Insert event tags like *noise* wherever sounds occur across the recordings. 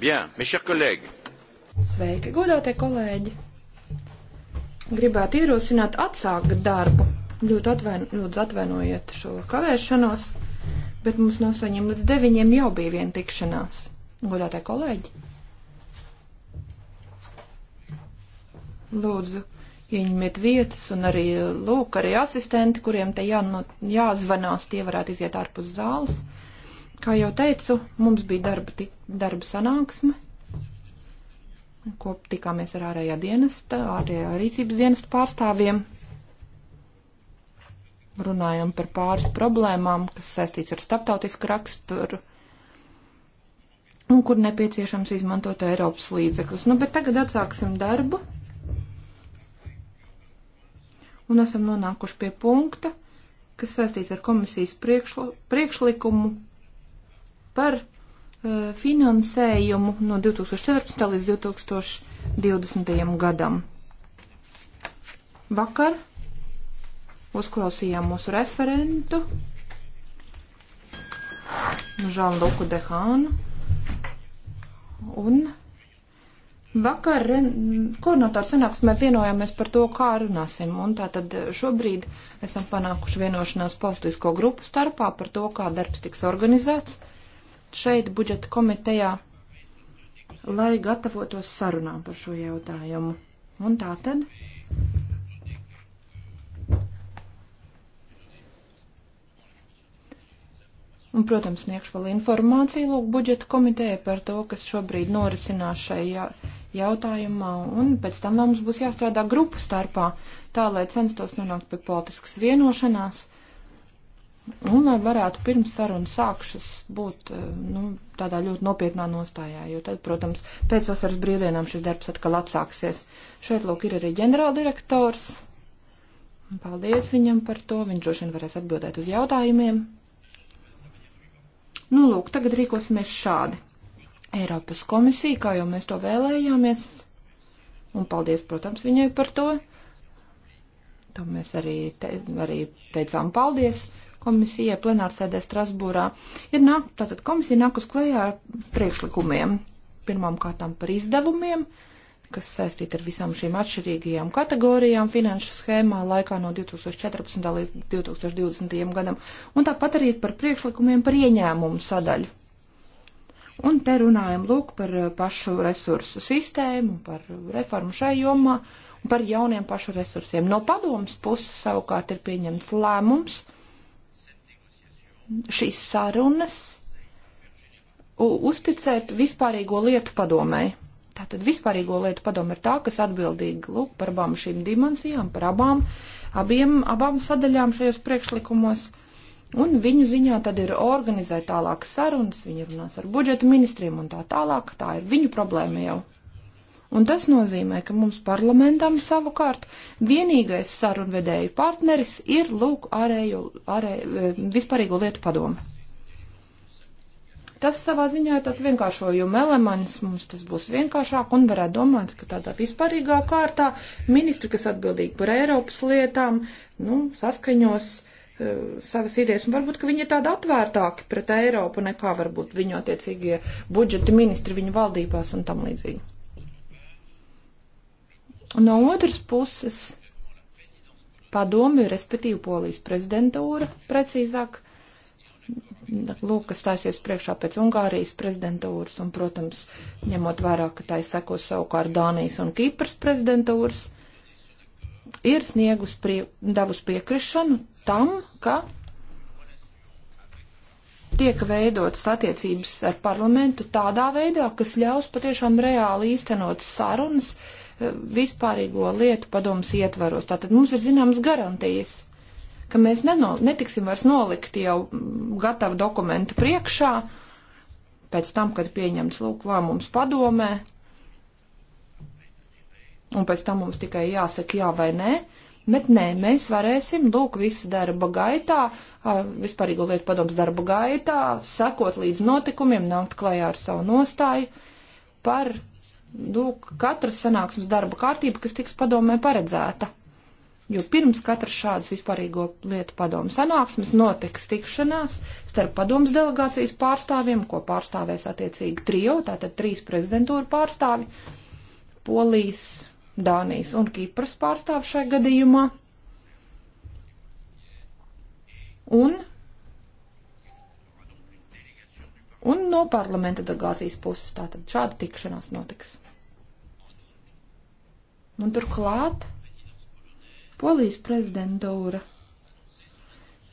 Bien, mes chers collègues. Sveiki, godātie kolēģi. Gribētu ierosināt atsākt darbu. Ļoti, atvaino, ļoti atvainojiet šo kavēšanos, bet mums no 7 līdz 9 jau bija viena tikšanās. Godātie kolēģi. Lūdzu, ieņemiet vietas un arī lūk, arī asistenti, kuriem te jā, no, jāzvanās, tie varētu iziet ārpus zāles. Kā jau teicu, mums bija darba, darba sanāksme, ko tikāmies ar ārējā dienesta, ārējā rīcības dienesta pārstāvjiem. Runājam par pāris problēmām, kas saistīts ar starptautisku raksturu un kur nepieciešams izmantot Eiropas līdzekļus. Nu, bet tagad atsāksim darbu. Un esam nonākuši pie punkta, kas saistīts ar komisijas priekšlikumu par eh, finansējumu no 2014. līdz 2020. gadam. Vakar uzklausījām mūsu referentu Žanu Luku Dehānu un vakar koordinātāru sanāksmē vienojāmies par to, kā runāsim. Un tātad šobrīd esam panākuši vienošanās politisko grupu starpā par to, kā darbs tiks organizēts šeit budžeta komitejā, lai gatavotos sarunām par šo jautājumu. Un tā tad. Un, protams, sniegšu vēl informāciju lūk budžeta komiteja par to, kas šobrīd norisinās šajā jautājumā, un pēc tam mums būs jāstrādā grupu starpā, tā lai censtos nonākt pie politiskas vienošanās Un lai varētu pirms sarunas sākšas būt eh, nu, tādā ļoti nopietnā nostājā, jo tad, protams, pēc vasaras brīvdienām šis darbs atkal atsāksies. Šeit, lūk, ir arī ģenerāldirektors. Paldies viņam par to. Viņš droši vien varēs atbildēt uz jautājumiem. Nu, lūk, tagad rīkosimies šādi. Eiropas komisija, kā jau mēs to vēlējāmies, un paldies, protams, viņai par to. To mēs arī, te, arī teicām paldies komisijai plenārsēdē Strasbūrā, ir nāk, tātad komisija nāk uz klējā ar priekšlikumiem. Pirmām kārtām par izdevumiem, kas saistīti ar visām šīm atšķirīgajām kategorijām finanšu schēmā laikā no 2014. līdz 2020. gadam, un tāpat arī par priekšlikumiem par ieņēmumu sadaļu. Un te runājam lūk par uh, pašu resursu sistēmu, par reformu šai jomā un par jauniem pašu resursiem. No padomas puses savukārt ir pieņemts lēmums šīs sarunas uzticēt vispārīgo lietu padomēji. Tātad vispārīgo lietu padomu ir tā, kas atbildīga lūk, par abām šīm dimensijām, par abām, abiem, abām sadaļām šajos priekšlikumos. Un viņu ziņā tad ir organizēt tālāk sarunas, viņi runās ar budžeta ministriem un tā tālāk. Tā ir viņu problēma jau. Un tas nozīmē, ka mums parlamentam savukārt vienīgais sarunvedēju partneris ir lūk ārējo, ārējo eh, vispārīgo lietu padomu. Tas savā ziņā ir tāds vienkāršojuma elements, mums tas būs vienkāršāk un varētu domāt, ka tādā vispārīgā kārtā ministri, kas atbildīgi par Eiropas lietām, nu, saskaņos uh, savas idejas, un varbūt, ka viņi ir tādi atvērtāki pret Eiropu nekā varbūt viņu attiecīgie budžeti ministri viņu valdībās un tam līdzīgi. Un no otras puses padomi, respektīvi Polijas prezidentūra, precīzāk, lūk, kas stāsies priekšā pēc Ungārijas prezidentūras un, protams, ņemot vērā, ka tā sekos savukārt Dānijas un Kīpras prezidentūras, ir sniegus prie, davus piekrišanu tam, ka tiek veidotas attiecības ar parlamentu tādā veidā, kas ļaus patiešām reāli īstenot sarunas, uh, vispārīgo lietu padomus ietvaros. Tātad mums ir zināmas garantijas, ka mēs neno, netiksim vairs nolikt jau mm, gatavu dokumentu priekšā, pēc tam, kad pieņemts lūk lēmums padomē, un pēc tam mums tikai jāsaka jā vai nē. Bet nē, mēs varēsim, lūk, visa darba gaitā, vispārīgo lietu padoms darba gaitā, sekot līdz notikumiem, nākt klajā ar savu nostāju par lūk, katras sanāksmes darba kārtība, kas tiks padomē paredzēta. Jo pirms katras šādas vispārīgo lietu padomu sanāksmes notiks tikšanās starp padomas delegācijas pārstāvjiem, ko pārstāvēs attiecīgi trijo, tātad trīs prezidentūra pārstāvi - Polijas, Dānijas un Kipras pārstāvi šai gadījumā. Un un no parlamenta delegācijas puses. Tātad šāda tikšanās notiks. Un turklāt Polijas prezidentūra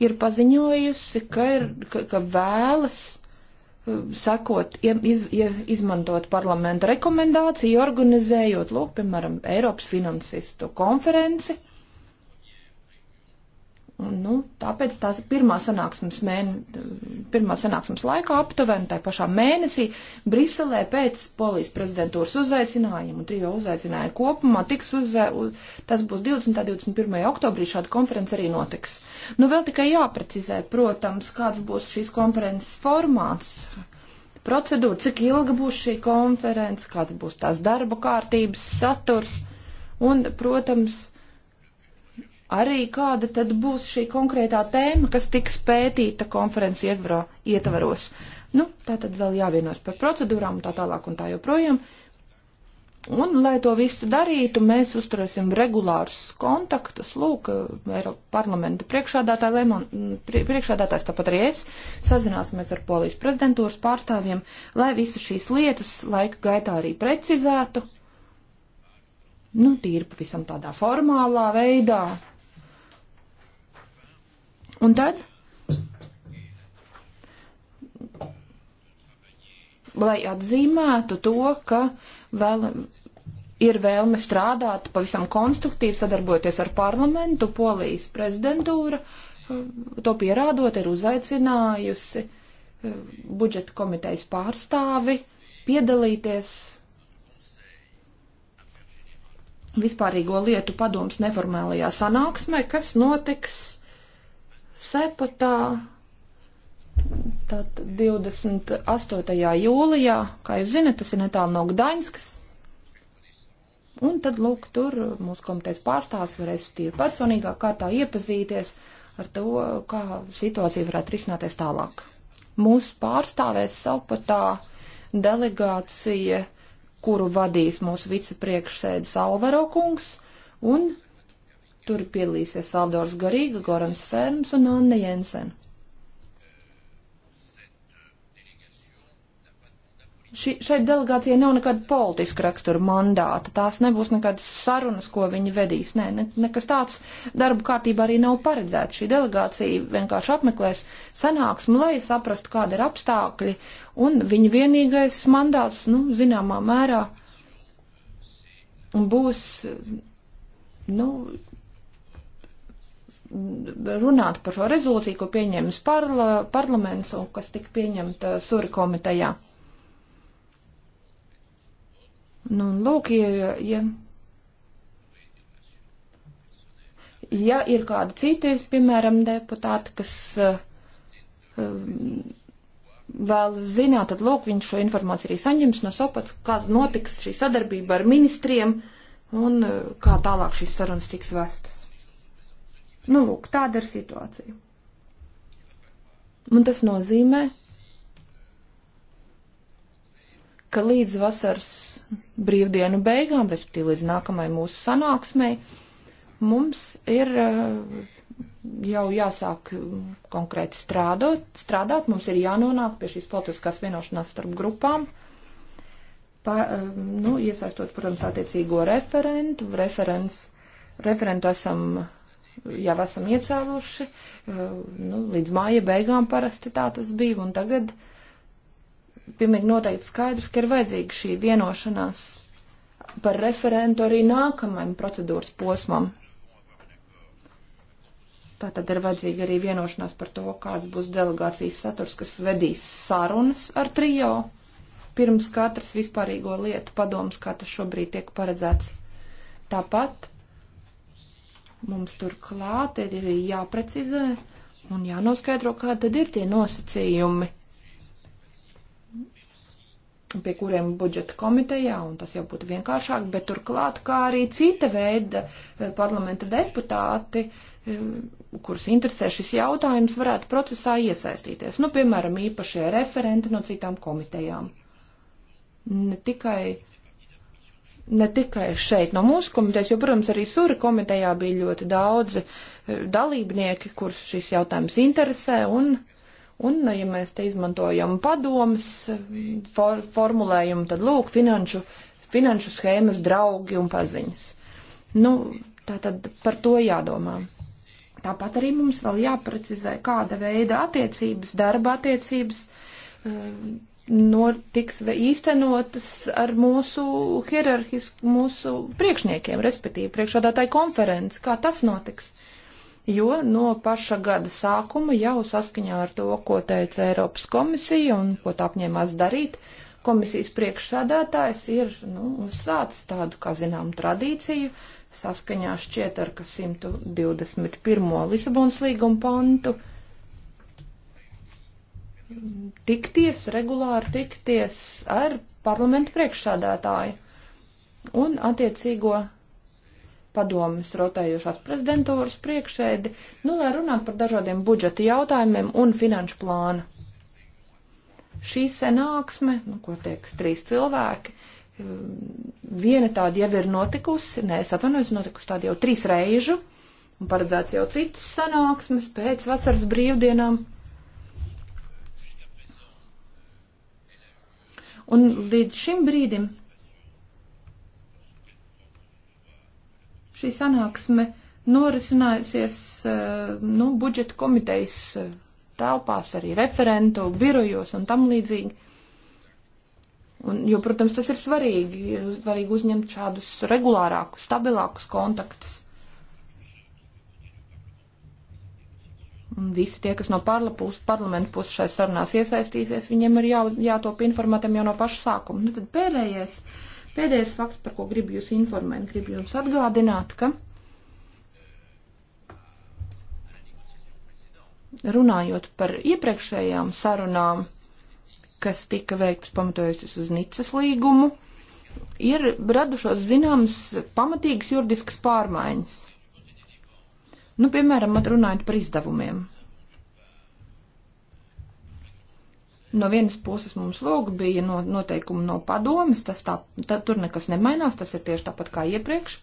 ir paziņojusi, ka, ir, ka, ka vēlas uh, sekot, iz, izmantot parlamenta rekomendāciju, organizējot, lūk, piemēram, Eiropas finansistu konferenci Un, nu, tāpēc tās pirmā sanāksmes, mēne, pirmā sanāksmes laikā aptuveni tajā pašā mēnesī Briselē pēc polijas prezidentūras uzaicinājuma, un trijo uzaicināja kopumā, tiks uzza, tas būs 20. un 21. oktobrī šāda konference arī notiks. Nu, vēl tikai jāprecizē, protams, kāds būs šīs konferences formāts, procedūra, cik ilga būs šī konference, kāds būs tās darba kārtības saturs, un, protams, arī kāda tad būs šī konkrētā tēma, kas tiks pētīta konferences ietvarā, ietvaros. Nu, tā tad vēl jāvienos par procedūrām un tā tālāk un tā joprojām. Un, lai to visu darītu, mēs uzturēsim regulārus kontaktus, lūk, Eiropa parlamenta priekšādātāji, priekšādātājs, tāpat arī es, sazināsimies ar polijas prezidentūras pārstāvjiem, lai visu šīs lietas laika gaitā arī precizētu, nu, tīri pavisam tādā formālā veidā, Un tad, lai atzīmētu to, ka vēl ir vēlme strādāt pavisam konstruktīvi, sadarbojoties ar parlamentu, polijas prezidentūra, eh, to pierādot, ir uzaicinājusi eh, budžeta komitejas pārstāvi piedalīties vispārīgo lietu padoms neformālajā sanāksmē, kas notiks Sepatā, tad 28. jūlijā, kā jūs zinat, tas ir netālu no Gdaņskas. Un tad, lūk, tur mūsu komitejas pārstāvs varēs tīri personīgā kārtā iepazīties ar to, kā situācija varētu risināties tālāk. Mūsu pārstāvēs Sepatā delegācija, kuru vadīs mūsu vicepriekšsēdis Alvaro kungs, un Tur piedalīsies Aldors Garīga, Gorans Ferms un Anna Jensen. Ši, šeit delegācija nav nekāda politiska rakstura mandāta, tās nebūs nekādas sarunas, ko viņi vedīs. Nē, ne, nekas tāds darba kārtībā arī nav paredzēts. Šī delegācija vienkārši apmeklēs sanāksmu, lai saprastu, kāda ir apstākļi, un viņa vienīgais mandāts, nu, zināmā mērā, būs, nu, runāt par šo rezolūciju, ko pieņems parla, parlaments un kas tika pieņemta Suri komitejā. Nu, lūk, ja, ja, ja ir kādi citi, piemēram, deputāti, kas uh, um, vēlas zināt, tad lūk, viņš šo informāciju arī saņems no sopats, kāda notiks šī sadarbība ar ministriem un uh, kā tālāk šīs sarunas tiks vestas. Nu, lūk, tāda ir situācija. Un tas nozīmē, ka līdz vasaras brīvdienu beigām, respektīvi līdz nākamajai mūsu sanāksmei, mums ir eh, jau jāsāk konkrēti strādot, strādāt, mums ir jānonāk pie šīs politiskās vienošanās starp grupām, pa, eh, nu, iesaistot, protams, attiecīgo referentu, referents, referentu esam jau esam iecēluši, eh, nu, līdz māja beigām parasti tā tas bija, un tagad pilnīgi noteikti skaidrs, ka ir vajadzīga šī vienošanās par referentu arī nākamajam procedūras posmam. Tā tad ir vajadzīga arī vienošanās par to, kāds būs delegācijas saturs, kas vedīs sarunas ar trijo pirms katras vispārīgo lietu padoms, kā tas šobrīd tiek paredzēts. Tāpat Mums turklāt ir jāprecizē un jānoskaidro, kā tad ir tie nosacījumi, pie kuriem budžeta komitejā, un tas jau būtu vienkāršāk, bet turklāt, kā arī cita veida eh, parlamenta deputāti, eh, kurus interesē šis jautājums, varētu procesā iesaistīties. Nu, piemēram, īpašie referenti no citām komitejām. Ne tikai ne tikai šeit no mūsu komitejas, jo, protams, arī Sura komitejā bija ļoti daudzi eh, dalībnieki, kurus šis jautājums interesē, un, un ja mēs te izmantojam padomas eh, for, formulējumu, tad lūk, finanšu, finanšu schēmas draugi un paziņas. Nu, tā tad par to jādomā. Tāpat arī mums vēl jāprecizē, kāda veida attiecības, darba attiecības eh, notiks īstenotas ar mūsu hierarhisku, mūsu priekšniekiem, respektīvi priekšādātāju konferenci, kā tas notiks. Jo no paša gada sākuma jau saskaņā ar to, ko teica Eiropas komisija un ko tā apņēmās darīt, komisijas priekšsēdētājs ir nu, uzsācis tādu, kā zinām, tradīciju saskaņā šķiet ar 121. Lisabonas līguma pantu tikties, regulāri tikties ar parlamentu priekšsādātāju un attiecīgo padomas rotējošās prezidentūras priekšēdi, nu, lai runātu par dažādiem budžeta jautājumiem un finanšu plānu. Šī sanāksme, nu, ko tieks trīs cilvēki, um, viena tāda jau ir notikusi, nē, es atvainojos, notikusi tāda jau trīs reižu, un paredzēts jau citas sanāksmes pēc vasaras brīvdienām. Un līdz šim brīdim šī sanāksme norisinājusies eh, nu, budžeta komitejas eh, telpās, arī referentu birojos un tam līdzīgi. Un, jo, protams, tas ir svarīgi, ir svarīgi uzņemt šādus regulārākus, stabilākus kontaktus. Visi tie, kas no pus, parlamenta puses šai sarunās iesaistīsies, viņiem ir jā, jātop informētiem jau no paša sākuma. Nu, tad pēdējais, pēdējais fakts, par ko gribu jūs informēt, gribu jums atgādināt, ka runājot par iepriekšējām sarunām, kas tika veikts pamatojoties uz Nicas līgumu, ir radušos zināmas pamatīgas juridiskas pārmaiņas Nu, piemēram, runājot par izdevumiem. No vienas puses mums lūk bija no, noteikumi no padomas, tas tā, tā, tur nekas nemainās, tas ir tieši tāpat kā iepriekš.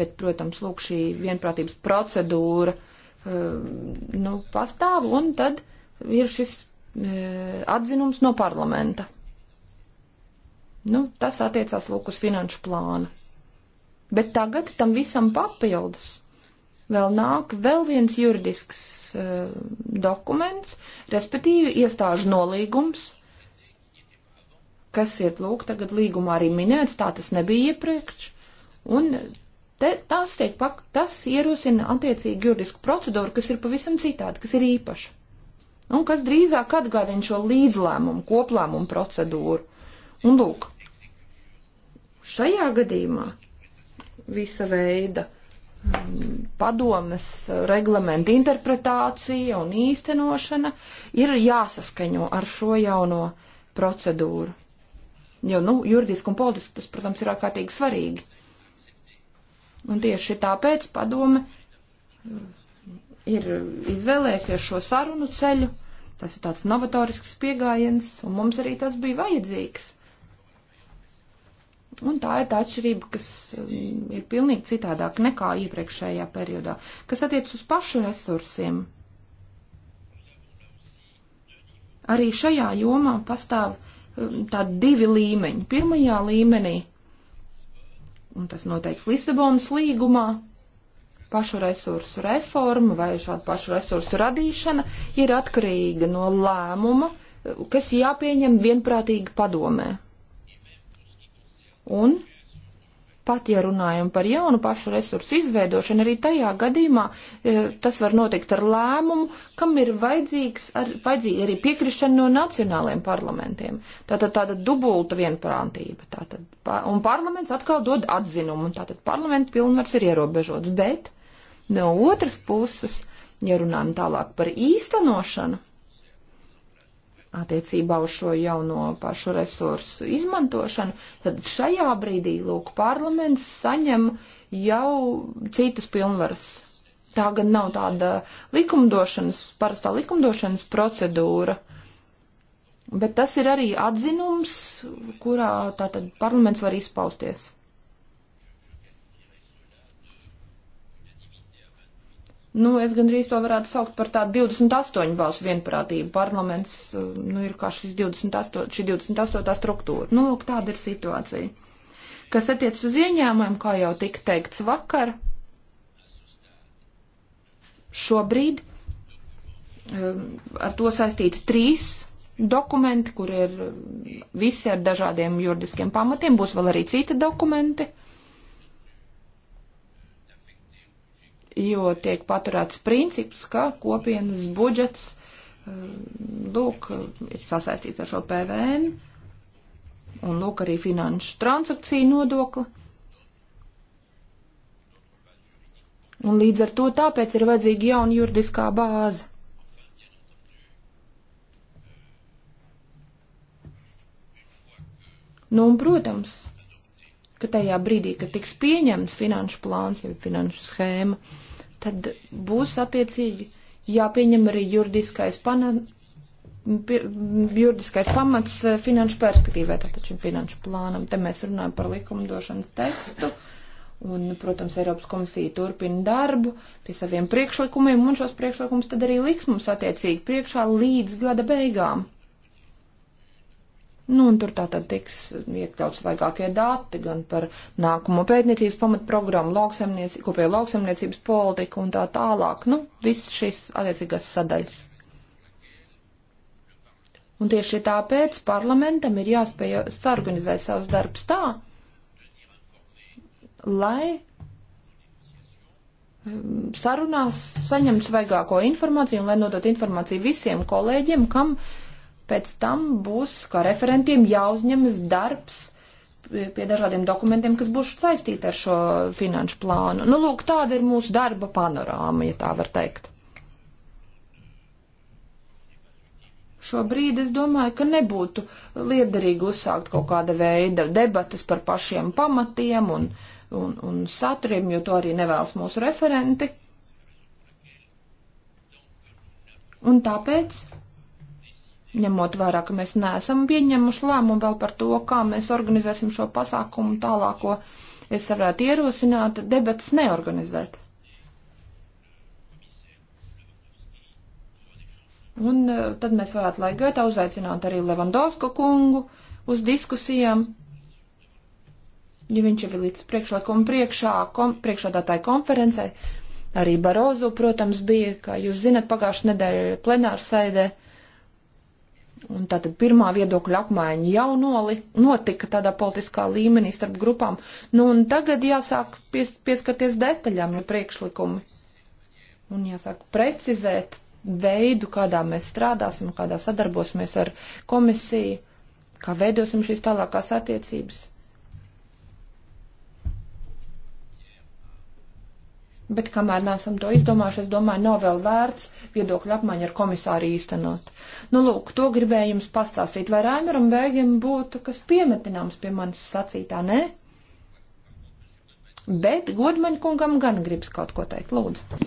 Bet, protams, lūk šī vienprātības procedūra, eh, nu, pastāv un tad ir šis eh, atzinums no parlamenta. Nu, tas attiecās lūk uz finanšu plānu. Bet tagad tam visam papildus vēl nāk vēl viens juridisks uh, dokuments, respektīvi iestāžu nolīgums, kas ir lūk tagad līgumā arī minēts, tā tas nebija iepriekš. Un te, tās tiek pak, tas ierosina attiecīgi juridisku procedūru, kas ir pavisam citāda, kas ir īpaša. Un kas drīzāk atgādina šo līdzlēmumu, koplēmumu procedūru. Un lūk, šajā gadījumā visa veida um, padomes reglamenta interpretācija un īstenošana ir jāsaskaņo ar šo jauno procedūru. Jo, nu, juridiski un politiski tas, protams, ir ārkārtīgi svarīgi. Un tieši tāpēc padome um, ir izvēlējusies šo sarunu ceļu. Tas ir tāds novatorisks pieejams, un mums arī tas bija vajadzīgs. Un tā ir tā atšķirība, kas um, ir pilnīgi citādāk nekā iepriekšējā periodā, kas attiec uz pašu resursiem. Arī šajā jomā pastāv um, tādi divi līmeņi. Pirmajā līmenī, un tas noteikts Lisabonas līgumā, pašu resursu reforma vai šāda pašu resursu radīšana ir atkarīga no lēmuma, kas jāpieņem vienprātīgi padomē Un pat ja runājam par jaunu pašu resursu izveidošanu, arī tajā gadījumā e, tas var notikt ar lēmumu, kam ir vajadzīgs ar, vajadzīga arī piekrišana no nacionāliem parlamentiem. Tātad tāda dubulta vienprātība. Tātad, un parlaments atkal dod atzinumu, un tātad parlamenta pilnvars ir ierobežots. Bet no otras puses, ja runājam tālāk par īstenošanu, attiecībā uz šo jauno pašu resursu izmantošanu, tad šajā brīdī, lūk, parlaments saņem jau citas pilnvaras. Tā gan nav tāda likumdošanas, parastā likumdošanas procedūra, bet tas ir arī atzinums, kurā tātad parlaments var izpausties. Nu, es gandrīz to varētu saukt par tādu 28 balsu vienprātību. Parlaments, eh, nu, ir kā šis 28, šī 28. struktūra. Nu, lūk, tāda ir situācija. Kas attiec uz ieņēmumiem, kā jau tika teikts vakar, šobrīd um, ar to saistīti trīs dokumenti, kur ir eh, visi ar dažādiem juridiskiem pamatiem, būs vēl arī citi dokumenti. Uh, jo tiek paturēts princips, ka kopienas budžets, eh, lūk, ir sasaistīts ar šo PVN, un lūk arī finanšu transakciju nodokli. Un līdz ar to tāpēc ir vajadzīga jauna juridiskā bāze. Nu, un, protams, ka tajā brīdī, kad tiks pieņemts finanšu plāns, jau finanšu schēma, tad būs attiecīgi jāpieņem arī juridiskais, pana, pie, juridiskais pamats eh, finanšu perspektīvai, tātad šim finanšu plānam. Te mēs runājam par likumdošanas tekstu. Un, protams, Eiropas komisija turpina darbu pie saviem priekšlikumiem, un šos priekšlikumus tad arī liks mums attiecīgi priekšā līdz gada beigām. Nu, un tur tātad tiks iekļauts vairākie dati gan par nākamo pētniecības pamatprogrammu, lauksemnieci, kopējo lauksemniecības politiku un tā tālāk. Nu, viss šīs attiecīgās sadaļas. Un tieši tāpēc parlamentam ir jāspēj sarganizēt savus darbus tā, lai mm, sarunās saņemts vaigāko informāciju un lai nodot informāciju visiem kolēģiem, kam uh, pēc tam būs kā referentiem jāuzņemas darbs pie dažādiem dokumentiem, kas būs saistīti ar šo finanšu plānu. Nu, lūk, tāda ir mūsu darba panorāma, ja tā var teikt. Šobrīd es domāju, ka nebūtu liederīgi uzsākt kaut kāda veida debatas par pašiem pamatiem un, un, un saturiem, jo to arī nevēlas mūsu referenti. Un tāpēc ņemot vērā, ka mēs neesam pieņemuši lēmumu vēl par to, kā mēs organizēsim šo pasākumu tālāko, es varētu ierosināt debats neorganizēt. Un eh, tad mēs varētu laika gaitā uzaicināt arī Levandovsku kungu uz diskusijām, ja viņš jau ir līdz priekšlikuma priekšā, kom, priekšādātāja konferencē. Arī Barozu, protams, bija, kā jūs zinat, pagājušā nedēļa plenārsēdē. Ar Un tātad pirmā viedokļa apmaiņa jau noli, notika tādā politiskā līmenī starp grupām. Nu, un tagad jāsāk pies, pieskarties detaļām, ja priekšlikumi. Un jāsāk precizēt veidu, kādā mēs strādāsim, kādā sadarbosimies ar komisiju, kā veidosim šīs tālākās attiecības. bet kamēr nesam to izdomājuši, es domāju, nav vēl vērts viedokļu apmaiņu ar komisāru īstenot. Nu, lūk, to gribēju jums pastāstīt, vai Raimaram Bēgiem būtu kas piemetināms pie manis sacītā, nē? Bet godmaņkungam gan gribas kaut ko teikt, lūdzu.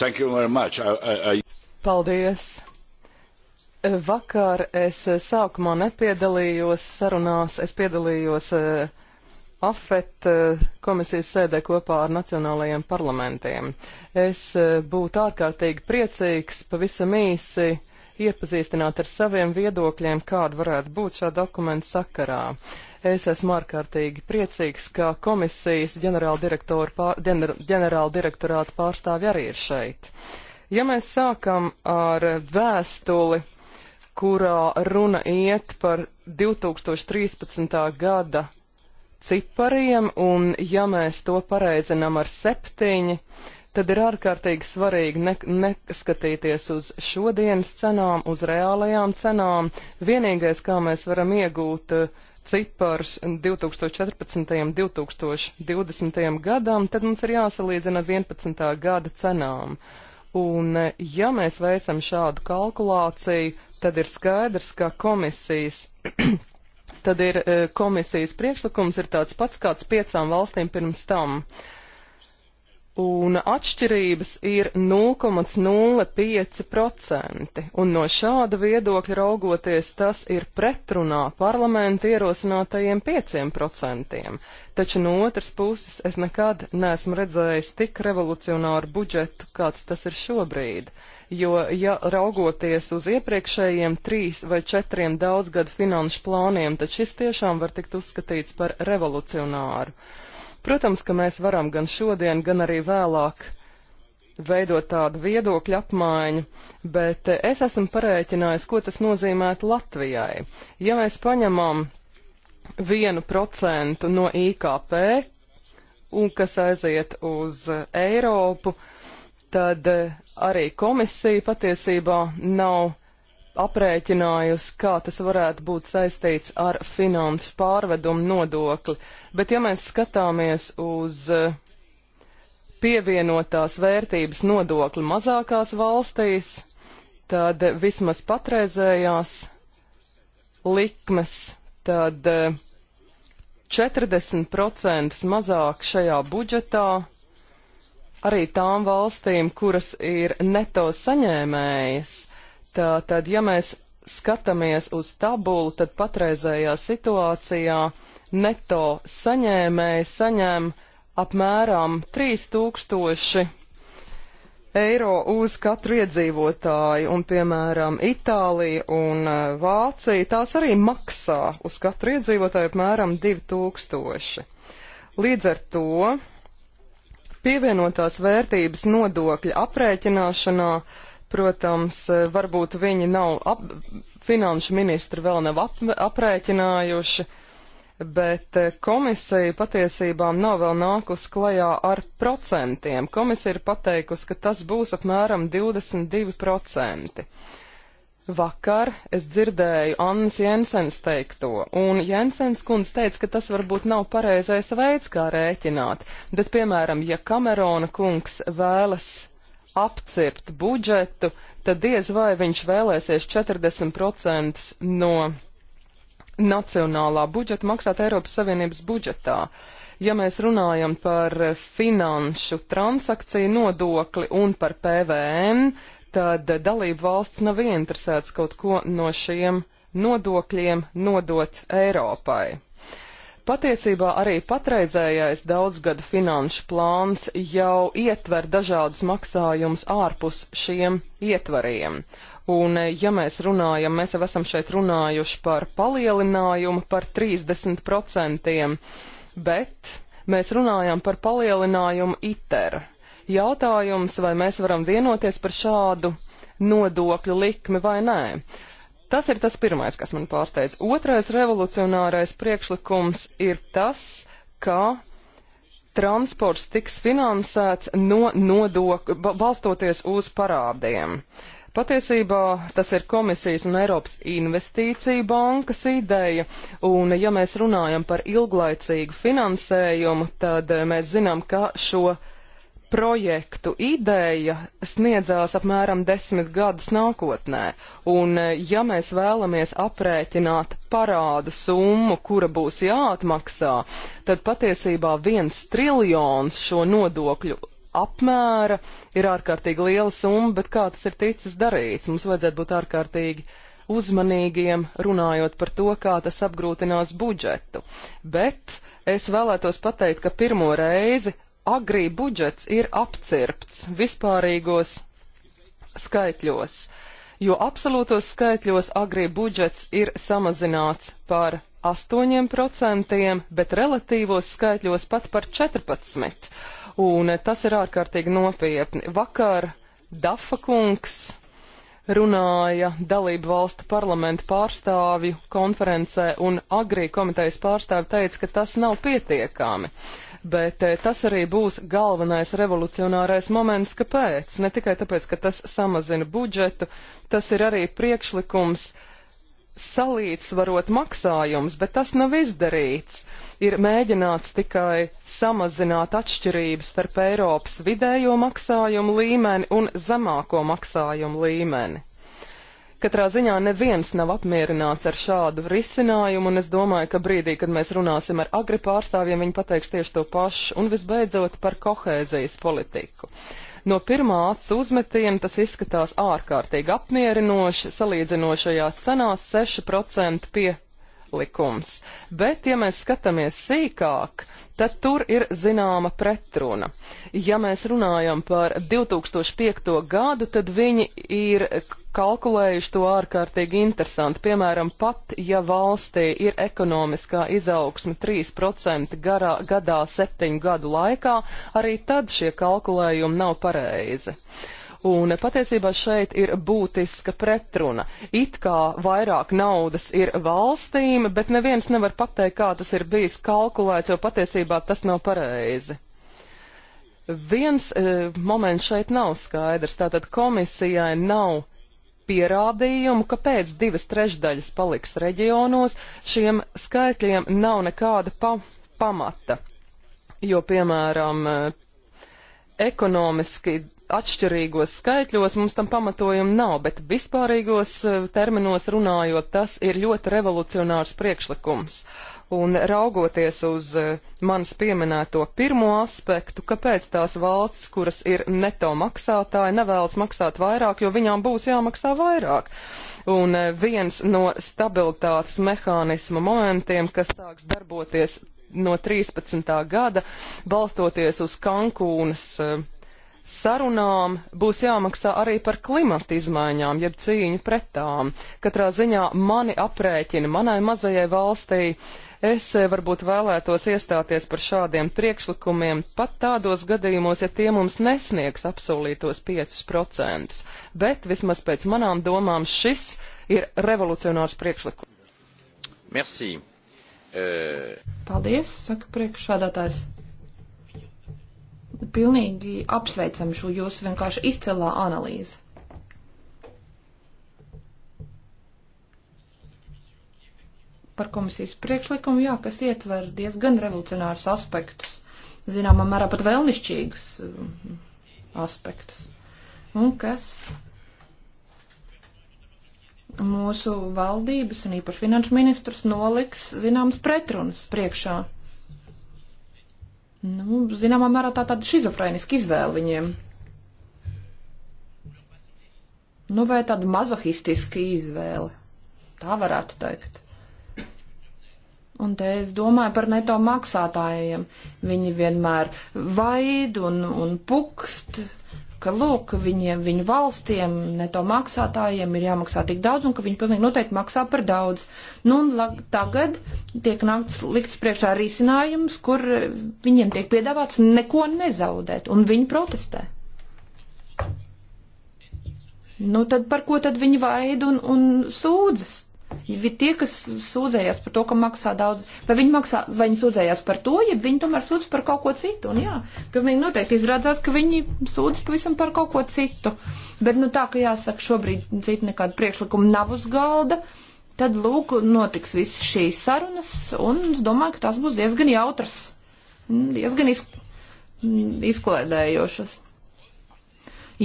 Thank you very much. I, I, I... Paldies. Vakar es sākumā nepiedalījos sarunās, es piedalījos uh, AFET eh, komisijas sēdē kopā ar nacionālajiem parlamentiem. Es eh, būtu ārkārtīgi priecīgs pavisam īsi iepazīstināt ar saviem viedokļiem, kāda varētu būt šā dokumenta sakarā. Es esmu ārkārtīgi priecīgs, ka komisijas ģenerāldirektorāta pārstāvi arī ir šeit. Ja mēs sākam ar vēstuli, kurā runa iet par 2013. gada cipariem, un ja mēs to pareizinām ar septiņi, tad ir ārkārtīgi svarīgi ne, neskatīties uz šodienas cenām, uz reālajām cenām. Vienīgais, kā mēs varam iegūt cipars 2014. un 2020. gadam, tad mums ir jāsalīdzina 11. gada cenām. Un, eh, ja mēs veicam šādu kalkulāciju, tad ir skaidrs, ka komisijas tad ir e, komisijas priekšlikums ir tāds pats kāds piecām valstīm pirms tam. Un atšķirības ir 0,05%, un no šāda viedokļa raugoties tas ir pretrunā parlamenta ierosinātajiem 5%. Taču no otras puses es nekad neesmu redzējis tik revolucionāru budžetu, kāds tas ir šobrīd. Uh, jo, ja raugoties uz iepriekšējiem trīs vai četriem daudzgadu finanšu plāniem, tad šis tiešām var tikt uzskatīts par revolucionāru. Protams, ka mēs varam gan šodien, gan arī vēlāk veidot tādu viedokļu apmaiņu, bet es esmu parēķinājis, ko tas nozīmētu Latvijai. Ja mēs paņemam vienu procentu no IKP, un kas aiziet uz Eiropu, tad Arī komisija patiesībā nav aprēķinājusi, kā tas varētu būt saistīts ar finansu pārvedumu nodokli. Bet ja mēs skatāmies uz eh, pievienotās vērtības nodokli mazākās valstīs, tad vismaz patreizējās likmes, tad 40% eh, mazāk šajā budžetā arī tām valstīm, kuras ir neto saņēmējas. Tātad, ja mēs skatāmies uz tabulu, tad patreizējā situācijā neto saņēmēji saņem apmēram 3000 eiro uz katru iedzīvotāju, un, piemēram, Itālija un eh, Vācija tās arī maksā uz katru iedzīvotāju apmēram 2000. Līdz ar to Pievienotās vērtības nodokļa aprēķināšanā, protams, eh, varbūt viņi nav, ap, finanšu ministri vēl nav ap, aprēķinājuši, bet eh, komisija patiesībā nav vēl nākus klajā ar procentiem. Komisija ir pateikusi, ka tas būs apmēram 22%. Vakar es dzirdēju Annas Jensens teikto, un Jensens kundze teica, ka tas varbūt nav pareizais veids, kā rēķināt, bet, piemēram, ja Kamerona kungs vēlas apcirpt budžetu, tad diez vai viņš vēlēsies 40% no nacionālā budžeta maksāt Eiropas Savienības budžetā. Ja mēs runājam par finanšu transakciju nodokli un par PVN, tad dalību valsts nav ieinteresēts kaut ko no šiem nodokļiem nodot Eiropai. Patiesībā arī patreizējais daudzgada finanšu plāns jau ietver dažādus maksājumus ārpus šiem ietvariem. Un, ja mēs runājam, mēs jau esam šeit runājuši par palielinājumu par 30%, bet mēs runājam par palielinājumu ITER Jautājums, vai mēs varam vienoties par šādu nodokļu likmi vai nē. Tas ir tas pirmais, kas man pārsteidz. Otrais revolucionārais priekšlikums ir tas, ka transports tiks finansēts no nodokļu, balstoties uz parādiem. Patiesībā tas ir komisijas un Eiropas investīcija bankas ideja, un ja mēs runājam par ilglaicīgu finansējumu, tad mēs zinām, ka šo projektu ideja sniedzās apmēram desmit gadus nākotnē, un e, ja mēs vēlamies aprēķināt parāda summu, kura būs jāatmaksā, tad patiesībā viens triljons šo nodokļu apmēra ir ārkārtīgi liela summa, bet kā tas ir ticis darīts, mums vajadzētu būt ārkārtīgi uzmanīgiem runājot par to, kā tas apgrūtinās budžetu. Bet es vēlētos pateikt, ka pirmo reizi agrī budžets ir apcirpts vispārīgos skaitļos, jo absolūtos skaitļos agrī budžets ir samazināts par 8%, bet relatīvos skaitļos pat par 14%. Un tas ir ārkārtīgi nopietni. Vakar Dafa kungs runāja dalību valstu parlamentu pārstāvju konferencē un agrī komitejas pārstāvi teica, ka tas nav pietiekami. Uh, bet eh, tas arī būs galvenais revolucionārais moments, kāpēc. Ne tikai tāpēc, ka tas samazina budžetu, tas ir arī priekšlikums salīdzvarot maksājumus, bet tas nav izdarīts. Ir mēģināts tikai samazināt atšķirības starp Eiropas vidējo maksājumu līmeni un zemāko maksājumu līmeni. Katrā ziņā neviens nav apmierināts ar šādu risinājumu, un es domāju, ka brīdī, kad mēs runāsim ar agri pārstāvjiem, viņi pateiks tieši to pašu, un visbeidzot par kohēzijas politiku. No pirmā acu uzmetiena tas izskatās ārkārtīgi apmierinoši, salīdzinošajās cenās 6% pie aplikums. Bet, ja mēs skatāmies sīkāk, tad tur ir zināma pretruna. Ja mēs runājam par 2005. gadu, tad viņi ir kalkulējuši to ārkārtīgi interesanti. Piemēram, pat ja valstī ir ekonomiskā izaugsme 3% garā, gadā septiņu gadu laikā, arī tad šie kalkulējumi nav pareizi. Un patiesībā šeit ir būtiska pretruna. It kā vairāk naudas ir valstīm, bet neviens nevar pateikt, kā tas ir bijis kalkulēts, jo patiesībā tas nav pareizi. Viens e, moments šeit nav skaidrs, tātad komisijai nav pierādījumu, kāpēc divas trešdaļas paliks reģionos, šiem skaitļiem nav nekāda pa pamata. Jo, piemēram, e, ekonomiski atšķirīgos skaitļos mums tam pamatojumu nav, bet vispārīgos e, terminos runājot, tas ir ļoti revolucionārs priekšlikums. Un raugoties uz e, manis pieminēto pirmo aspektu, kāpēc tās valsts, kuras ir neto maksātāji, nevēlas maksāt vairāk, jo viņām būs jāmaksā vairāk. Un e, viens no stabilitātes mehānisma momentiem, kas sāks darboties no 13. gada, balstoties uz Kankūnas sarunām būs jāmaksā arī par klimata izmaiņām, jeb cīņu pret tām. Katrā ziņā mani aprēķina manai mazajai valstī. Es eh, varbūt vēlētos iestāties par šādiem priekšlikumiem pat tādos gadījumos, ja tie mums nesniegs apsolītos 5%, bet vismaz pēc manām domām šis ir revolucionārs priekšlikums. Merci. Uh... Paldies, saka priekšsādātājs pilnīgi apsveicam šo jūsu vienkārši izcelā analīzi. Par komisijas priekšlikumu, jā, kas ietver diezgan revolucionārus aspektus, zināmā mērā pat vēlnišķīgus mm, aspektus, un kas mūsu valdības un īpaši finanšu ministrs noliks zināmas pretrunas priekšā nu, zināmā mērā tā tāda šizofrēniska izvēle viņiem. Nu, vai tāda mazohistiska izvēle. Tā varētu teikt. Un te es domāju par neto maksātājiem. Viņi vienmēr vaid un, un pukst ka, lūk, viņiem, viņu valstiem, ne to maksātājiem ir jāmaksā tik daudz un ka viņi pilnīgi noteikti maksā par daudz. Nu, un lag, tagad tiek nākts likts priekšā risinājums, kur viņiem tiek piedāvāts neko nezaudēt, un viņi protestē. Nu, tad par ko tad viņi vaid un, un sūdzas? Tie, kas sūdzējās par to, ka maksā daudz, vai viņi, maksā, vai viņi sūdzējās par to, ja viņi tomēr sūdz par kaut ko citu. Un jā, pilnīgi noteikti izrādās, ka viņi sūdz pavisam par kaut ko citu. Bet nu tā, ka jāsaka, šobrīd citu nekādu priekšlikumu nav uz galda. Tad, lūk, notiks visas šīs sarunas, un es domāju, ka tās būs diezgan jautras, diezgan iz, izklēdējošas.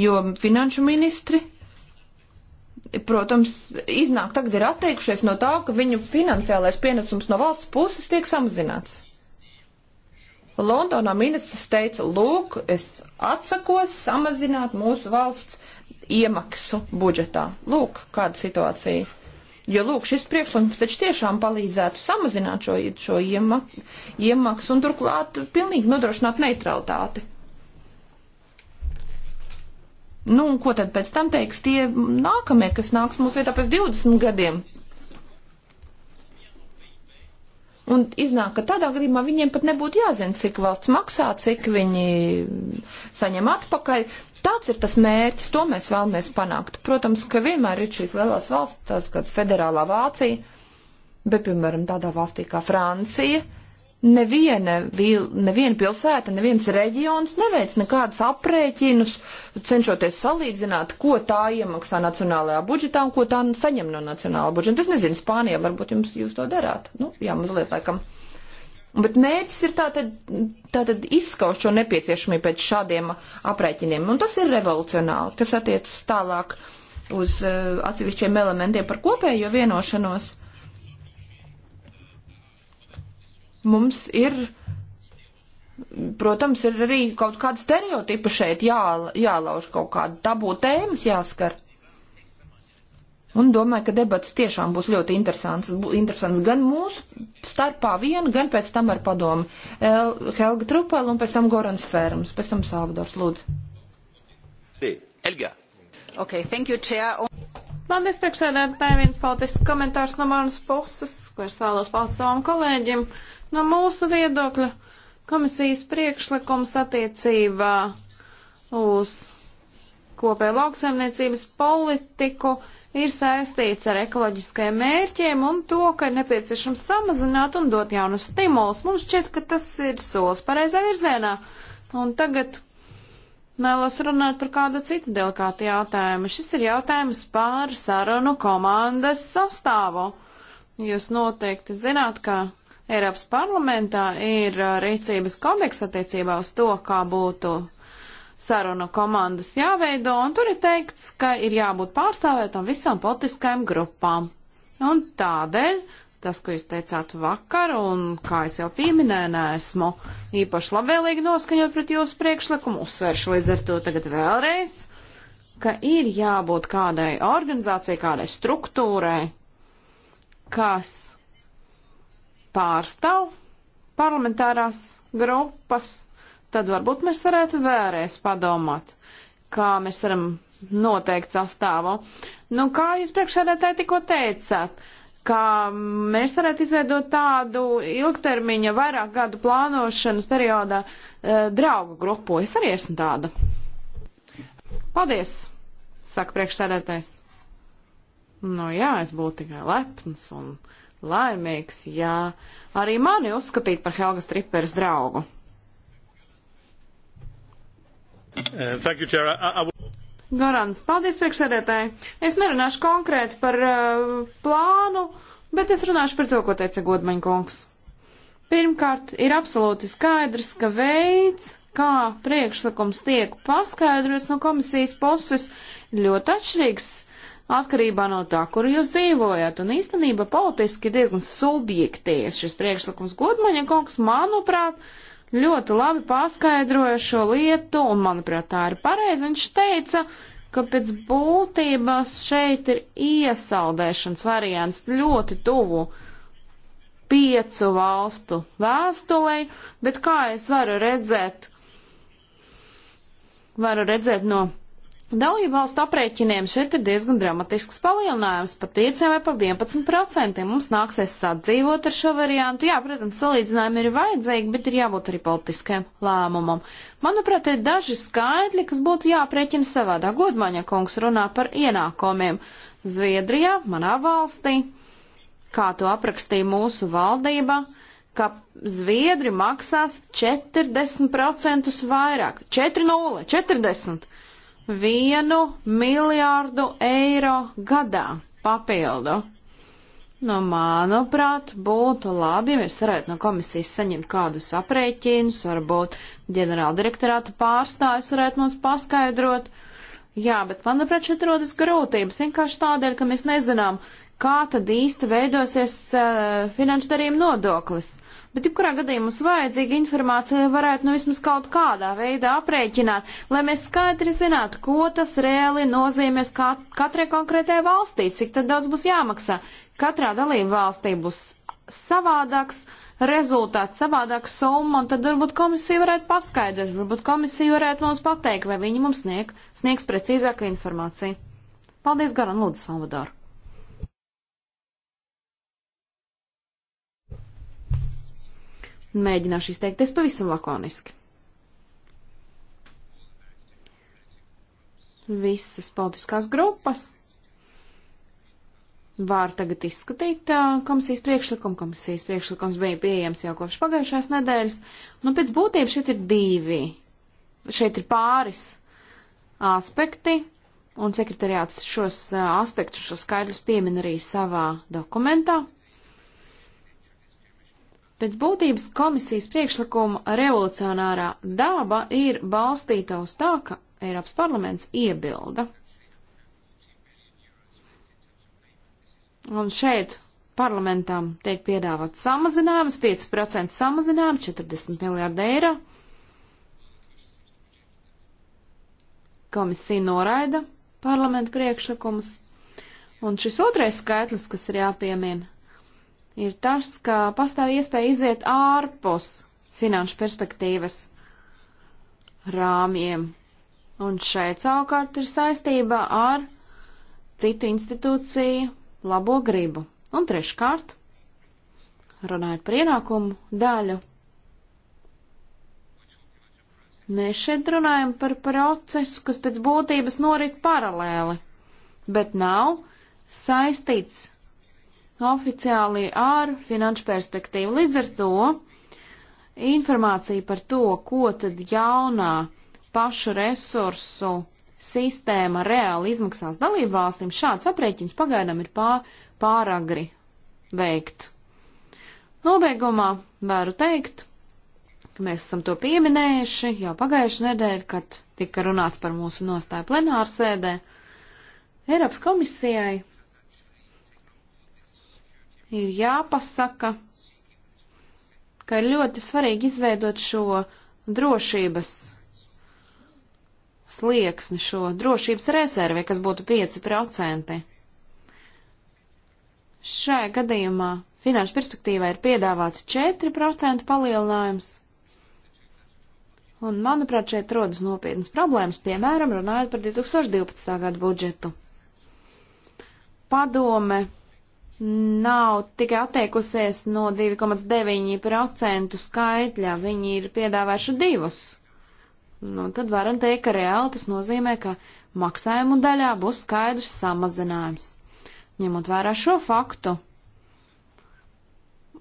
Jo finanšu ministri protams, iznāk tagad ir atteikušies no tā, ka viņu finansiālais pienesums no valsts puses tiek samazināts. Londonā ministrs teica, lūk, es atsakos samazināt mūsu valsts iemaksu budžetā. Lūk, kāda situācija. Jo, lūk, šis priekšlikums taču tiešām palīdzētu samazināt šo, šo iemak, iemaksu un turklāt pilnīgi nodrošināt neutralitāti. Nu, un ko tad pēc tam teiks tie nākamie, kas nāks mūsu vietā pēc 20 gadiem? Un iznāk, ka tādā gadījumā viņiem pat nebūtu jāzina, cik valsts maksā, cik viņi saņem atpakaļ. Tāds ir tas mērķis, to mēs vēlamies panākt. Protams, ka vienmēr ir šīs lielās valsts, tās kāds federālā Vācija, bet, piemēram, tādā valstī kā Francija, uh, neviena, neviena pilsēta, neviens reģions neveic nekādus aprēķinus, cenšoties salīdzināt, ko tā iemaksā nacionālajā budžetā un ko tā saņem no nacionālā budžeta. Es nezinu, Spānijā varbūt jums jūs to darāt. Nu, jā, mazliet laikam. Bet mērķis ir tātad, tātad izskaust šo nepieciešamību pēc šādiem aprēķiniem, un tas ir revolucionāli, kas attiecas tālāk uz uh, atsevišķiem elementiem par kopējo vienošanos. mums ir, protams, ir arī kaut kāda stereotipa šeit jā, jālauž kaut kāda tabū tēmas jāskar. Un domāju, ka debats tiešām būs ļoti interesants, interesants gan mūsu starpā vien, gan pēc tam ar padomu. Helga Trupel un pēc tam Gorans Fērums, pēc tam Salvadors Lūdzu. Helga. Okay, thank you, Chair. Paldies, priekšsēdētāji, viens politisks komentārs no manas puses, ko es vēlos paust savam kolēģim. Uh, No mūsu viedokļa komisijas priekšlikums attiecībā uz kopēju lauksaimniecības politiku ir saistīts ar ekoloģiskajiem mērķiem un to, ka ir nepieciešams samazināt un dot jaunus stimulus. Mums šķiet, ka tas ir solis pareizā virzienā. Un tagad vēlos runāt par kādu citu delikātu jautājumu. Šis ir jautājums par sarunu komandas sastāvu. Jūs noteikti zināt, ka Eiropas parlamentā ir rīcības kodeks attiecībā uz to, kā būtu sarunu komandas jāveido, un tur ir teikts, ka ir jābūt pārstāvētam visām politiskajām grupām. Un tādēļ tas, ko jūs teicāt vakar, un kā es jau pieminēju, neesmu īpaši labvēlīgi noskaņot pret jūsu priekšlikumu, uzsveršu līdz ar to tagad vēlreiz, ka ir jābūt kādai organizācijai, kādai struktūrai, kas pārstāv parlamentārās grupas, tad varbūt mēs varētu vēlreiz padomāt, kā mēs varam noteikt sastāvu. Nu, kā jūs priekšsēdētāji tikko teicāt, ka mēs varētu izveidot tādu ilgtermiņa, vairāk gadu plānošanas periodā eh, draugu grupu. Es arī esmu tāda. Paldies, saka priekšsēdētājs. Nu jā, es būtu tikai lepns un laimīgs, ja arī mani uzskatīt par Helgas Trippers draugu. Uh, thank you, Chair. I, I... Garants, paldies priekšsēdētāji. Es nerunāšu konkrēti par uh, plānu, bet es runāšu par to, ko teica Godmaņa kungs. Pirmkārt, ir absolūti skaidrs, ka veids, kā priekšlikums tiek paskaidrots no komisijas puses, ļoti atšķirīgs atkarībā no tā, kur jūs dzīvojat. Un īstenībā politiski diezgan subjektīvs šis priekšlikums Gudmaņa kungs, manuprāt, ļoti labi paskaidroja šo lietu, un, manuprāt, tā ir pareizi. Viņš teica, ka pēc būtības šeit ir iesaldēšanas variants ļoti tuvu piecu valstu vēstulei, bet kā es varu redzēt, varu redzēt no Dalību valstu aprēķiniem šeit ir diezgan dramatisks palielinājums, pat 5 vai pat 11%. Mums nāksies sadzīvot ar šo variantu. Jā, protams, salīdzinājumi ir vajadzīgi, bet ir jābūt arī politiskajam lēmumam. Manuprāt, ir daži skaitļi, kas būtu jāprēķina savādā. Godmaņa kungs runā par ienākumiem Zviedrijā, manā valstī, kā to aprakstīja mūsu valdība ka Zviedri maksās 40% vairāk. 4,0, 40 vienu miljārdu eiro gadā papildu. Nu, manuprāt, būtu labi, ja mēs varētu no komisijas saņemt kādus aprēķinus, varbūt ģenerāldirektorāta pārstājas varētu mums paskaidrot. Jā, bet manuprāt, šeit rodas grūtības vienkārši tādēļ, ka mēs nezinām, kā tad īsti veidosies uh, finanšu darījuma nodoklis bet jebkurā gadījumā mums vajadzīga informācija varētu nu vismaz kaut kādā veidā aprēķināt, lai mēs skaidri zinātu, ko tas reāli nozīmēs kat katrai konkrētajai valstī, cik tad daudz būs jāmaksā. Katrā dalība valstī būs savādāks rezultāts, savādāka summa, un tad varbūt komisija varētu paskaidrot, varbūt komisija varētu mums pateikt, vai viņi mums snieg, sniegs precīzāku informāciju. Paldies, Garan Lūdzu, Salvadoru! Mēģināšu izteikties pavisam lakoniski. Visas politiskās grupas var tagad izskatīt komisijas priekšlikumu. Komisijas priekšlikums bija pieejams jau kopš pagājušās nedēļas. Nu, pēc būtības šeit ir divi. Šeit ir pāris aspekti, un sekretariāts šos aspektus, šos skaidrus piemin arī savā dokumentā. Pēc būtības komisijas priekšlikuma revolucionārā daba ir balstīta uz tā, ka Eiropas parlaments iebilda. Un šeit parlamentam tiek piedāvāts samazinājums, 5% samazinājums, 40 miljārdi eiro. Komisija noraida parlamentu priekšlikumus. Un šis otrais skaitlis, kas ir jāpiemina, ir tas, ka pastāv iespēja iziet ārpus finanšu perspektīvas rāmjiem. Un šeit savukārt ir saistība ar citu institūciju labo gribu. Un treškārt, runājot par ienākumu daļu, mēs šeit runājam par procesu, kas pēc būtības norit paralēli, bet nav saistīts oficiāli ar finanšu perspektīvu. Līdz ar to informācija par to, ko tad jaunā pašu resursu sistēma reāli izmaksās dalībvalstīm, šāds aprēķins pagaidām ir pār, pāragri veikt. Nobeigumā varu teikt, ka mēs esam to pieminējuši jau pagājušajā nedēļā, kad tika runāts par mūsu nostāju plenārsēdē. Eiropas komisijai ir jāpasaka, ka ir ļoti svarīgi izveidot šo drošības slieksni, šo drošības rezervi, kas būtu 5%. Šajā gadījumā finanšu perspektīvā ir piedāvāts 4% palielinājums. Un, manuprāt, šeit rodas nopietnas problēmas, piemēram, runājot par 2012. gadu budžetu. Padome nav tikai atteikusies no 2,9% skaitļa, viņi ir piedāvājuši divus. Nu, tad varam teikt, ka reāli tas nozīmē, ka maksājumu daļā būs skaidrs samazinājums. Ņemot vērā šo faktu,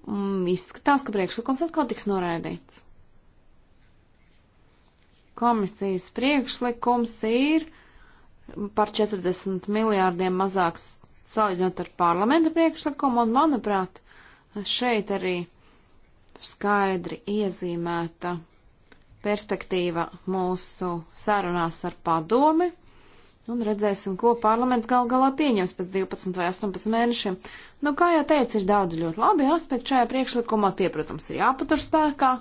mm, izskatās, ka priekšlikums atkal tiks noraidīts. Komisijas priekšlikums ir par 40 miljārdiem mazāks salīdzinot ar parlamenta priekšlikumu, un, manuprāt, šeit arī skaidri iezīmēta perspektīva mūsu sarunās ar padomi, un redzēsim, ko parlaments gal galā pieņems pēc 12 vai 18 mēnešiem. Nu, kā jau teicu, ir daudz ļoti labi aspekti šajā priekšlikumā, tie, protams, ir jāpatur spēkā,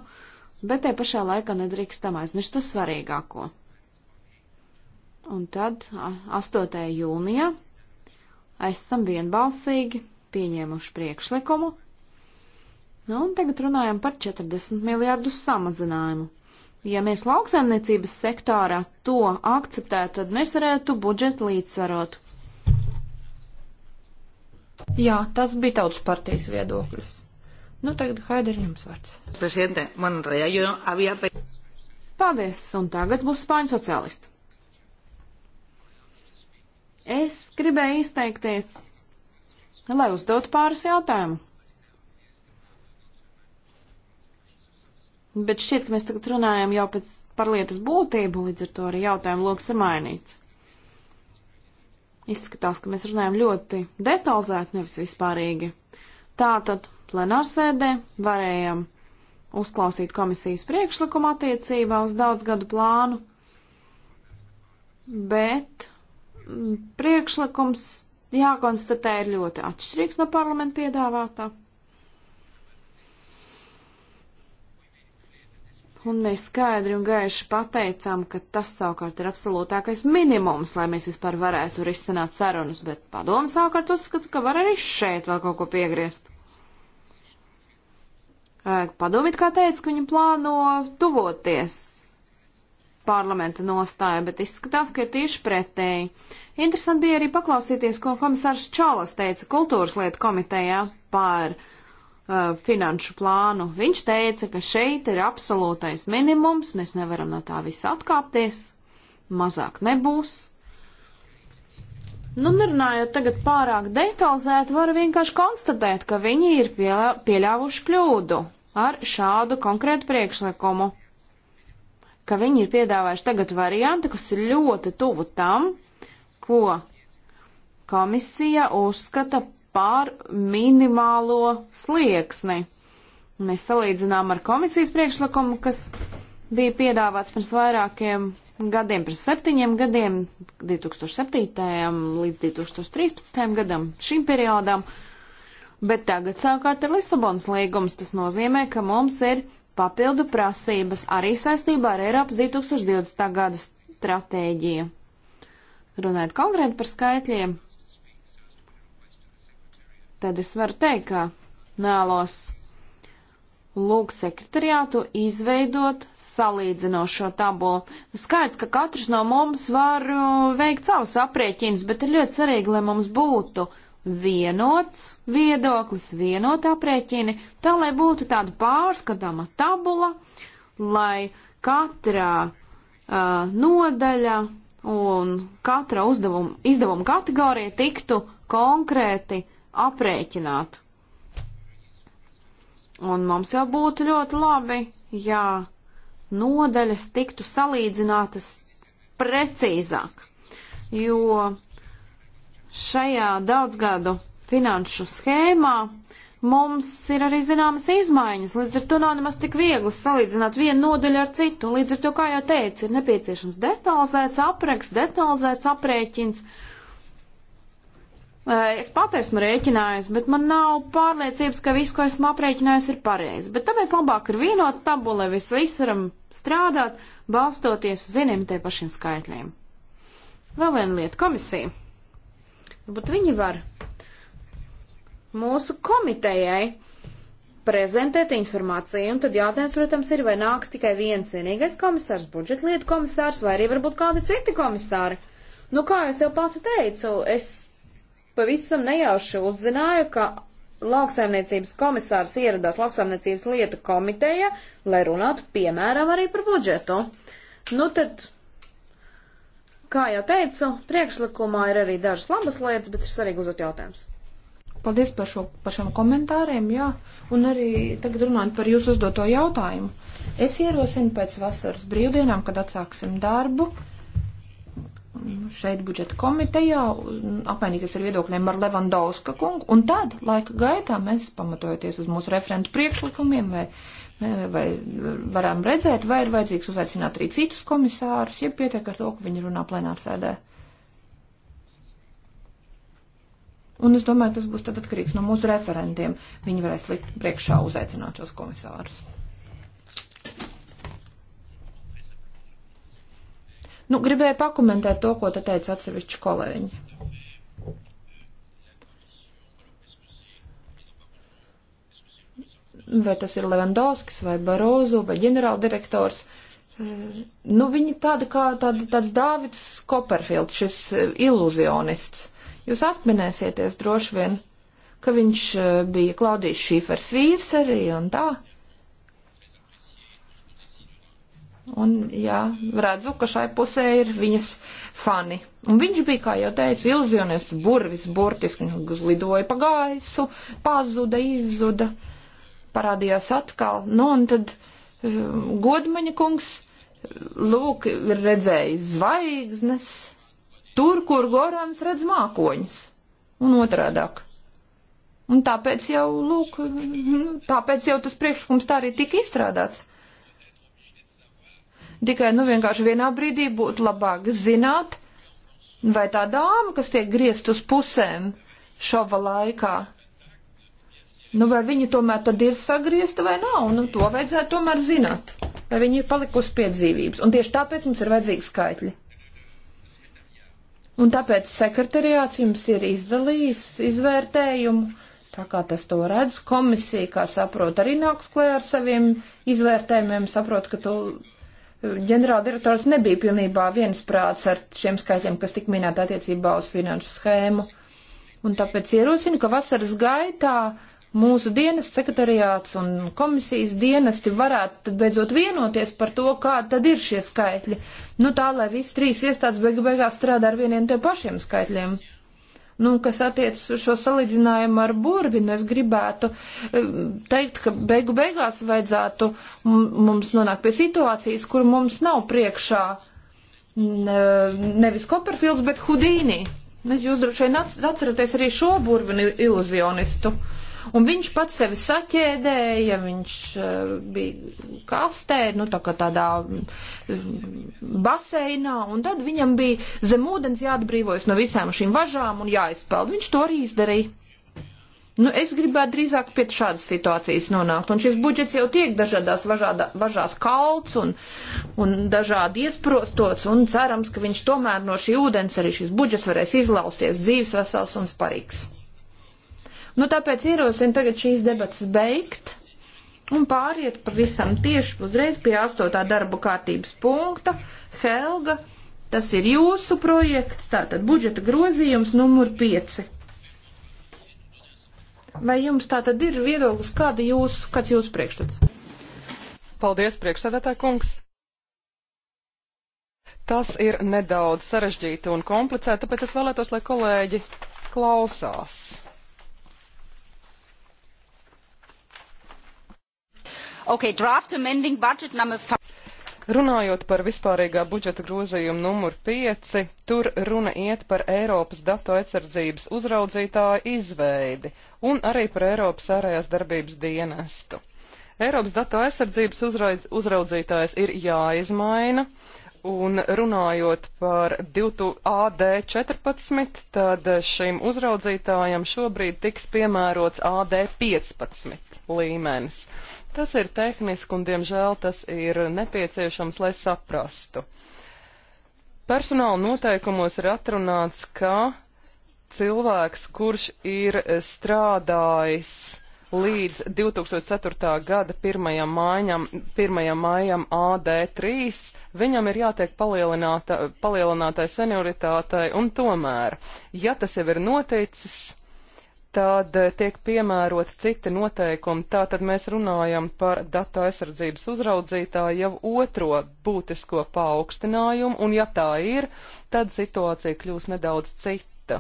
bet te pašā laikā nedrīkstam aizmirst uz svarīgāko. Un tad 8. jūnijā esam vienbalsīgi pieņēmuši priekšlikumu. Nu, un tagad runājam par 40 miljārdu samazinājumu. Ja mēs lauksaimniecības sektārā to akceptētu, tad mēs varētu budžetu līdzsvarot. Jā, tas bija tautas partijas viedoklis. Nu, tagad Haider jums vārds. Presidente, man reāli jau avija. Paldies, un tagad būs spāņu sociālisti. Es gribēju izteikties, lai uzdotu pāris jautājumu. Bet šķiet, ka mēs tagad runājam jau pēc par lietas būtību, līdz ar to arī jautājumu lokus ir mainīts. Izskatās, ka mēs runājam ļoti detalizēti, nevis vispārīgi. Tātad plenārsēdē varējām uzklausīt komisijas priekšlikumu attiecībā uz daudzgadu plānu, bet priekšlikums, jākonstatē, ir ļoti atšķirīgs no parlamenta piedāvātā. Un mēs skaidri un gaiši pateicām, ka tas savukārt ir absolūtākais minimums, lai mēs vispār varētu risināt sarunas, bet padomu savukārt uzskatu, ka var arī šeit vēl kaut ko piegriezt. Padomit, kā teica, ka viņi plāno tuvoties parlamenta nostāja, bet izskatās, ka ir tieši pretēji. Interesanti bija arī paklausīties, ko komisārs Čalas teica kultūras lietu komitejā par uh, finanšu plānu. Viņš teica, ka šeit ir absolūtais minimums, mēs nevaram no tā visa atkāpties, mazāk nebūs. Nu, nerunājot tagad pārāk detalizēti, varu vienkārši konstatēt, ka viņi ir pieļā, pieļāvuši kļūdu ar šādu konkrētu priekšlikumu ka viņi ir piedāvājuši tagad variantu, kas ir ļoti tuvu tam, ko komisija uzskata par minimālo slieksni. Mēs salīdzinām ar komisijas priekšlikumu, kas bija piedāvāts pirms vairākiem gadiem, pirms septiņiem gadiem, 2007. līdz 2013. gadam, šim periodam. Bet tagad savukārt ir Lisabonas līgums. Tas nozīmē, ka mums ir papildu prasības arī saistībā ar Eiropas 2020. gada stratēģiju. Runājot konkrēti par skaitļiem, tad es varu teikt, ka nālos lūgt sekretariātu izveidot salīdzinošo tabulu. Skaidrs, ka katrs no mums var uh, veikt savus aprēķinus, bet ir ļoti svarīgi, lai mums būtu vienots viedoklis, vienot aprēķini, tā lai būtu tāda pārskatāma tabula, lai katrā uh, nodaļa un katra uzdevuma, izdevuma kategorija tiktu konkrēti aprēķināta. Un mums jau būtu ļoti labi, ja nodaļas tiktu salīdzinātas precīzāk, jo šajā daudzgadu finanšu schēmā mums ir arī zināmas izmaiņas, līdz ar to nav nemaz tik viegli salīdzināt vienu nodaļu ar citu. Līdz ar to, kā jau teicu, ir nepieciešams detalizēts apraksts, detalizēts aprēķins. Es pat esmu rēķinājusi, bet man nav pārliecības, ka viss, ko esmu aprēķinājusi, ir pareizi. Bet tāpēc labāk ir vienot tabulē, visu visu varam strādāt, balstoties uz vieniem te pašiem skaitļiem. Vēl viena lieta - komisija bet viņi var mūsu komitejai prezentēt informāciju, un tad jautājums, protams, ir, vai nāks tikai viens vienīgais komisārs, budžetlietu komisārs, vai arī varbūt kādi citi komisāri. Nu, kā es jau pati teicu, es pavisam nejauši uzzināju, ka lauksaimniecības komisārs ieradās lauksaimniecības lietu komiteja, lai runātu, piemēram, arī par budžetu. Nu, tad Kā jau teicu, priekšlikumā ir arī dažas labas lietas, bet ir svarīgi uzdot jautājumus. Paldies par, šo, par šiem komentāriem, jā. Un arī tagad runājot par jūsu uzdoto jautājumu. Es ierosinu pēc vasaras brīvdienām, kad atsāksim darbu šeit budžeta komitejā, apmainīties ar viedokļiem ar Levandauska kungu, un tad laika gaitā mēs, pamatojoties uz mūsu referentu priekšlikumiem vai vai varam redzēt, vai ir vajadzīgs uzaicināt arī citus komisārus, ja pietiek ar to, ka viņi runā plenārsēdē. Un es domāju, tas būs tad atkarīgs no mūsu referentiem. Viņi varēs likt priekšā uzaicināt šos komisārus. Nu, gribēju pakomentēt to, ko te teica atsevišķi kolēģi. vai tas ir Levandovskis vai Barozo vai ģenerāldirektors. Eh, nu, viņi tādi kā tādi, tāds Dāvids Koperfields, šis eh, iluzionists. Jūs atminēsieties droši vien, ka viņš eh, bija Klaudijas Šīfers vīrs arī un tā. Un, jā, redzu, ka šai pusē ir viņas fani. Un viņš bija, kā jau teicu, iluzionists, burvis, burtiski, lidoja pa gaisu, pazuda, izzuda. Uh, parādījās atkal. Nu, un tad um, godmaņa kungs, lūk, ir redzējis zvaigznes, tur, kur Gorans redz mākoņus, un otrādāk. Un tāpēc jau, lūk, nu, tāpēc jau tas priekšlikums tā arī tika izstrādāts. Tikai, nu, vienkārši vienā brīdī būtu labāk zināt, vai tā dāma, kas tiek griezt uz pusēm šova laikā, Nu, vai viņi tomēr tad ir sagriezti vai nav? Nu, to vajadzētu tomēr zināt. Vai viņi ir palikusi pie dzīvības. Un tieši tāpēc mums ir vajadzīgi skaitļi. Un tāpēc sekretariāts jums ir izdalījis izvērtējumu. Tā kā tas to redz, komisija, kā saprot, arī nāks klē ar saviem izvērtējumiem, saprot, ka to ģenerāldirektors nebija pilnībā viensprāts ar šiem skaitļiem, kas tik minēta attiecībā uz finanšu schēmu. Un tāpēc ierosinu, ka vasaras gaitā uh, mūsu dienas sekretariāts un komisijas dienesti varētu tad beidzot vienoties par to, kāda tad ir šie skaitļi. Nu tā, lai visi trīs iestādes beigu beigās strādā ar vieniem tiem pašiem skaitļiem. Nu, kas attiecas uz šo salīdzinājumu ar burvinu, es gribētu eh, teikt, ka beigu beigās vajadzētu mums nonākt pie situācijas, kur mums nav priekšā nevis Koperfields, bet Hudīnī. Es jūs droši vien atceraties arī šo burvinu iluzionistu. Uh, un viņš pats sevi saķēdēja, viņš uh, bija kastē, nu tā kā tādā mm, baseinā, un tad viņam bija zem ūdens jāatbrīvojas no visām šīm važām un jāizpeld. Viņš to arī izdarīja. Nu, es gribētu drīzāk pie šādas situācijas nonākt, un šis budžets jau tiek dažādās važāda, važās kalts un, un dažādi iesprostots, un cerams, ka viņš tomēr no šī ūdens arī šis budžets varēs izlausties dzīves vesels un sparīgs. Nu, tāpēc ierosinu tagad šīs debatas beigt un pāriet pavisam tieši uzreiz pie astotā darbu kārtības punkta. Helga, tas ir jūsu projekts, tātad budžeta grozījums numur 5. Vai jums tātad ir viedoklis, kāda jūs, kāds jūsu priekšstats? Paldies, priekšsēdētāj kungs! Tas ir nedaudz sarežģīti un komplicēti, tāpēc es vēlētos, lai kolēģi klausās. Okay, draft amending budget number 5. Runājot par vispārīgā budžeta grozījumu numur 5, tur runa iet par Eiropas datu aizsardzības uzraudzītāju izveidi un arī par Eiropas ārējās darbības dienestu. Eiropas datu aizsardzības uzraudz, uzraudzītājs ir jāizmaina, un runājot par 2AD14, tad šim uzraudzītājam šobrīd tiks piemērots AD15 līmenis. Tas ir tehniski un, diemžēl, tas ir nepieciešams, lai saprastu. Personāla noteikumos ir atrunāts, ka cilvēks, kurš ir strādājis līdz 2004. gada 1. Mājam, 1. maijam AD3, viņam ir jātiek palielinātai senioritātei, un tomēr, ja tas jau ir noticis, tad tiek piemēroti citi noteikumi. Tātad mēs runājam par datu aizsardzības uzraudzītāju jau otro būtisko paaugstinājumu, un ja tā ir, tad situācija kļūs nedaudz cita.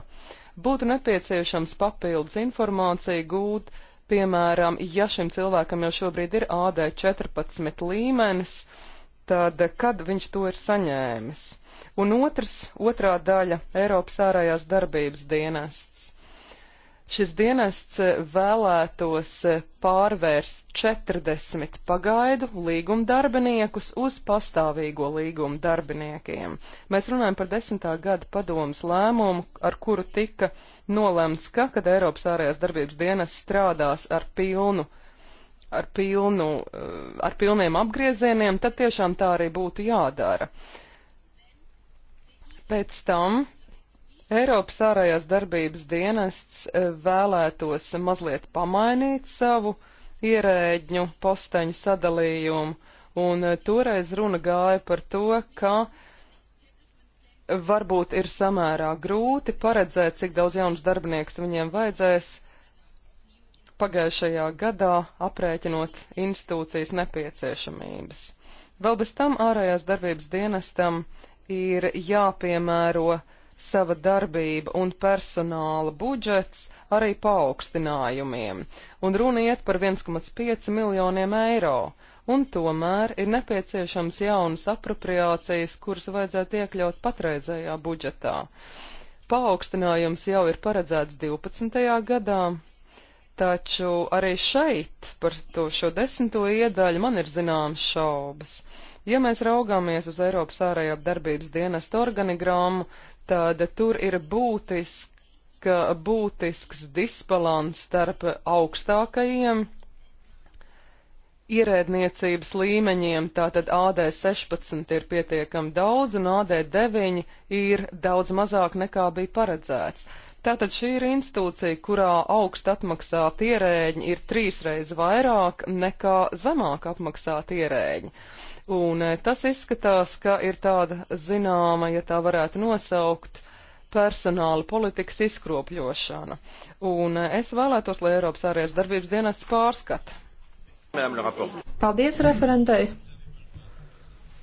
Būtu nepieciešams papildus informācija gūt, piemēram, ja šim cilvēkam jau šobrīd ir AD 14 līmenis, tad kad viņš to ir saņēmis. Un otrs, otrā daļa - Eiropas ārējās darbības dienests. Šis dienests eh, vēlētos eh, pārvērst 40 pagaidu līgumdarbiniekus uz pastāvīgo līgumdarbiniekiem. Mēs runājam par desmitā gada padomas lēmumu, ar kuru tika nolemts, ka, kad Eiropas ārējās darbības dienas strādās ar pilnu, ar, pilnu, eh, ar pilniem apgriezieniem, tad tiešām tā arī būtu jādara. Pēc tam Eiropas ārējās darbības dienests e, vēlētos mazliet pamainīt savu ierēģņu posteņu sadalījumu, un e, toreiz runa gāja par to, ka varbūt ir samērā grūti paredzēt, cik daudz jaunas darbinieks viņiem vajadzēs pagājušajā gadā aprēķinot institūcijas nepieciešamības. Vēl bez tam ārējās darbības dienestam ir jāpiemēro sava darbība un personāla budžets arī paaugstinājumiem, un runa iet par 1,5 miljoniem eiro, un tomēr ir nepieciešams jaunas apropriācijas, kuras vajadzētu iekļaut patreizējā budžetā. Paaugstinājums jau ir paredzēts 12. gadā, taču arī šeit par to šo desmito iedaļu man ir zināmas šaubas. Ja mēs raugāmies uz Eiropas ārējā darbības dienesta organigrammu, tad tur ir būtiska, būtisks disbalans starp augstākajiem ierēdniecības līmeņiem, tātad AD16 ir pietiekami daudz un AD9 ir daudz mazāk nekā bija paredzēts. Tātad šī ir institūcija, kurā augst atmaksāti ierēģi ir trīsreiz vairāk nekā zemāk apmaksāti ierēģi. Uh, Un e, tas izskatās, ka ir tāda zināma, ja tā varētu nosaukt, personāla politikas izkropļošana. Un e, es vēlētos, lai Eiropas ārējās darbības dienas pārskata. Paldies referentei!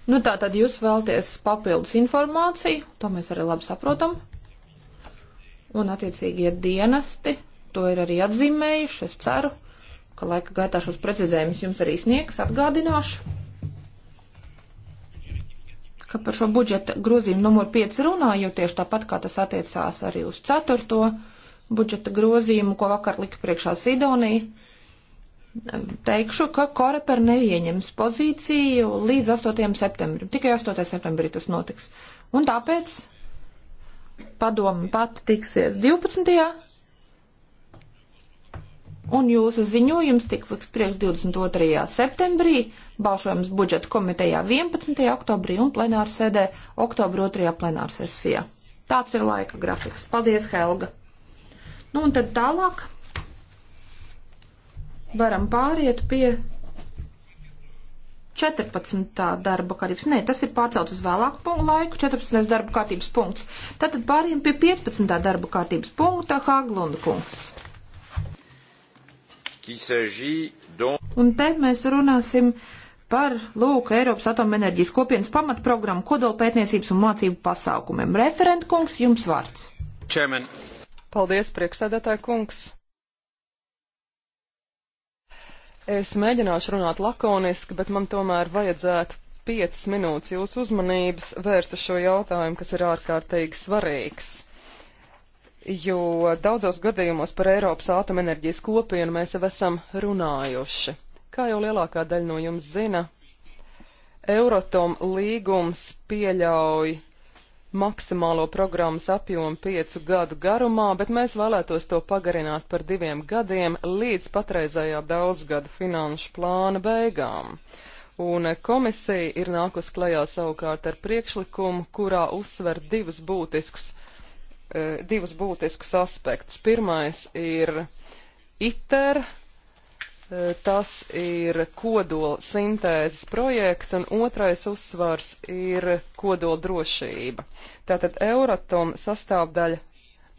Nu, tā tad jūs vēlties papildus informāciju, to mēs arī labi saprotam. Un, attiecīgi, ir dienesti, to ir arī atzīmējuši. Es ceru, ka laika gaitā šos precizējumus jums arī sniegs, atgādināšu ka par šo budžeta grozījumu numur 5 runāju, tieši tāpat kā tas attiecās arī uz 4. budžeta grozījumu, ko vakar lika priekšā Sidonija. Teikšu, ka Koreper neieņems pozīciju līdz 8. septembrim. Tikai 8. septembrī tas notiks. Un tāpēc padomu pat tiksies 12 un jūsu ziņojums tiks liks priekš 22. septembrī, balsojums budžeta komitejā 11. oktobrī un plenāra sēdē oktobra 2. plenāra sesijā. Tāds ir laika grafiks. Paldies, Helga! Nu un tad tālāk varam pāriet pie 14. darba kārtības, nē, tas ir pārcelts uz vēlāku laiku, 14. darba kārtības punkts. Tātad pāriem pie 15. darba kārtības punkta Haglunda kungs. Un te mēs runāsim par, lūk, Eiropas atomenerģijas kopienas pamatprogrammu kodolpētniecības un mācību pasākumiem. Referent kungs, jums vārds. Čemen. Paldies, priekšsēdētāji kungs. Es mēģināšu runāt lakoniski, bet man tomēr vajadzētu piecas minūtes jūsu uzmanības vērst uz šo jautājumu, kas ir ārkārtīgi svarīgs jo daudzos gadījumos par Eiropas atomenerģijas kopienu mēs jau esam runājuši. Kā jau lielākā daļa no jums zina, Euratom līgums pieļauj maksimālo programmas apjomu piecu gadu garumā, bet mēs vēlētos to pagarināt par diviem gadiem līdz patreizējā daudzgada finanšu plāna beigām. Un komisija ir nākus klajā savukārt ar priekšlikumu, kurā uzsver divus būtiskus E, divus būtiskus aspektus. Pirmais ir ITER, e, tas ir kodola sintēzes projekts, un otrais uzsvars ir kodola drošība. Tātad Euratom sastāvdaļa.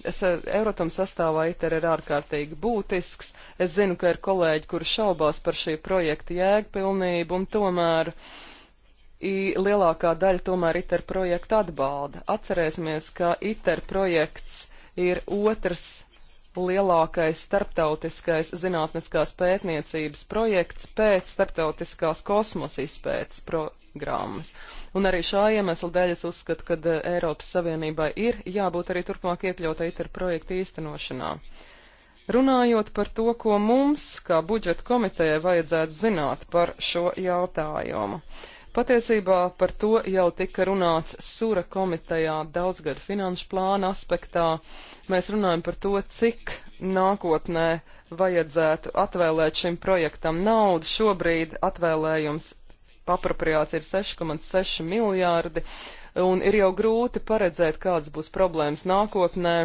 E, Euratom sastāvā ITER ir ārkārtīgi būtisks. Es zinu, ka ir kolēģi, kuri šaubās par šī projekta jēgpilnību, un tomēr uh, lielākā daļa tomēr ITER projektu atbalda. Atcerēsimies, ka ITER projekts ir otrs lielākais starptautiskais zinātniskās pētniecības projekts pēc starptautiskās kosmosa izpētes programmas. Un arī šā iemesla dēļ es uzskatu, ka eh, Eiropas Savienībai ir jābūt arī turpmāk iekļautai ITER projektu īstenošanā. Runājot par to, ko mums, kā budžeta komitejai, vajadzētu zināt par šo jautājumu. Patiesībā par to jau tika runāts Sura komitejā daudzgadu finanšu plāna aspektā. Mēs runājam par to, cik nākotnē vajadzētu atvēlēt šim projektam naudu. Šobrīd atvēlējums apropriācija ir 6,6 miljārdi, un ir jau grūti paredzēt, kādas būs problēmas nākotnē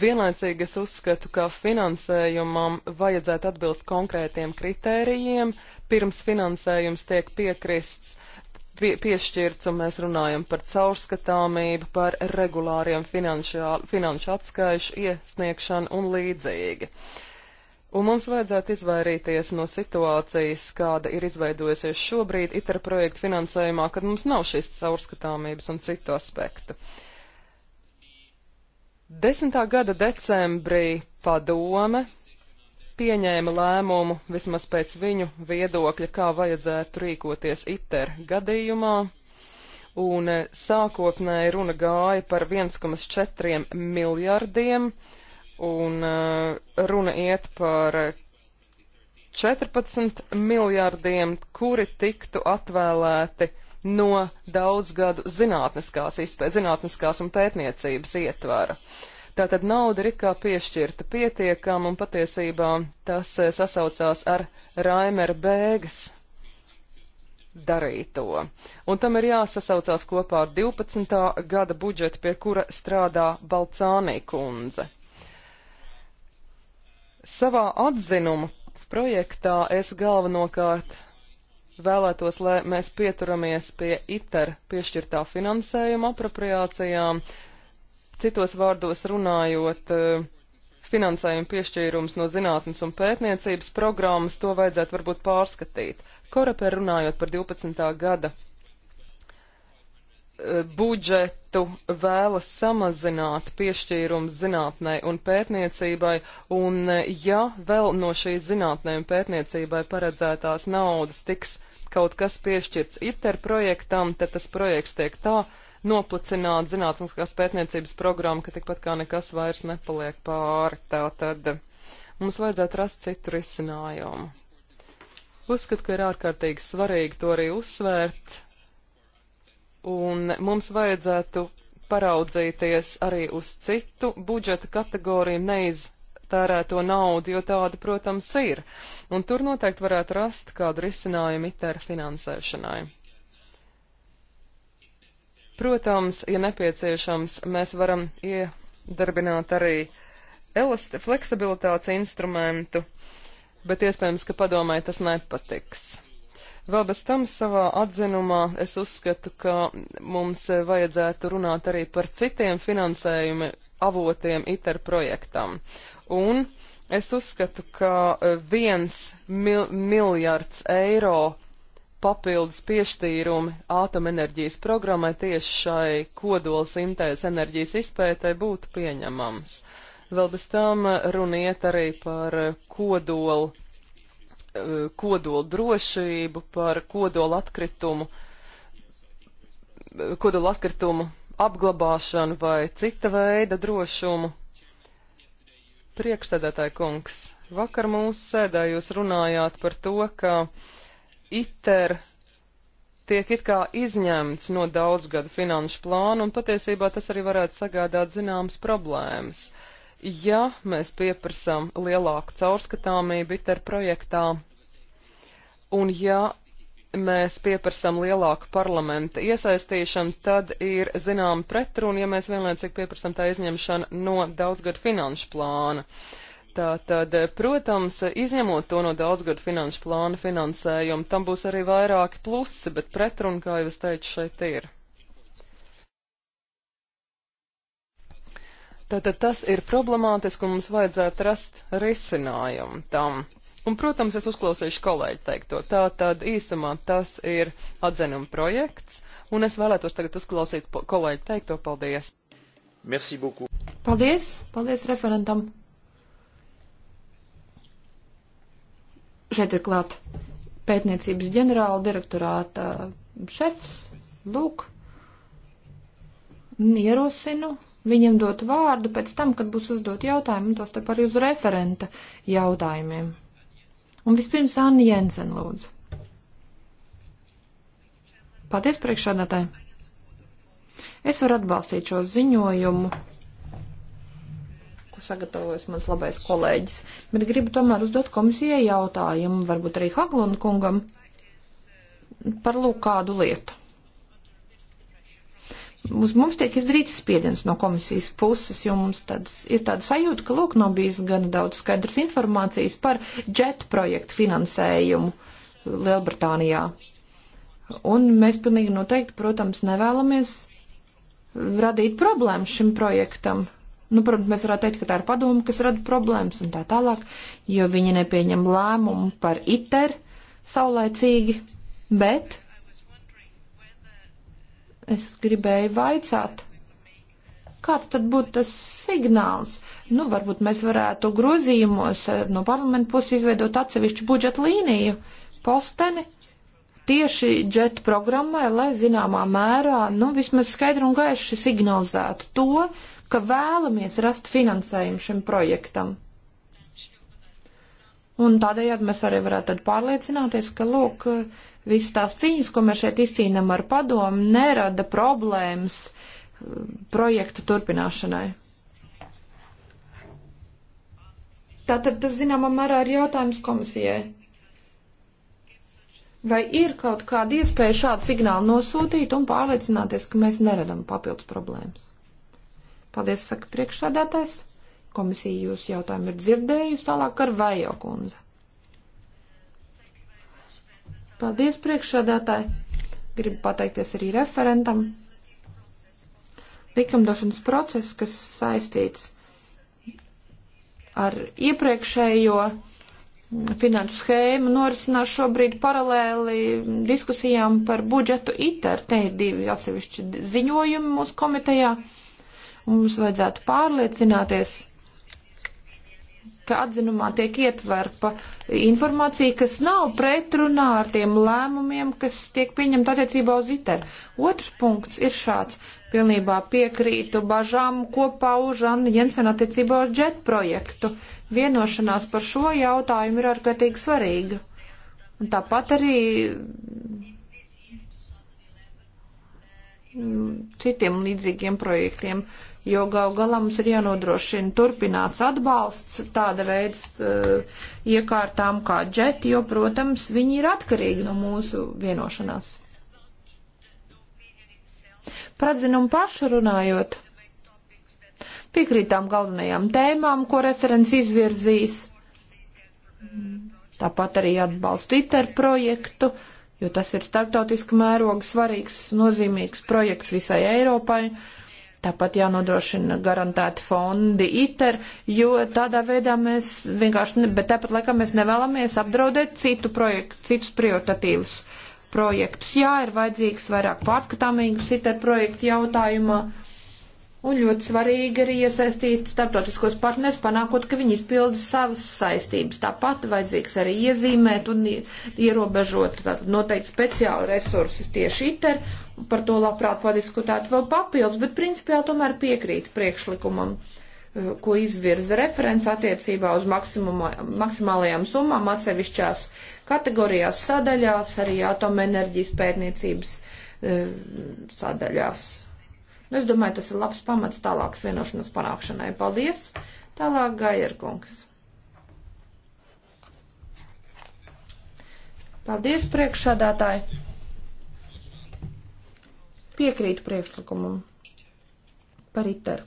Vienlaicīgi es uzskatu, ka finansējumam vajadzētu atbilst konkrētiem kritērijiem, pirms finansējums tiek piekrists, pie, piešķirts, un mēs runājam par caurskatāmību, par regulāriem finanšu atskaišu iesniegšanu un līdzīgi. Un mums vajadzētu izvairīties no situācijas, kāda ir izveidojusies šobrīd ITER projektu finansējumā, kad mums nav šīs caurskatāmības un citu aspektu. Uh, Desmitā gada decembrī padome pieņēma lēmumu, vismaz pēc viņu viedokļa, kā vajadzētu rīkoties ITER gadījumā, un e, sākotnēji runa gāja par 1,4 miljardiem, un e, runa iet par 14 miljardiem, kuri tiktu atvēlēti no daudzgadu zinātniskās, izpē, zinātniskās un pētniecības ietvara. Tātad nauda ir kā piešķirta pietiekam, un patiesībā tas eh, sasaucās ar Raimera bēgas darīto. Un tam ir jāsasaucās kopā ar 12. gada budžetu, pie kura strādā Balcānī kundze. Savā atzinuma projektā es galvenokārt Vēlētos, lai mēs pieturamies pie ITER piešķirtā finansējuma apropriācijām. Citos vārdos runājot, eh, finansējuma piešķīrums no zinātnes un pētniecības programmas, to vajadzētu varbūt pārskatīt. Korapē runājot par 12. gada eh, budžetu vēlas samazināt piešķīrums zinātnē un pētniecībai, un eh, ja vēl no šīs zinātnē un pētniecībai paredzētās naudas tiks kaut kas piešķirts ITER projektam, tad tas projekts tiek tā noplicināt zinātniskās pētniecības programma, ka tikpat kā nekas vairs nepaliek pāri. Tā tad mums vajadzētu rast citu risinājumu. Uzskatu, ka ir ārkārtīgi svarīgi to arī uzsvērt, un mums vajadzētu paraudzīties arī uz citu budžeta kategoriju, neiz tērēto naudu, jo tāda, protams, ir. Un tur noteikti varētu rast kādu risinājumu ITER finansēšanai. Protams, ja nepieciešams, mēs varam iedarbināt arī elasti, fleksibilitātes instrumentu, bet iespējams, ka padomē tas nepatiks. Vēl bez tam savā atzinumā es uzskatu, ka mums vajadzētu runāt arī par citiem finansējuma avotiem ITER projektam. Un es uzskatu, ka eh, viens mil miljards eiro papildus piešķīrumi ātomenerģijas programmai tieši šai kodola sintēzes enerģijas izpētai būtu pieņemams. Vēl bez tam eh, runiet arī par kodolu, eh, kodolu drošību, par kodolu atkritumu, kodolu atkritumu apglabāšanu vai cita veida drošumu. Priekšsēdētāji kungs, vakar mūsu sēdē jūs runājāt par to, ka ITER tiek it kā izņemts no daudzgada finanšu plānu, un patiesībā tas arī varētu sagādāt zināmas problēmas. Ja mēs pieprasām lielāku caurskatāmību ITER projektā, un ja mēs pieprasām lielāku parlamenta iesaistīšanu, tad ir zinām pretruna, ja mēs vienlaicīgi pieprasām tā izņemšanu no daudzgadu finanšu plāna. Tātad, protams, izņemot to no daudzgadu finanšu plāna finansējumu, tam būs arī vairāki plusi, bet pretruna, kā jau es teicu, šeit ir. Tātad tas ir problemātiski, un mums vajadzētu rast risinājumu tam. Un, protams, es uzklausīšu kolēģi teikto. Tā tad īsumā tas ir atzinuma projekts, un es vēlētos tagad uzklausīt kolēģi teikto. Paldies! Merci beaucoup! Paldies! Paldies referentam! Šeit ir klāt pētniecības ģenerāla direktorāta šefs. Lūk, ierosinu viņam dot vārdu pēc tam, kad būs uzdot jautājumu, tos te par uz referenta jautājumiem. Un vispirms Anna Jensen lūdzu. Paldies priekšādātāji. Es varu atbalstīt šo ziņojumu, ko sagatavojas mans labais kolēģis, bet gribu tomēr uzdot komisijai jautājumu, varbūt arī Haglund kungam, par lūk kādu lietu uz mums tiek izdarīts spiediens no komisijas puses, jo mums tāds, ir tāda sajūta, ka lūk, nav bijis gana daudz skaidrs informācijas par džetu projektu finansējumu Lielbritānijā. Un mēs pilnīgi noteikti, protams, nevēlamies radīt problēmas šim projektam. Nu, protams, mēs varētu teikt, ka tā ir padoma, kas rada problēmas un tā tālāk, jo viņi nepieņem lēmumu par ITER saulēcīgi, bet Es gribēju vaicāt, kāds tad būtu tas signāls? Nu, varbūt mēs varētu grozījumos eh, no parlamenta puses izveidot atsevišķu budžeta līniju, posteni tieši džetu programmai, lai zināmā mērā, nu, vismaz skaidri un gaiši signalizētu to, ka vēlamies rast finansējumu šim projektam. Un tādējādi mēs arī varētu tad pārliecināties, ka, lūk, uh, Visas tās cīņas, ko mēs šeit izcīnām ar padomu, nerada problēmas uh, projekta turpināšanai. Tātad tas, zināmā mērā, ir jautājums komisijai. Vai ir kaut kāda iespēja šādu signālu nosūtīt un pārliecināties, ka mēs neredam papildus problēmas? Paldies, saka priekšsādātājs. Komisija jūsu jautājumu ir dzirdējusi tālāk ar Vajo kundze. Paldies priekšsādātāji. Gribu pateikties arī referentam. Likumdošanas process, kas saistīts ar iepriekšējo finanšu schēmu norisinās šobrīd paralēli diskusijām par budžetu ITER. Te ir divi atsevišķi ziņojumi mūsu komitejā. Mums vajadzētu pārliecināties, atzinumā tiek ietverpa informācija, kas nav pretrunā ar tiem lēmumiem, kas tiek pieņemta attiecībā uz ITER. Otrs punkts ir šāds. Pilnībā piekrītu bažām, ko pauž Anna Jensen attiecībā uz džet projektu. Vienošanās par šo jautājumu ir ārkārtīgi svarīga. Un tāpat arī mm, citiem līdzīgiem projektiem. Uh, jo gal galā mums ir jānodrošina turpināts atbalsts tāda veids uh, iekārtām kā džeti, jo, protams, viņi ir atkarīgi no mūsu vienošanās. Par atzinumu pašu runājot, piekrītām galvenajām tēmām, ko referents izvirzīs. Tāpat arī atbalstu ITER projektu, jo tas ir starptautiski mēroga svarīgs, nozīmīgs projekts visai Eiropai. Uh, Tāpat jānodrošina garantēti fondi ITER, jo tādā veidā mēs vienkārši, bet tāpat laikā mēs nevēlamies apdraudēt citu projektu, citus prioritatīvus projektus. Jā, ir vajadzīgs vairāk pārskatāmības ITER projektu jautājumā. Un ļoti svarīgi arī iesaistīt starptautiskos partners, panākot, ka viņi izpilda savas saistības. Tāpat vajadzīgs arī iezīmēt un ierobežot, tātad noteikti speciāli resursus tieši ITER par to labprāt padiskutētu vēl papildus, bet principā tomēr piekrītu priekšlikumam, eh, ko izvirza referents attiecībā uz maksimālajām summām atsevišķās kategorijās, sadaļās, arī atomenerģijas pētniecības eh, sadaļās. Nu, es domāju, tas ir labs pamats tālākas vienošanas panākšanai. Paldies! Tālāk Gairkungs. Paldies, priekšsādātāji! Piekrītu priekšlikumam par iteru.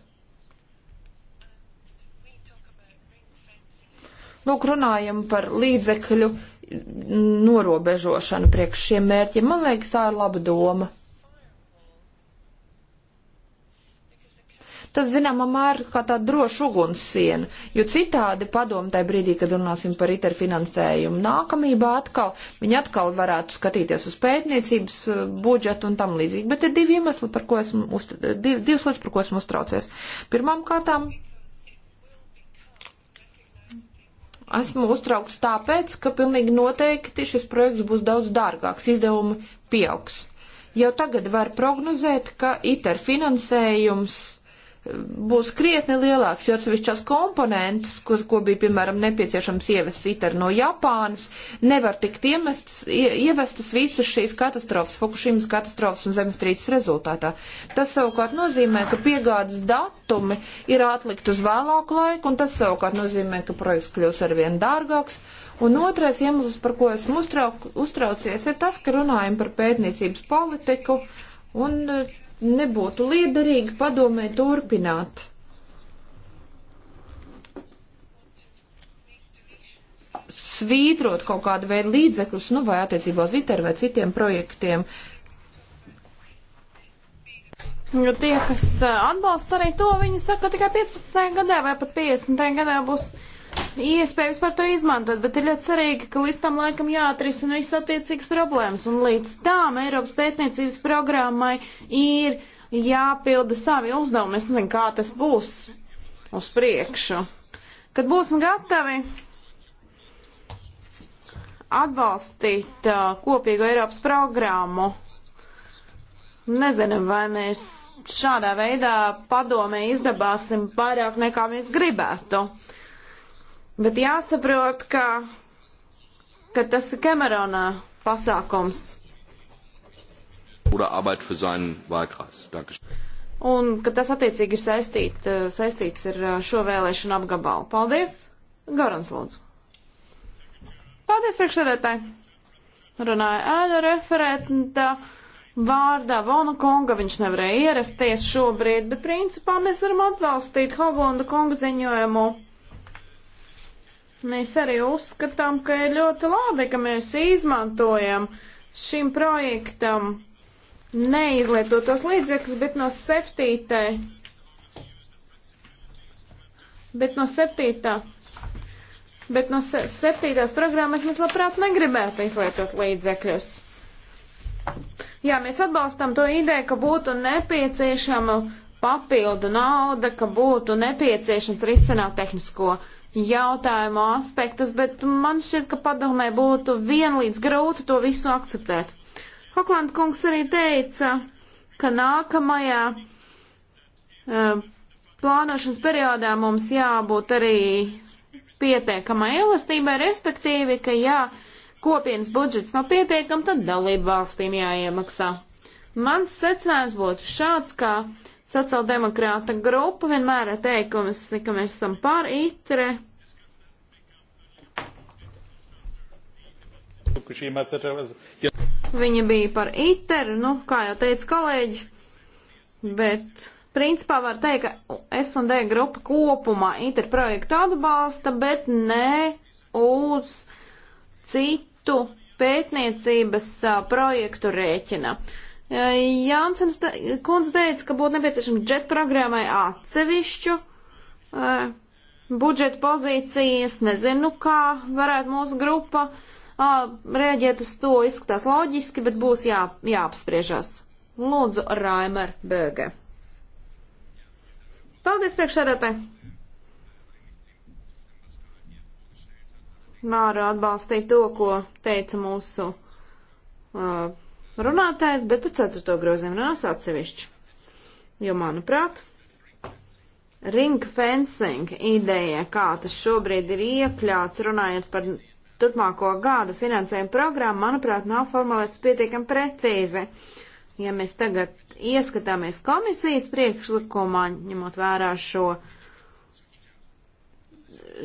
Nu, Lūk, runājam par līdzekļu norobežošanu priekš šiem mērķiem. Man liekas, tā ir laba doma. Tas, zināmā mērā, kā tāda droša ugunssiena, jo citādi padomu tajā brīdī, kad runāsim par ITER finansējumu nākamībā atkal, viņi atkal varētu skatīties uz pētniecības eh, budžetu un tam līdzīgi. Bet ir divi iemesli, par ko esmu, uztra... Eh, div, divas lietas, par ko esmu uztraucies. Pirmām kārtām. Esmu uztraukts tāpēc, ka pilnīgi noteikti šis projekts būs daudz dārgāks, izdevumi pieaugs jau tagad var prognozēt, ka ITER finansējums būs krietni lielāks, jo atsevišķās komponentes, kas, ko bija, piemēram, nepieciešams ievest ITER no Japānas, nevar tikt iemestas, ievestas visas šīs katastrofas, Fukushimas katastrofas un zemestrīces rezultātā. Tas savukārt nozīmē, ka piegādes datumi ir atlikt uz vēlāku laiku, un tas savukārt nozīmē, ka projekts kļūs arvien dārgāks. Un otrais iemesls, par ko esmu uztrauc, uztraucies, ir tas, ka runājam par pētniecības politiku. Un nebūtu liederīgi padomē turpināt. Svītrot kaut kādu veidu līdzekļus, nu vai attiecībā uz ITER vai citiem projektiem. Jo tie, kas eh, atbalsta arī to, viņi saka, ka tikai 15. gadā vai pat 50. gadā būs uh, iespēju vispār to izmantot, bet ir ļoti cerīgi, ka līdz tam laikam jāatrisina visas attiecīgas problēmas, un līdz tām Eiropas pētniecības programmai ir jāpilda savi uzdevumi. Es nezinu, kā tas būs uz priekšu. Kad būsim gatavi atbalstīt uh, kopīgu Eiropas programmu, nezinu, vai mēs šādā veidā padomē izdabāsim vairāk nekā mēs gribētu. Uh, Bet jāsaprot, ka, ka tas ir Kemerona pasākums. Un ka tas attiecīgi ir saistīt, eh, saistīts ar eh, šo vēlēšanu apgabalu. Paldies, Gorans Lūdzu. Paldies, priekšsēdētāji. Runāja ēnu referenta vārdā Vona Konga, viņš nevarēja ierasties šobrīd, bet principā mēs varam atbalstīt Hoglunda Konga ziņojumu Mēs arī uzskatām, ka ir ļoti labi, ka mēs izmantojam šim projektam neizlietotos līdzekļus, bet no septītē. Bet no septītā. Bet no se septītās programmas mēs labprāt negribētu izlietot līdzekļus. Jā, mēs atbalstam to ideju, ka būtu nepieciešama papildu nauda, ka būtu nepieciešams risināt tehnisko jautājumu aspektus, bet man šķiet, ka padomē būtu vienlīdz grūti to visu akceptēt. Hoklanda kungs arī teica, ka nākamajā uh, plānošanas periodā mums jābūt arī pietiekamai elastībai, respektīvi, ka jā, kopienas budžets nav pietiekam, tad dalību valstīm jāiemaksā. Mans secinājums būtu šāds, ka uh, Sociāldemokrāta grupa vienmēr ir teikusi, ka mēs esam par itre. Viņa bija par iteru, nu, kā jau teica kolēģi, bet principā var teikt, ka S&D grupa kopumā ITER projektu atbalsta, bet ne uz citu pētniecības projektu rēķina. Jānsens kundze teica, ka būtu nepieciešams džet programmai atsevišķu uh, budžeta pozīcijas, nezinu, nu, kā varētu mūsu grupa uh, rēģēt uz to, izskatās loģiski, bet būs jā, jāapspriežas. Lūdzu, Raimer Bēge. Paldies, priekšsēdētāji! Māra atbalstīja to, ko teica mūsu uh, runātājs, bet par ceturto grozījumu runās atsevišķi. Jo, manuprāt, ring fencing ideja, kā tas šobrīd ir iekļauts, runājot par turpmāko gadu finansējumu programmu, manuprāt, nav formulēts pietiekami precīzi. Ja mēs tagad ieskatāmies komisijas priekšlikumā, ņemot vērā šo,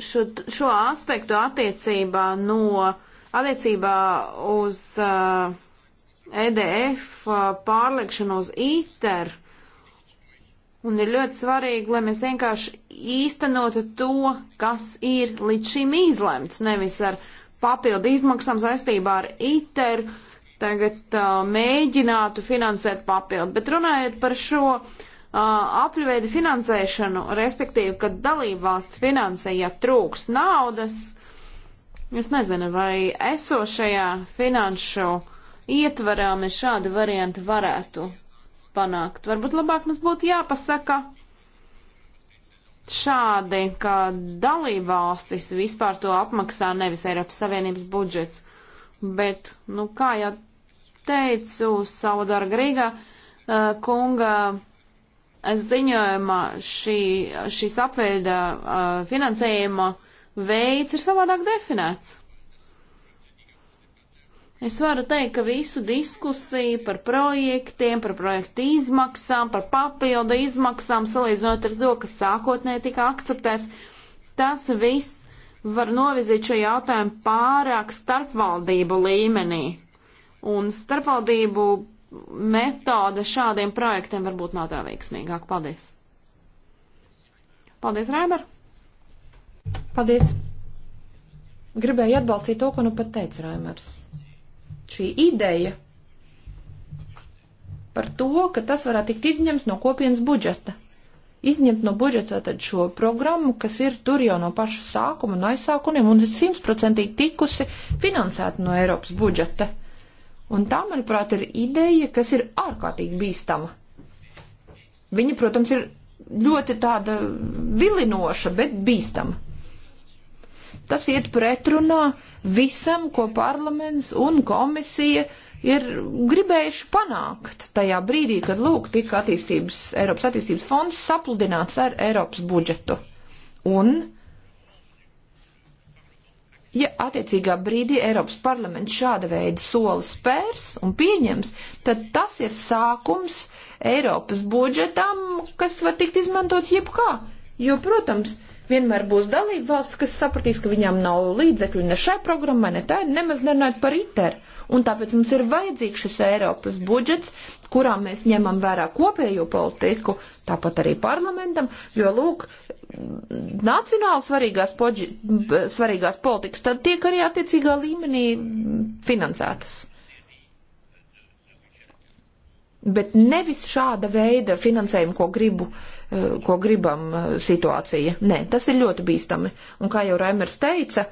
šo, šo aspektu attiecībā no attiecībā uz uh, EDF uh, pārlikšanu uz ITER. Un ir ļoti svarīgi, lai mēs vienkārši īstenotu to, kas ir līdz šim izlemts, nevis ar papildu izmaksām saistībā ar ITER tagad uh, mēģinātu finansēt papildu. Bet runājot par šo uh, apļuveidu finansēšanu, respektīvi, kad dalībvalsts finansē, ja trūks naudas, es nezinu, vai esošajā finanšu uh, ietvarā mēs šādu variantu varētu panākt. Varbūt labāk mums būtu jāpasaka šādi, ka dalībvalstis vispār to apmaksā nevis Eiropas Savienības budžets, bet, nu, kā jau teicu savu dargu Rīgā, uh, kunga ziņojumā šī, šīs apveida uh, finansējuma veids ir savādāk definēts. Es varu teikt, ka visu diskusiju par projektiem, par projektu izmaksām, par papildu izmaksām, salīdzinot ar to, kas sākotnēji tika akceptēts, tas viss var novirzīt šo jautājumu pārāk starpvaldību līmenī. Un starpvaldību metode šādiem projektiem varbūt nav tā veiksmīgāk. Paldies! Paldies, Rēmer! Paldies! Gribēju atbalstīt to, ko nu pat teica Rēmers šī ideja par to, ka tas varētu tikt izņemts no kopienas budžeta. Izņemt no budžeta tad šo programmu, kas ir tur jau no paša sākuma, no aizsākumiem, un ir simtprocentīgi tikusi finansēta no Eiropas budžeta. Un tā, manuprāt, ir ideja, kas ir ārkārtīgi bīstama. Viņa, protams, ir ļoti tāda vilinoša, bet bīstama. Tas iet pretrunā visam, ko parlaments un komisija ir gribējuši panākt tajā brīdī, kad lūk tika attīstības, Eiropas attīstības fonds sapludināts ar Eiropas budžetu. Un, ja attiecīgā brīdī Eiropas parlaments šāda veida soli spērs un pieņems, tad tas ir sākums Eiropas budžetam, kas var tikt izmantots jebkā. Jo, protams, Vienmēr būs dalība valsts, kas sapratīs, ka viņām nav līdzekļu ne šai programmai, ne tai, nemaz nerunājot par ITER. Un tāpēc mums ir vajadzīgs šis Eiropas budžets, kurā mēs ņemam vērā kopējo politiku, tāpat arī parlamentam, jo, lūk, nacionāli svarīgās, poģi, svarīgās politikas tad tiek arī attiecīgā līmenī finansētas. Bet nevis šāda veida finansējumu, ko gribu uh, Eh, ko gribam eh, situācija. Nē, tas ir ļoti bīstami. Un kā jau Raimers teica,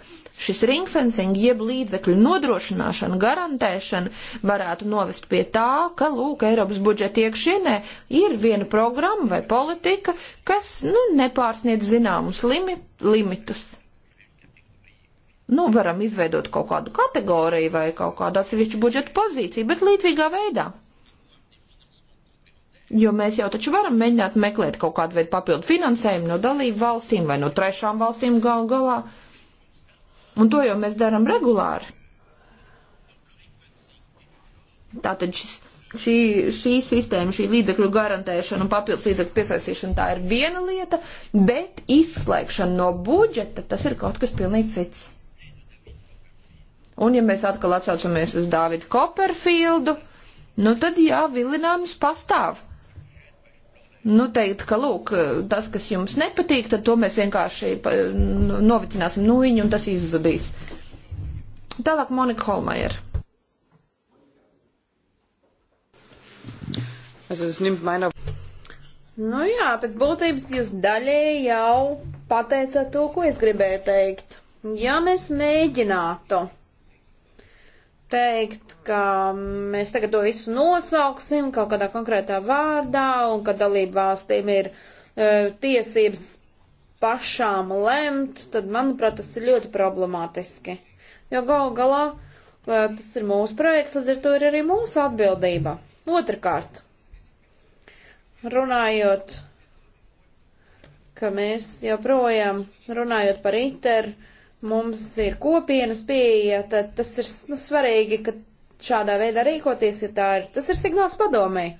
šis ringfencing jeb līdzekļu nodrošināšana, garantēšana varētu novest pie tā, ka, lūk, Eiropas budžeta iekšienē ir viena programma vai politika, kas, nu, nepārsniedz zināmus limi, limitus nu, varam izveidot kaut kādu kategoriju vai kaut kādu atsevišķu budžetu pozīciju, bet līdzīgā veidā. Jo mēs jau taču varam mēģināt meklēt kaut kādu veidu papildu finansējumu no dalību valstīm vai no trešām valstīm gal galā. Un to jau mēs darām regulāri. Tātad šis šī, šī sistēma, šī līdzekļu garantēšana un papildus līdzekļu piesaistīšana tā ir viena lieta, bet izslēgšana no budžeta tas ir kaut kas pilnīgi cits. Un ja mēs atkal atsaucamies uz Dāvidu Koperfildu, nu tad jā, vilinājums pastāv nu, teikt, ka, lūk, tas, kas jums nepatīk, tad to mēs vienkārši nu, novicināsim nūjiņu un tas izzudīs. Tālāk Monika Holmajer. Es esmu ņemt mainā. Nu jā, pēc būtības jūs daļēji jau pateicāt to, ko es gribēju teikt. Ja mēs mēģinātu teikt, ka mēs tagad to visu nosauksim kaut kādā konkrētā vārdā un ka dalību valstīm ir e, tiesības pašām lemt, tad, manuprāt, tas ir ļoti problemātiski. Jo gal galā e, tas ir mūsu projekts, līdz ar to ir arī mūsu atbildība. Otrakārt, runājot, ka mēs joprojām runājot par ITER, uh, mums ir kopienas pieeja, tad tas ir nu, svarīgi, ka šādā veidā rīkoties, ja tā ir. Tas ir signāls padomēji.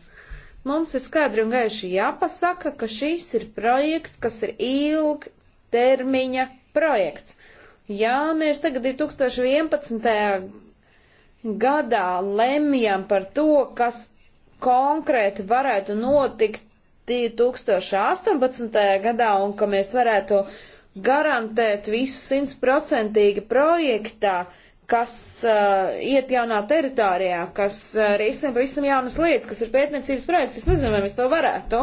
Mums ir skaidri un gaiši jāpasaka, ka šis ir projekts, kas ir ilgtermiņa projekts. Jā, mēs tagad 2011. gadā lemjam par to, kas konkrēti varētu notikt 2018. gadā un ka mēs varētu uh, garantēt visu simtprocentīgi projektā, kas uh, iet jaunā teritorijā, kas uh, risina pavisam jaunas lietas, kas ir pētniecības projekts. Es nezinu, vai mēs to varētu.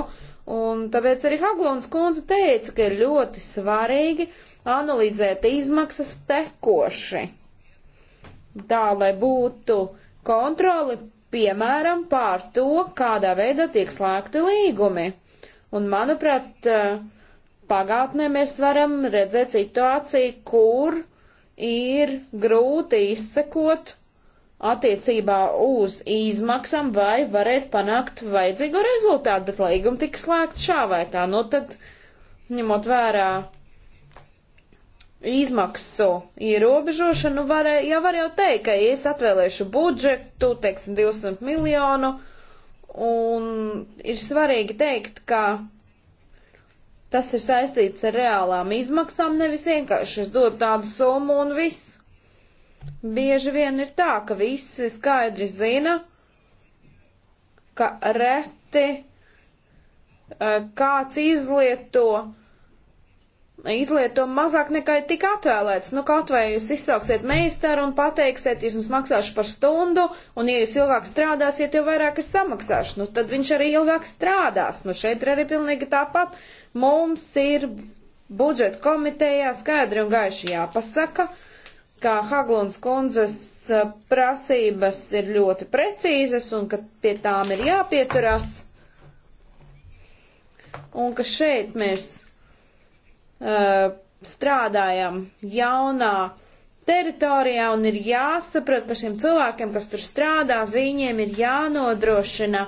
Un tāpēc arī Haglunds kundze teica, ka ir ļoti svarīgi analizēt izmaksas tekoši. Tā, lai būtu kontroli, piemēram, pār to, kādā veidā tiek slēgti līgumi. Un, manuprāt, uh, pagātnē mēs varam redzēt situāciju, kur ir grūti izsekot attiecībā uz izmaksām, vai varēs panākt vajadzīgo rezultātu, bet līguma tika slēgta šā vai tā. Nu, tad, ņemot vērā izmaksu ierobežošanu, varē, ja var jau teikt, ka es atvēlēšu budžetu, teiksim, 200 miljonu, un ir svarīgi teikt, ka Tas ir saistīts ar reālām izmaksām, nevis vienkārši es dodu tādu summu un viss. Bieži vien ir tā, ka visi skaidri zina, ka reti eh, kāds izlieto izlieto mazāk nekā ir tik atvēlēts. Nu, kaut vai jūs izsauksiet meistaru un pateiksiet, es jums maksāšu par stundu, un ja jūs ilgāk strādāsiet, jo vairāk es samaksāšu, nu, tad viņš arī ilgāk strādās. Nu, šeit ir arī pilnīgi tāpat. Mums ir budžeta komitejā skaidri un gaiši jāpasaka, ka Haglunds kundzes eh, prasības ir ļoti precīzas un ka pie tām ir jāpieturās. Un ka šeit mēs Eh, strādājam jaunā teritorijā un ir jāsaprot, ka šiem cilvēkiem, kas tur strādā, viņiem ir jānodrošina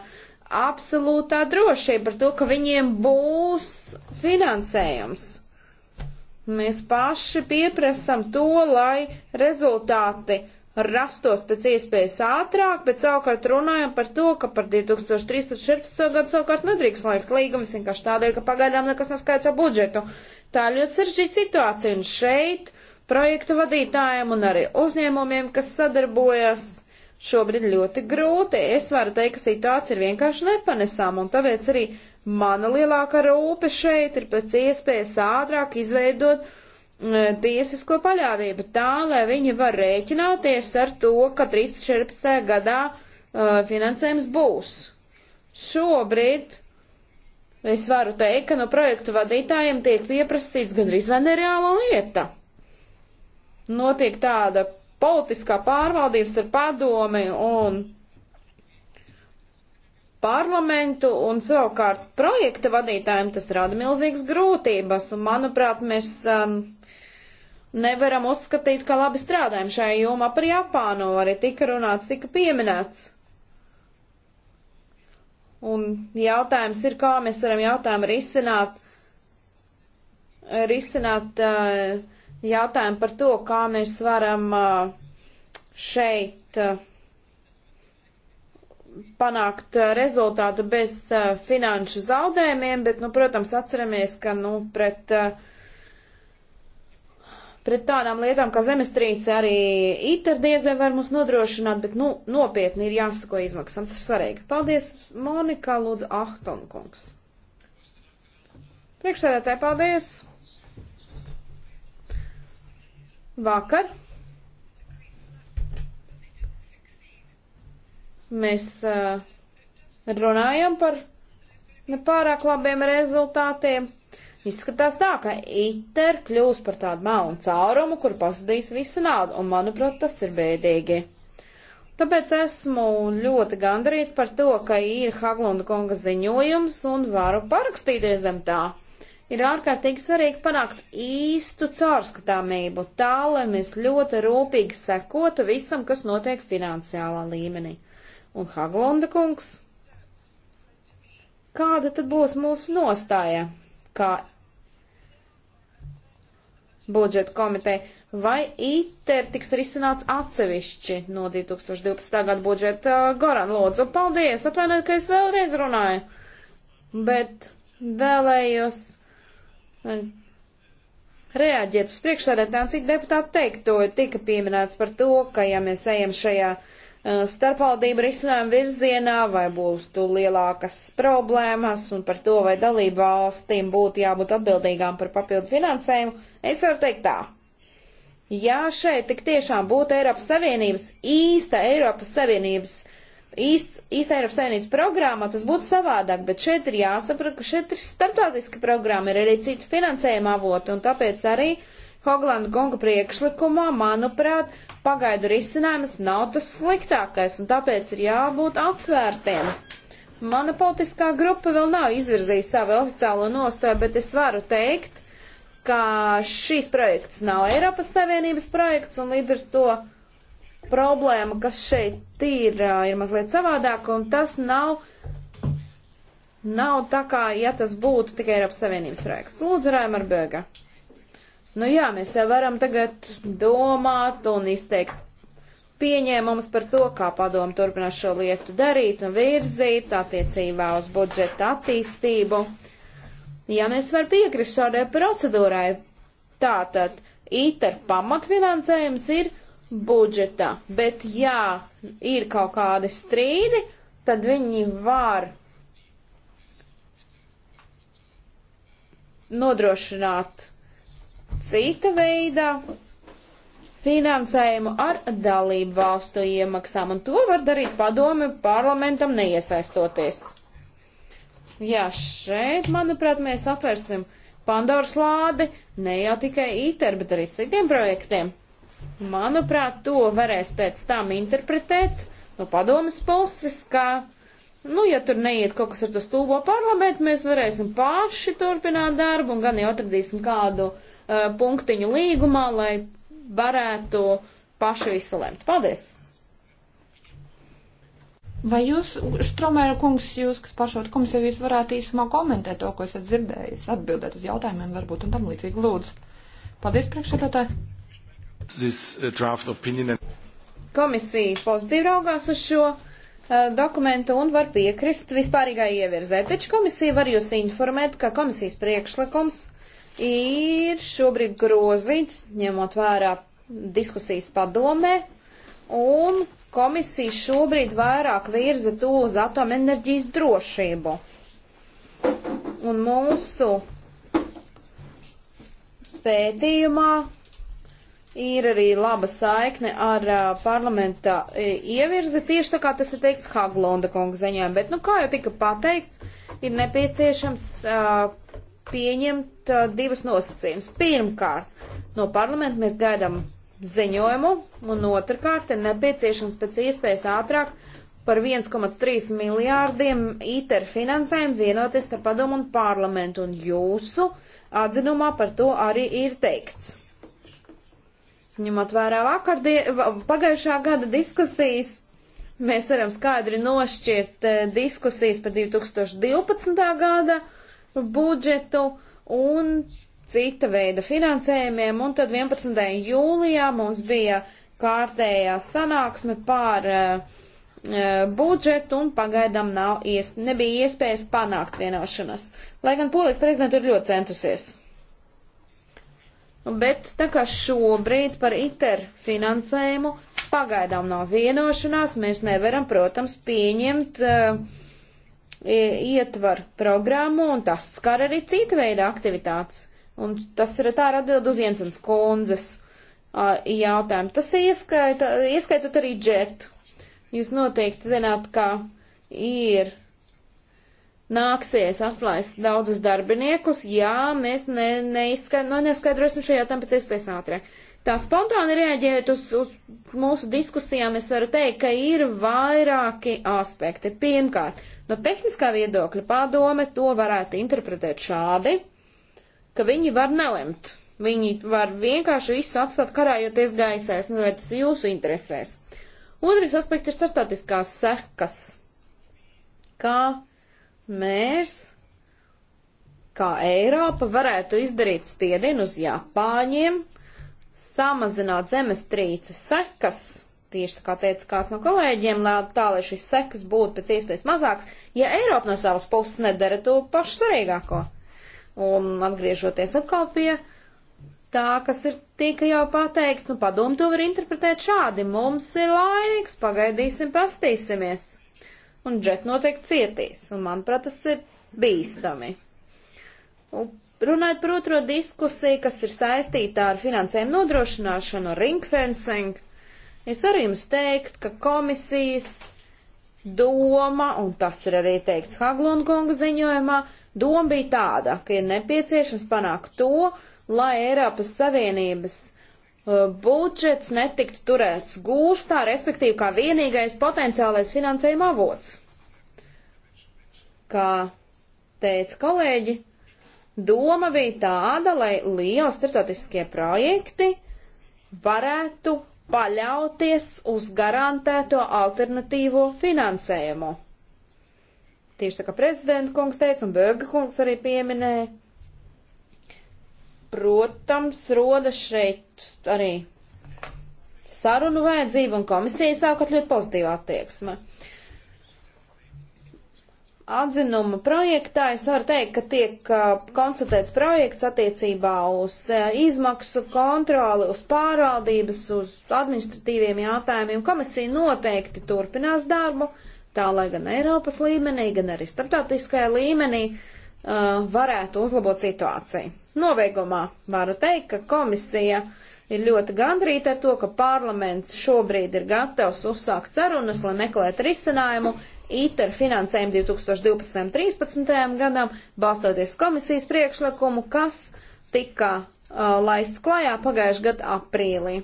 absolūtā drošība par to, ka viņiem būs finansējums. Mēs paši pieprasam to, lai rezultāti uh, rastos pēc iespējas ātrāk, bet savukārt runājam par to, ka par 2013.14. gadu savukārt nedrīkst slēgt līgumus vienkārši tādēļ, ka pagaidām nekas nav skaidrs ar budžetu. Tā ir ļoti saržģīta situācija, un šeit projektu vadītājiem un arī uzņēmumiem, kas sadarbojas, šobrīd ļoti grūti. Es varu teikt, ka situācija ir vienkārši nepanesama, un tāpēc arī mana lielākā rūpe šeit ir pēc iespējas ātrāk izveidot Mm, tiesisko paļāvību tā, lai viņi var rēķināties ar to, ka 13. gadā uh, finansējums būs. Šobrīd es varu teikt, ka no projektu vadītājiem tiek pieprasīts gandrīz vai nereāla lieta. Notiek tāda politiskā pārvaldības ar padomi un parlamentu un savukārt projekta vadītājiem tas rada milzīgas grūtības un manuprāt mēs um, nevaram uzskatīt, ka labi strādājam šajā jomā par Japānu, arī tika runāts, tika pieminēts. Un jautājums ir, kā mēs varam jautājumu risināt, risināt eh, jautājumu par to, kā mēs varam eh, šeit eh, panākt rezultātu bez finanšu zaudējumiem, bet, nu, protams, atceramies, ka, nu, pret uh, pret tādām lietām kā zemestrīce arī ITER diezgan var mums nodrošināt, bet nu, nopietni ir jāsako izmaksas. Tas ir svarīgi. Paldies, Monika, lūdzu, Ahtonkungs. Priekšsēdētāji, paldies! Vakar mēs uh, runājam par nepārāk labiem rezultātiem. Uh, Izskatās tā, ka ITER kļūs par tādu melnu caurumu, kur pazudīs visa nauda, un manuprāt, tas ir bēdīgi. Tāpēc esmu ļoti gandarīta par to, ka ir Haglunda konga ziņojums un varu parakstīties zem tā. Ir ārkārtīgi svarīgi panākt īstu caurskatāmību, tā lai mēs ļoti rūpīgi sekotu visam, kas notiek finansiālā līmenī. Un Haglunda kungs, kāda tad būs mūsu nostāja? kā budžeta komiteja, vai ITER tiks risināts atsevišķi no 2012. gada budžeta. Goran, lūdzu, paldies, atvainojiet, ka es vēlreiz runāju, bet vēlējos eh, reaģēt uz priekšsēdētājiem, cik deputāti teikto tika pieminēts par to, ka ja mēs ejam šajā uh, Eh, starpvaldību risinājumu virzienā, vai būs tu lielākas problēmas un par to, vai dalību valstīm būtu jābūt atbildīgām par papildu finansējumu, es varu teikt tā. Ja šeit tik tiešām būtu Eiropas Savienības, īsta Eiropas Savienības, īsts, īsta Eiropas Savienības programma, tas būtu savādāk, bet šeit ir jāsaprot, ka šeit ir starptautiska programma, ir arī citi finansējuma avoti, un tāpēc arī uh, Hoglanda Gonga priekšlikumā, manuprāt, pagaidu risinājums nav tas sliktākais, un tāpēc ir jābūt atvērtiem. Mana politiskā grupa vēl nav izvirzījusi savu oficiālo nostāju, bet es varu teikt, ka šīs projekts nav Eiropas Savienības projekts, un līdz ar to problēma, kas šeit ir, ir mazliet savādāka, un tas nav, nav tā kā, ja tas būtu tikai Eiropas Savienības projekts. Lūdzu, Raimar Bēga. Nu jā, mēs jau varam tagad domāt un izteikt pieņēmums par to, kā padomu turpinās šo lietu darīt un virzīt attiecībā uz budžeta attīstību. Ja mēs varam piekrist šādai procedūrai, tātad ITER pamatfinansējums ir budžetā, bet ja ir kaut kādi strīdi, tad viņi var nodrošināt cita veida finansējumu ar dalību valstu iemaksām, un to var darīt padome parlamentam neiesaistoties. Jā, šeit, manuprāt, mēs atvērsim Pandoras lādi ne jau tikai ITER, bet arī citiem projektiem. Manuprāt, to varēs pēc tam interpretēt no padomas puses, ka, nu, ja tur neiet kaut kas ar to stulbo parlamentu, mēs varēsim paši turpināt darbu un gan jau atradīsim kādu uh, Uh, punktiņu līgumā, lai varētu paši visu lemt. Paldies! Vai jūs, Štromēra kungs, jūs, kas pašot kungs, ja jūs varētu īsumā komentēt to, ko esat dzirdējis, atbildēt uz jautājumiem varbūt un tam līdzīgi lūdzu. Paldies, priekšsēdētāji. Uh, komisija pozitīvi raugās uz šo uh, dokumentu un var piekrist vispārīgai ievirzē, taču komisija var jūs informēt, ka komisijas priekšlikums ir šobrīd grozīts, ņemot vērā diskusijas padomē, un komisija šobrīd vairāk virza to uz atomenerģijas drošību. Un mūsu pētījumā ir arī laba saikne ar uh, parlamenta ievirzi, tieši tā kā tas ir teikts Haglonda kunga ziņā, bet, nu, kā jau tika pateikts, ir nepieciešams uh, pieņemt uh, divas nosacījumus. Pirmkārt, no parlamenta mēs gaidām ziņojumu, un otrkārt ir nepieciešams pēc iespējas ātrāk par 1,3 miljārdiem ITER finansējumu vienoties ar padomu un parlamentu, un jūsu atzinumā par to arī ir teikts. Ņemot vērā vakardie, pagājušā gada diskusijas, mēs varam skaidri nošķirt eh, diskusijas par 2012. gada budžetu un cita veida finansējumiem, un tad 11. jūlijā mums bija kārtējā sanāksme pār uh, eh, eh, budžetu un pagaidām nav, ies, nebija iespējas panākt vienošanas. Lai gan polijas prezidenta ir ļoti centusies. Bet tā kā šobrīd par ITER finansējumu pagaidām nav vienošanās, mēs nevaram, protams, pieņemt uh, ietver programmu, un tas skar arī citu veidu aktivitātes. Un tas ir tā ir atbild uz Jensens kundzes uh, jautājumu. Tas ieskaita, ieskaitot arī džetu. Jūs noteikti zināt, ka ir nāksies atlaist daudzus darbiniekus, ja mēs ne, neizskaidro, no, nu, neskaidrosim šo jautājumu pēc iespējas ātrāk. Tā spontāni reaģējot uz, uz mūsu diskusijām, es varu teikt, ka ir vairāki aspekti. Pirmkārt, uh, No tehniskā viedokļa padome to varētu interpretēt šādi, ka viņi var nelemt. Viņi var vienkārši visu atstāt karājoties gaisā, es nezinu, vai tas ir jūsu interesēs. Otrais aspekts ir starptautiskās sekas. Kā mēs, kā Eiropa, varētu izdarīt spiedienu uz Japāņiem, samazināt zemestrīces sekas tieši tā kā teica kāds no kolēģiem, lai tā, lai šis sekas būtu pēc iespējas mazāks, ja Eiropa no savas puses nedara to pašu svarīgāko. Un atgriežoties atkal pie tā, kas ir tika jau pateikts, nu padomu to var interpretēt šādi. Mums ir laiks, pagaidīsim, pastīsimies. Un džet noteikti cietīs. Un manuprāt, tas ir bīstami. Un runājot par otro diskusiju, kas ir saistīta ar finansējumu nodrošināšanu, ringfencing, Es varu jums teikt, ka komisijas doma, un tas ir arī teikts Haglundgonga ziņojumā, doma bija tāda, ka ir nepieciešams panākt to, lai Eiropas Savienības uh, budžets netiktu turēts gūstā, respektīvi kā vienīgais potenciālais finansējuma avots. Kā teica kolēģi, doma bija tāda, lai liela startautiskie projekti varētu paļauties uz garantēto alternatīvo finansējumu. Tieši tā kā prezidenta kungs teica, un Bēga kungs arī pieminēja, protams, roda šeit arī sarunu vajadzība, un komisija sākot ļoti pozitīvu attieksmi. Uh, atzinuma projektā es varu teikt, ka tiek uh, konstatēts projekts attiecībā uz uh, izmaksu kontroli, uz pārvaldības, uz administratīviem jautājumiem. Komisija noteikti turpinās darbu, tā lai gan Eiropas līmenī, gan arī starptautiskajā līmenī uh, varētu uzlabot situāciju. Nobeigumā varu teikt, ka komisija ir ļoti gandrīta ar to, ka parlaments šobrīd ir gatavs uzsākt sarunas, lai meklētu risinājumu. Mm ITER finansējumu 2012. un 2013. gadam, balstoties komisijas priekšlikumu, kas tika uh, laists klajā pagājušā gada aprīlī.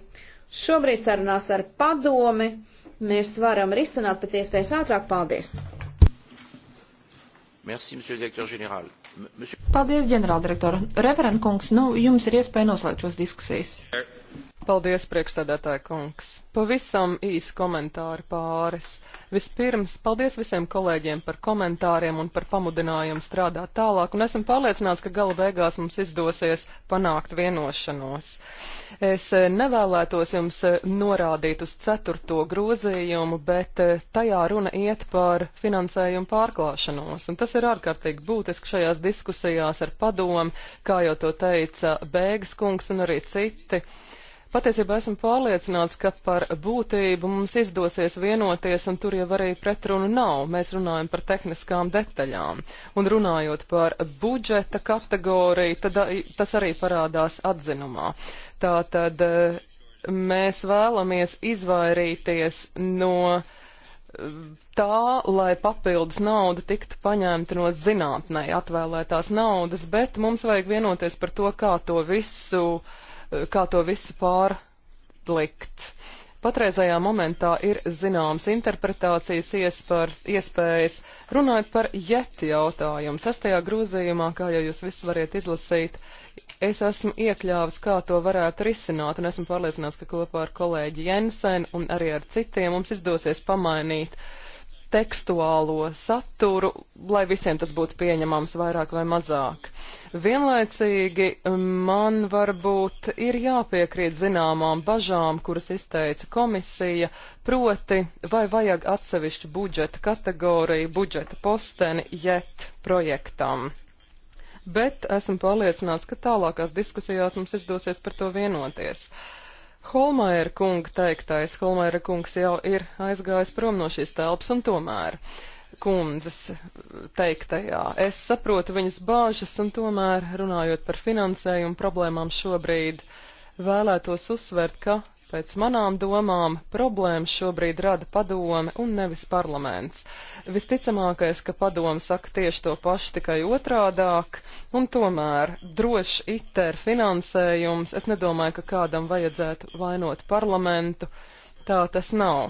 Šobrīd sarunās ar padomi, mēs varam risināt pēc iespējas ātrāk. Paldies! Merci, monsieur le directeur général. Monsieur... Paldies, ģenerāldirektor. Referentkungs, nu, jums ir iespēja noslēgt šos diskusijas. Er. Paldies, priekšsēdētāja kungs. Pavisam īsi komentāri pāris. Vispirms, paldies visiem kolēģiem par komentāriem un par pamudinājumu strādāt tālāk, un esmu pārliecināts, ka gala beigās mums izdosies panākt vienošanos. Es eh, nevēlētos jums eh, norādīt uz ceturto grozījumu, bet eh, tajā runa iet par finansējumu pārklāšanos, un tas ir ārkārtīgi būtiski šajās diskusijās ar padomu, kā jau to teica Bēgas kungs un arī citi. Patiesībā esmu pārliecināts, ka par būtību mums izdosies vienoties, un tur jau arī pretrunu nav. Mēs runājam par tehniskām detaļām. Un runājot par budžeta kategoriju, tad tas arī parādās atzinumā. Tātad e, mēs vēlamies izvairīties no e, tā, lai papildus nauda tiktu paņemta no zinātnē atvēlētās naudas, bet mums vajag vienoties par to, kā to visu uh, kā to visu pārlikt. Patreizajā momentā ir zināmas interpretācijas iespars, iespējas. Runājot par jeti jautājumu, sastajā grozījumā, kā jau jūs visi variet izlasīt, es esmu iekļāvis, kā to varētu risināt, un esmu pārliecināts, ka kopā ar kolēģi Jensenu un arī ar citiem mums izdosies pamainīt uh, tekstuālo saturu, lai visiem tas būtu pieņemams vairāk vai mazāk. Vienlaicīgi mm, man varbūt ir jāpiekrīt zināmām bažām, kuras izteica komisija, proti, vai vajag atsevišķu budžeta kategoriju, budžeta posteni JET projektam. Bet esmu pārliecināts, ka tālākās diskusijās mums izdosies par to vienoties. Uh, Holmaira kunga teiktais, Holmaira kungs jau ir aizgājis prom no šīs telpas un tomēr kundzes teiktajā. Es saprotu viņas bāžas un tomēr runājot par finansējumu problēmām šobrīd vēlētos uzsvert, ka Pēc manām domām problēmas šobrīd rada padome un nevis parlaments. Visticamākais, ka padome saka tieši to pašu tikai otrādāk, un tomēr droši iter finansējums, es nedomāju, ka kādam vajadzētu vainot parlamentu, tā tas nav.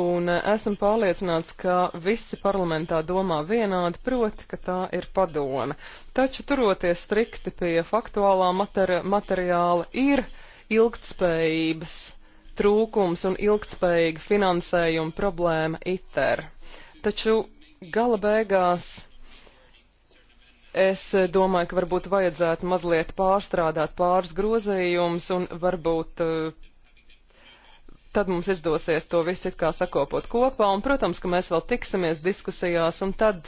Un eh, esmu pārliecināts, ka visi parlamentā domā vienādi, proti, ka tā ir padome. Taču turoties strikti pie faktuālā materi materiāla ir ilgtspējības trūkums un ilgtspējīga finansējuma problēma ITER. Taču gala beigās es domāju, ka varbūt vajadzētu mazliet pārstrādāt pāris grozījumus un varbūt eh, tad mums izdosies to visu it kā sakopot kopā. Un, protams, ka mēs vēl tiksimies diskusijās un tad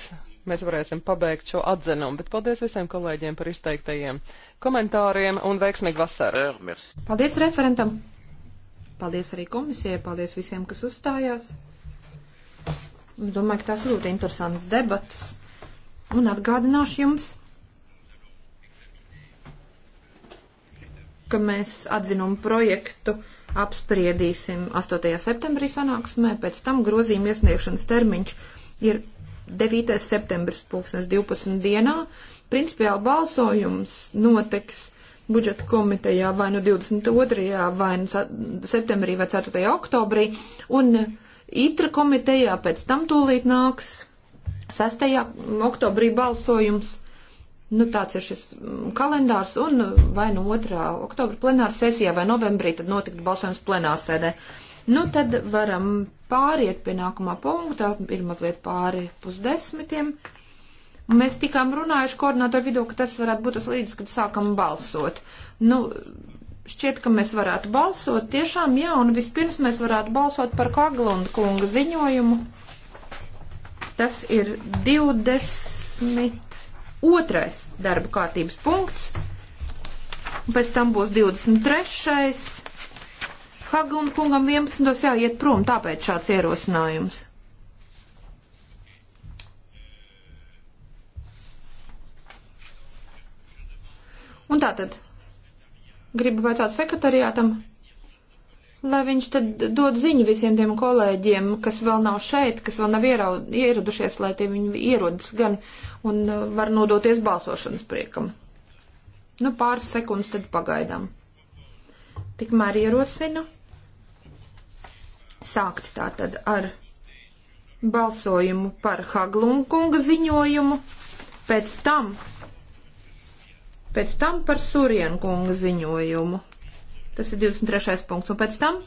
mēs varēsim pabeigt šo atzinumu. Bet paldies visiem kolēģiem par izteiktajiem komentāriem un veiksmīgu vasaru. Eh, paldies referentam. Paldies arī komisijai. Paldies visiem, kas uzstājās. Nu, domāju, ka tās ļoti interesants debatas. Un atgādināšu jums, ka mēs atzinumu projektu apspriedīsim 8. septembrī sanāksmē, pēc tam grozījuma iesniegšanas termiņš ir 9. septembris 2012. dienā. Principiāli balsojums notiks budžeta komitejā vai nu 22. vai nu septembrī vai 4. oktobrī, un e, itra komitejā pēc tam tūlīt nāks 6. oktobrī balsojums. Nu, tāds ir šis mm, kalendārs, un e, vai nu 2. oktobra plenāra sesijā vai novembrī tad notikt balsojums plenārsēdē. sēdē. Nu, tad varam pāriet pie nākamā punktā, ir mazliet pāri pusdesmitiem. Un mēs tikām runājuši koordinātoru vidū, ka tas varētu būt tas līdz, kad sākam balsot. Nu, šķiet, ka mēs varētu balsot, tiešām jā, un vispirms mēs varētu balsot par Kaglunda kunga ziņojumu. Tas ir 22. darba kārtības punkts, pēc tam būs 23 Haglund kungam 11. jāiet prom, tāpēc šāds ierosinājums. Un tātad, gribu vaicāt sekretariātam, lai viņš tad dod ziņu visiem tiem kolēģiem, kas vēl nav šeit, kas vēl nav ieraud, ieradušies, lai tie viņi ierodas gan un uh, var nodoties balsošanas priekam. Nu, pāris sekundes tad pagaidām. Tikmēr ierosinu sākt tātad ar balsojumu par Haglunkunga ziņojumu, pēc tam, pēc tam par Surienkunga ziņojumu. Tas ir 23. punkts. Un pēc tam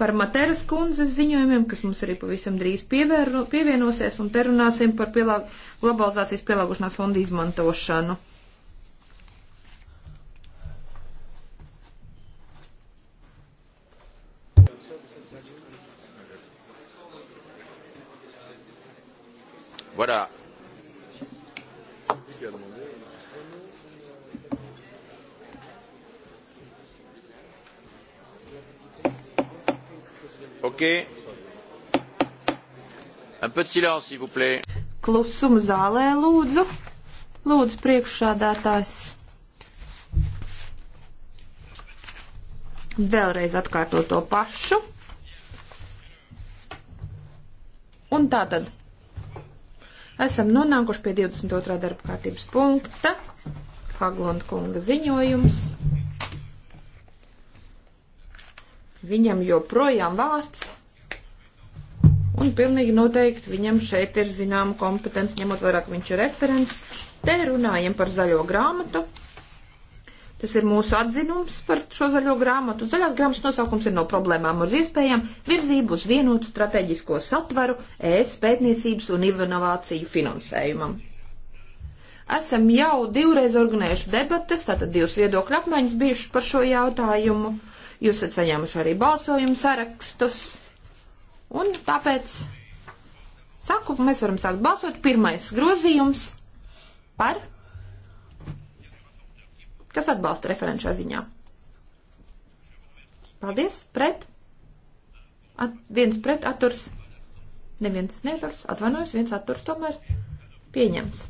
par Materas kundzes ziņojumiem, kas mums arī pavisam drīz pievēru, pievienosies, un te runāsim par pielāg globalizācijas pielāgošanās fondu izmantošanu. Voilà. OK. Un peu de silence, s'il vous plaît. Klusumu zālē, lūdzu. Lūdzu, priekšsādātājs. Vēlreiz atkārto to pašu. Un tā tad Esam nonākuši pie 22. darba kārtības punkta. Haglund kunga ziņojums. Viņam joprojām vārds. Un pilnīgi noteikti viņam šeit ir zināma kompetence, ņemot vairāk viņš ir referents. Te runājam par zaļo grāmatu. Tas ir mūsu atzinums par šo zaļo grāmatu. Zaļās grāmatas nosaukums ir no problēmām uz iespējām virzību uz vienotu strateģisko satvaru ES pētniecības un inovāciju finansējumam. Esam jau divreiz organizējuši debates, tātad divas viedokļu apmaiņas bijušas par šo jautājumu. Jūs esat saņēmuši arī balsojumu sarakstus. Un tāpēc saku, mēs varam sākt balsot. Pirmais grozījums par Kas atbalsta referentu šā ziņā? Paldies. Pret. At, viens pret atturs. Neviens neturs. Atvainojos, viens atturs tomēr. Pieņemts.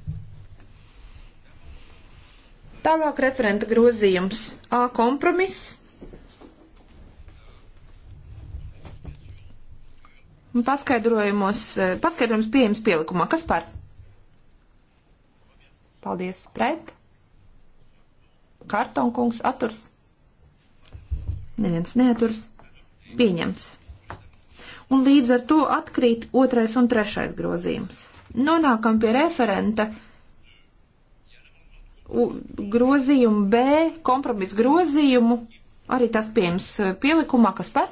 Tālāk referenta grozījums A kompromiss. Un paskaidrojumos, e, paskaidrojums pieejams pielikumā. Kas par? Paldies. Pret. Kartonkungs aturs. Neviens neaturs. Pieņemts. Un līdz ar to atkrīt otrais un trešais grozījums. Nonākam pie referenta grozījumu B, kompromisu grozījumu, arī tas pieejams e, pielikumā, kas par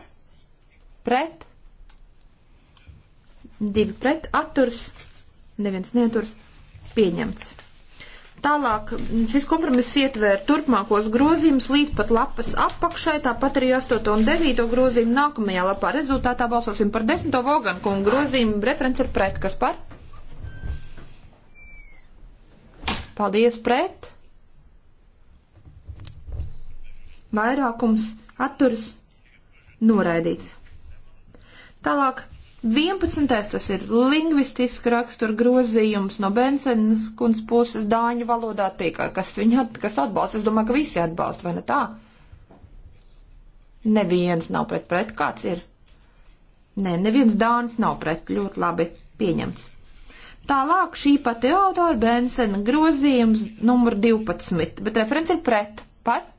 pret, divi pret, atturs, neviens neturs, pieņemts. Tālāk šis kompromiss ietvēra turpmākos grozījumus līdz pat lapas apakšai, tāpat arī 8 un 9 grozījumu nākamajā lapā. Rezultātā balsosim par 10. Vogan kungu grozījumu. Referents ir pret. Kas par? Paldies pret. Vairākums atturas noraidīts. Tālāk 11. tas ir lingvistiski rakstur grozījums no Bensenas kundzes puses dāņu valodā tiek, kas viņu, kas to atbalsta, es domāju, ka visi atbalsta, vai ne tā? Neviens nav pret, pret kāds ir? Nē, neviens dānis nav pret, ļoti labi pieņemts. Tālāk šī pati autora Bensena grozījums numur 12, bet referents ir pret, pat?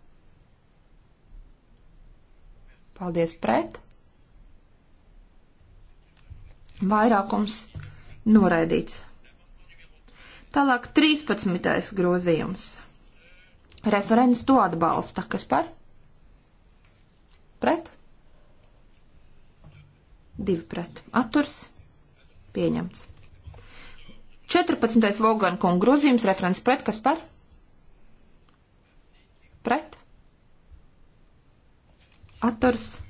Paldies, pret! Vairākums noraidīts. Tālāk 13. grozījums. Referents to atbalsta. Kas par? Pret? Divi pret. Atturs? Pieņemts. 14. Volgankunga grozījums. Referents pret? Kas par? Pret? Atturs? Pieņemts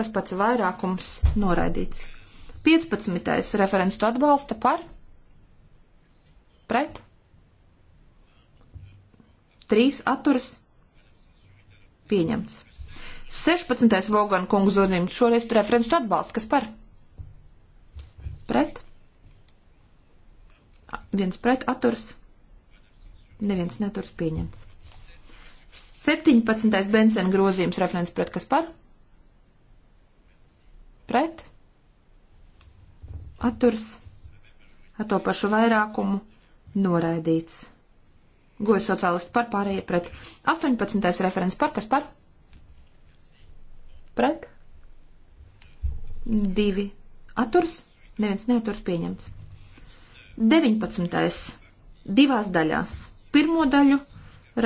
Tas pats vairākums noraidīts. 15. referents to atbalsta par? Pret? 3 atturas? Pieņemts. 16. Vogan kungs zudījums šoreiz tur referents to atbalsta. Kas par? Pret? Viens pret atturas? Neviens neturs pieņemts. 17. Bensena grozījums referents pret kas par? pret, atturs ar to pašu vairākumu noraidīts. Goja sociālisti par pārējie pret 18. referents par kas par? Pret? Divi. Atturs? Neviens neaturs pieņemts. 19. divās daļās. Pirmo daļu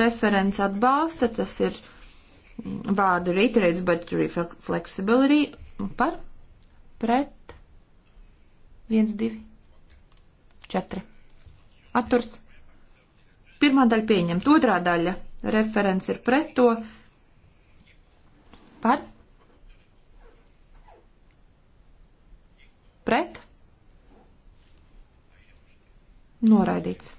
referents atbalsta, tas ir mm, vārdu reiterates budgetary flexibility par pret, 1, 2, 4. Atturs. Pirmā daļa pieņemt, otrā daļa referents ir pret to. Par? Pret? Noraidīts.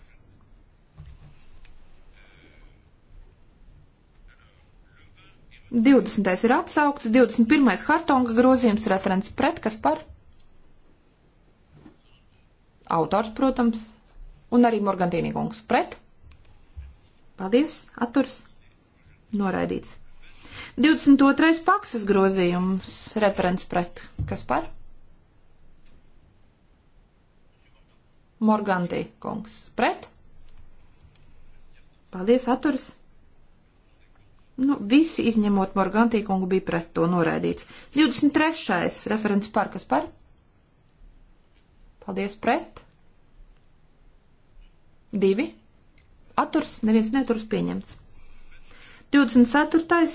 20. ir atsaukts, 21. hartonga grozījums, referents pret, kas par? Autors, protams, un arī Morgantīni kungs pret. Paldies, atturs, noraidīts. 22. paksas grozījums, referents pret, kas par? Morgantī kungs pret. Paldies, atturs, noraidīts Nu, visi izņemot Morgantīkungu bija pret to noraidīts. 23. referents par, kas par? Paldies, pret. Divi. Aturs, neviens neturs pieņemts. 24.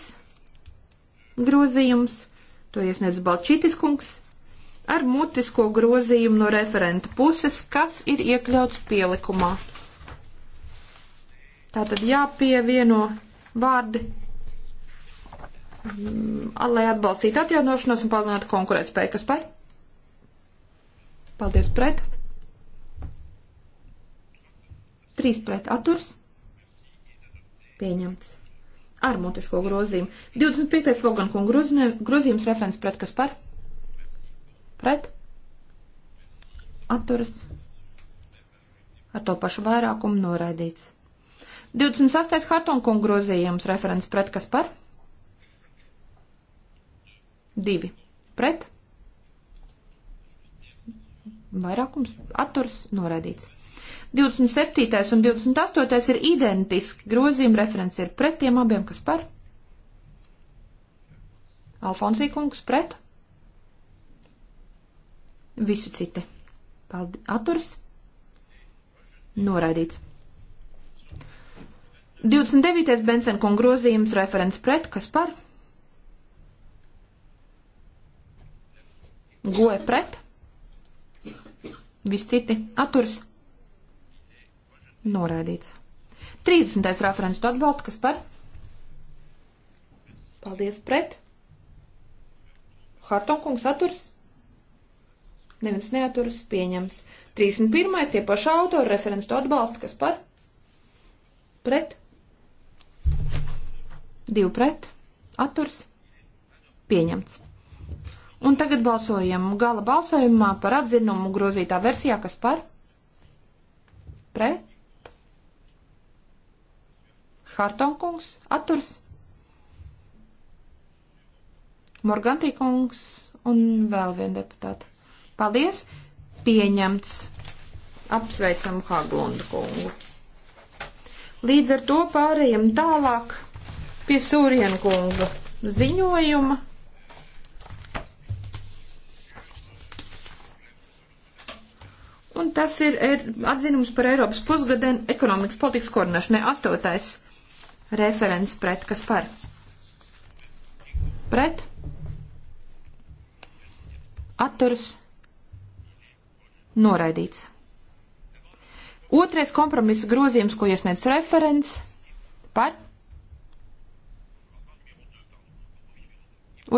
grozījums, to iesniedz Balčītis kungs, ar mutisko grozījumu no referenta puses, kas ir iekļauts pielikumā. Tātad jāpievieno vārdi Mm, lai atbalstītu atjaunošanos un palielinātu konkurētspēju. Kas par? Paldies pret. Trīs pret atturs. Pieņemts. Ar mutisko grozījumu. 25. Logan kungu grozījums referents pret kas par? Pret. Atturs. Ar to pašu vairākumu noraidīts. 28. Hartonkungu grozījums referents pret kas par? Divi pret. Vairākums atturs noraidīts. 27. un 28. ir identiski. Grozījuma referents ir pret tiem abiem, kas par. Alfonsī kungs pret. Visi citi. Paldi, atturs. Noraidīts. 29. Bensenkunga grozījums referents pret, kas par? goja pret, visi citi atturs noraidīts. 30. referents tu atbalstu, kas par? Paldies pret. Hartonkungs atturs. Neviens neaturas, pieņems. 31. tie paši autori, referents to atbalstu, kas par? Pret. Divi pret. Atturs. Pieņemts. Un tagad balsojam gala balsojumā par atzinumu grozītā versijā, kas par? Pret? Hartonkungs? Atturs? Morgantīkungs un vēl viena deputāta. Paldies! Pieņemts. Apsveicam Haglundu kungu. Līdz ar to pārējiem tālāk pie Sūrienkunga ziņojuma. un tas ir, ir er, atzinums par Eiropas pusgadien ekonomikas politikas koordinēšanai astotais referents pret, kas par? Pret? Atturs? Noraidīts. Otrais kompromisa grozījums, ko iesniedz referents par?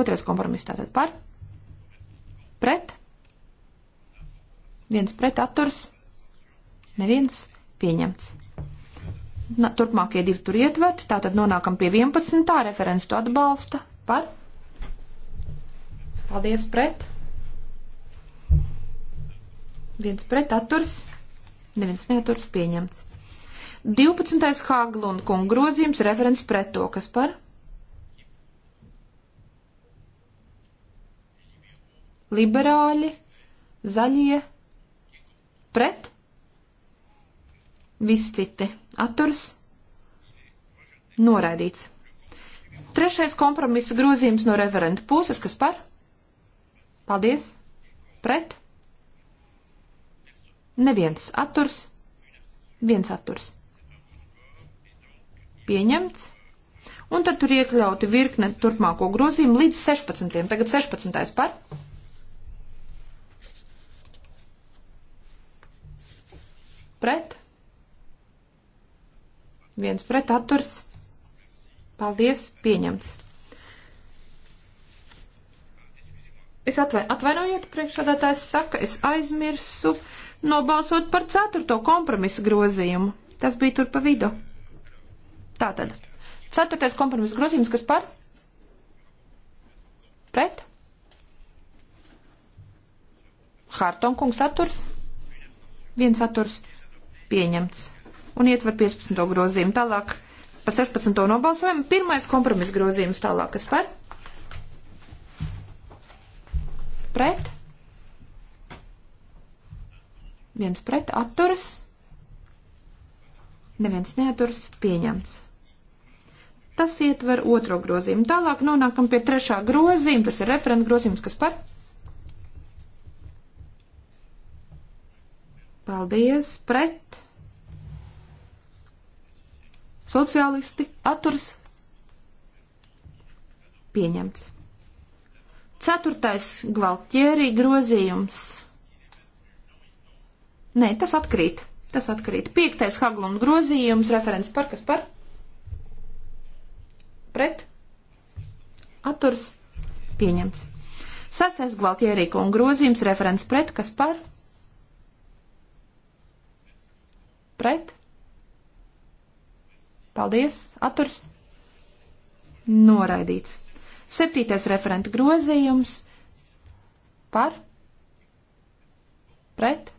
Otrais kompromiss tātad par? Pret? viens pret atturs, neviens pieņemts. Na, turpmākie divi tur ietverti, tā tad nonākam pie 11. referents to atbalsta par. Paldies pret. Viens pret atturs, neviens neaturs pieņemts. 12. Haglund kungu grozījums referents pret to, kas par. Liberāļi, zaļie pret, visi citi atturs, noraidīts. Trešais kompromisa grozījums no referenta puses, kas par? Paldies, pret, neviens atturs, viens atturs. Pieņemts. Un tad tur iekļauti virkne turpmāko grozījumu līdz 16. Tagad 16. par pret, viens pret atturs. Paldies, pieņemts. Es atvai, atvainojot, priekšādātājs saka, es aizmirsu nobalsot par ceturto kompromisu grozījumu. Tas bija tur pa vidu. Tātad. Ceturtais kompromisu grozījums, kas par? Pret? Hārtonkungs atturs? Viens atturs pieņemts. Un ietver 15. grozījumu. Tālāk par 16. nobalsojumu. Pirmais kompromis grozījums tālāk, kas par? Pret? Viens pret atturas. Neviens neaturas pieņemts. Tas ietver otro grozījumu. Tālāk nonākam pie trešā grozījuma. Tas ir referenta grozījums, kas par? Paldies, pret. Sociālisti atturas pieņemts. Ceturtais gvaltjērī grozījums. Nē, tas atkrīt. Tas atkrīt. Piektais Haglund grozījums, referents par kas par? Pret? Atturs? Pieņemts. Sastais Gvaltierī un grozījums, referents pret, kas par? Pret? Paldies, atturs. Noraidīts. Septītais referenta grozījums par, pret,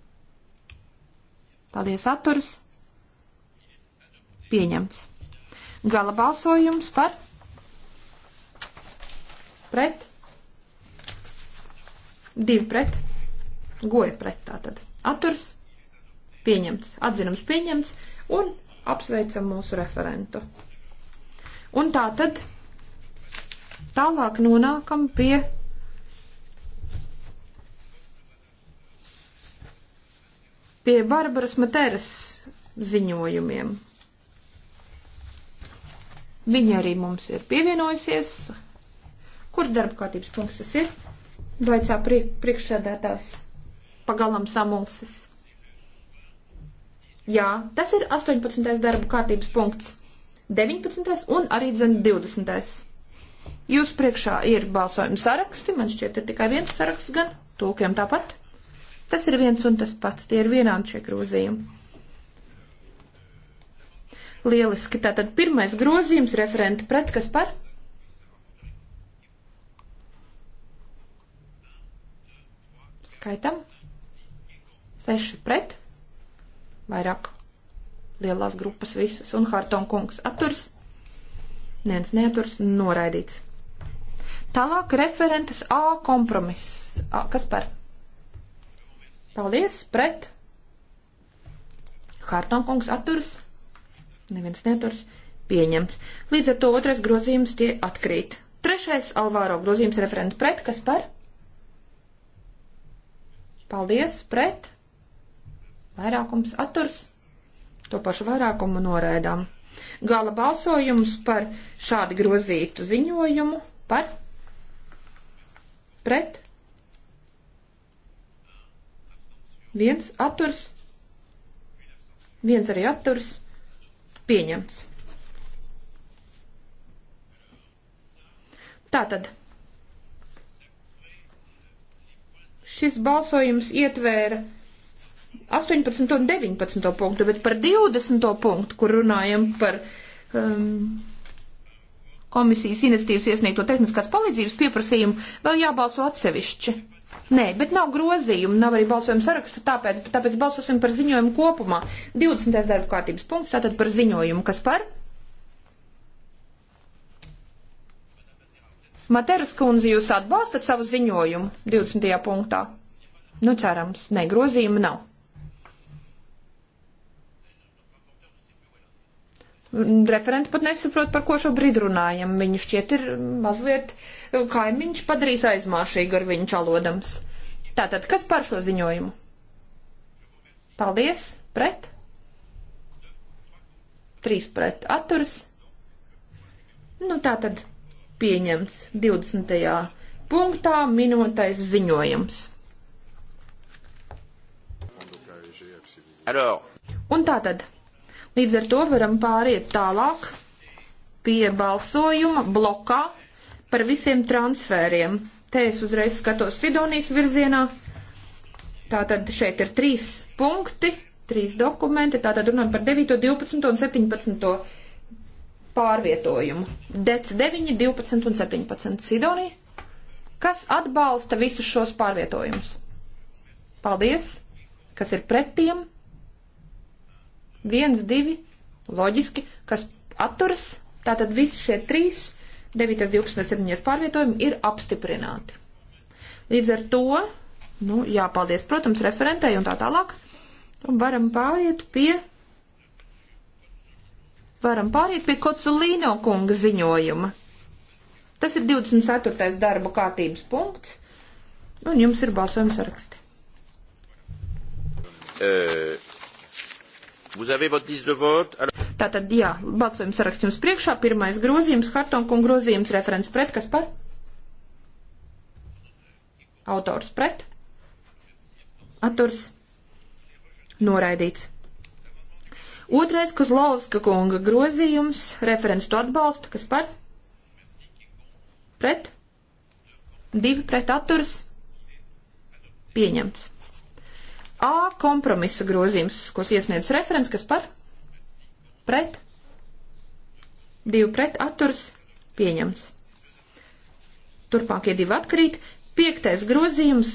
paldies, atturs, pieņemts. Gala balsojums par, pret, divi pret, goja pret tātad, atturs, pieņemts, atzinums pieņemts un Apsveicam mūsu referentu. Un tā tad tālāk nonākam pie pie Barbaras Materas ziņojumiem. Viņa arī mums ir pievienojusies. Kurš darba kārtības punkts tas ir? Vaicā priekšsēdētājs pagalām samulsis. Jā, tas ir 18. darba kārtības punkts. 19. un arī 20. Jūs priekšā ir balsojuma saraksti, man šķiet, ir tikai viens saraksts gan, tūkiem tāpat. Tas ir viens un tas pats, tie ir vienādi šie grozījumi. Lieliski. Tātad pirmais grozījums referenta pret kas par? Skaitam. Seši pret vairāk lielās grupas visas, un Hartong kungs atturs, neviens neaturs, noraidīts. Tālāk referentes A kompromiss. A, kas par? Paldies, pret. Hartong kungs atturs, neviens neaturs, pieņemts. Līdz ar to otrais grozījums tie atkrīt. Trešais Alvāro grozījums referenta pret, kas par? Paldies, pret. Vairākums atturs. To pašu vairākumu noraidām. Gala balsojums par šādi grozītu ziņojumu par pret viens atturs, viens arī atturs, pieņemts. Tātad šis balsojums ietvēra 18 un 19 punktu, bet par 20 punktu, kur runājam par um, komisijas iniciatīvas iesniegto tehniskās palīdzības pieprasījumu, vēl jābalso atsevišķi. Nē, bet nav grozījumu, nav arī balsojuma saraksta, tāpēc, tāpēc balsosim par ziņojumu kopumā. 20. darba kārtības punkts, tātad par ziņojumu. Kas par? Materas kundze, jūs atbalstat savu ziņojumu 20. punktā? Nu, cerams, ne, grozījuma nav. Referenti pat nesaprot, par ko šobrīd runājam. Viņu šķiet ir mazliet eh, kaimiņš padarījis aizmāršīgu ar viņu čalodams. Tātad, kas par šo ziņojumu? Paldies! Pret? Trīs pret atturas. Nu, tātad pieņems 20. punktā minūtais ziņojums. Alors. Un tātad. Līdz ar to varam pāriet tālāk pie balsojuma blokā par visiem transfēriem. Te es uzreiz skatos Sidonijas virzienā. Tātad šeit ir trīs punkti, trīs dokumenti. Tātad runājam par 9, 12 un 17 pārvietojumu. Dec 9, 12 un 17 Sidonija. Kas atbalsta visus šos pārvietojumus? Paldies! Kas ir pret tiem? 1, 2, loģiski, kas atturas, tātad visi šie 3, 9, 12, 7 pārvietojumi ir apstiprināti. Līdz ar to, nu, jāpaldies, protams, referentei un tā tālāk, un varam pāriet pie, varam pāriet pie Koculīno kunga ziņojuma. Tas ir 24. darba kārtības punkts, un jums ir balsojums saraksti. Uh, Tātad, jā, balsojums saraksts jums priekšā. Pirmais grozījums, Hartonkunga grozījums, referents pret, kas par? Autors pret. Atturs noraidīts. Otrais Kozlovska kunga grozījums, referents to atbalsta, kas par? Pret. Divi pret atturs. Pieņemts. A kompromisa grozījums, ko iesniedz referents, kas par pret, divi pret atturs pieņems. Turpākie divi atkrīt, piektais grozījums,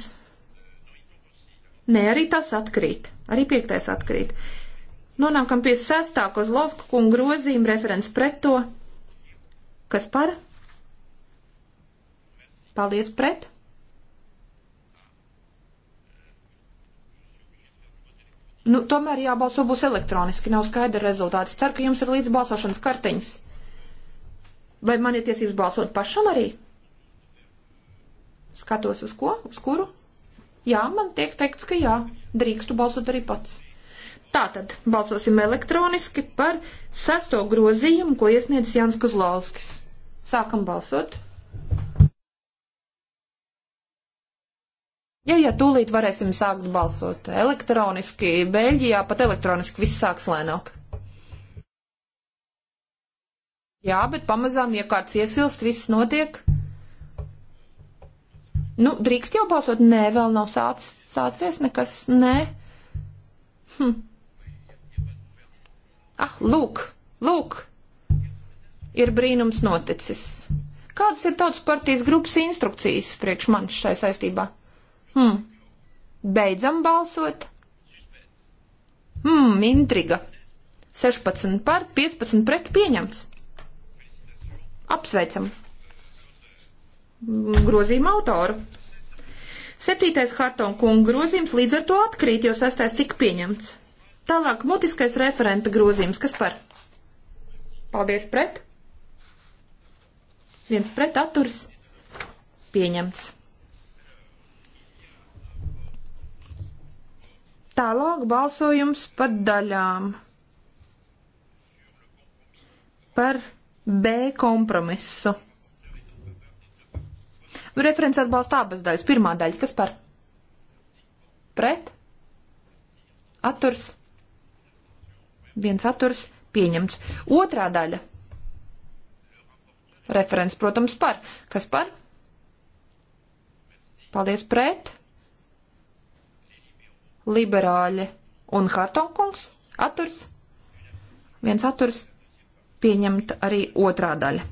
nē, arī tas atkrīt, arī piektais atkrīt. Nonākam pie sestā Kozlovska kunga grozījuma referents pret to, kas par? Paldies pret! Nu, tomēr jābalso būs elektroniski, nav skaidra rezultāts. Ceru, ka jums ir līdz balsošanas karteņas. Vai man ir tiesības balsot pašam arī? Skatos uz ko? Uz kuru? Jā, man tiek teikts, ka jā. Drīkstu balsot arī pats. Tātad balsosim elektroniski par sesto grozījumu, ko iesniedz Jans Kuzlauskas. Sākam balsot! Jā, jā, tūlīt varēsim sākt balsot elektroniski. Beļģijā pat elektroniski viss sāks lēnāk. Jā, bet pamazām, ja kāds iesilst, viss notiek. Nu, drīkst jau balsot? Nē, vēl nav sāc, sācies nekas. Nē. Hm. Ah, lūk, lūk. Ir brīnums noticis. Kādas ir tautas partijas grupas instrukcijas priekš manis šai saistībā? Hmm. Beidzam balsot. Hmm, intriga. 16 par, 15 pret pieņemts. Apsveicam. Mm, Grozījuma autoru. Septītais Hartona kunga grozījums līdz ar to atkrīt, jo sastais tika pieņemts. Tālāk mutiskais referenta grozījums, kas par? Paldies pret. Viens pret atturs. Pieņemts. Tālāk balsojums pa daļām par B kompromisu. Referents atbalsta abas daļas. Pirmā daļa, kas par? Pret? Atturs? Viens atturs pieņemts. Otrā daļa. Referents, protams, par. Kas par? Paldies pret liberāļi un Hartonkungs atturs. Viens atturs pieņemta arī otrā daļa.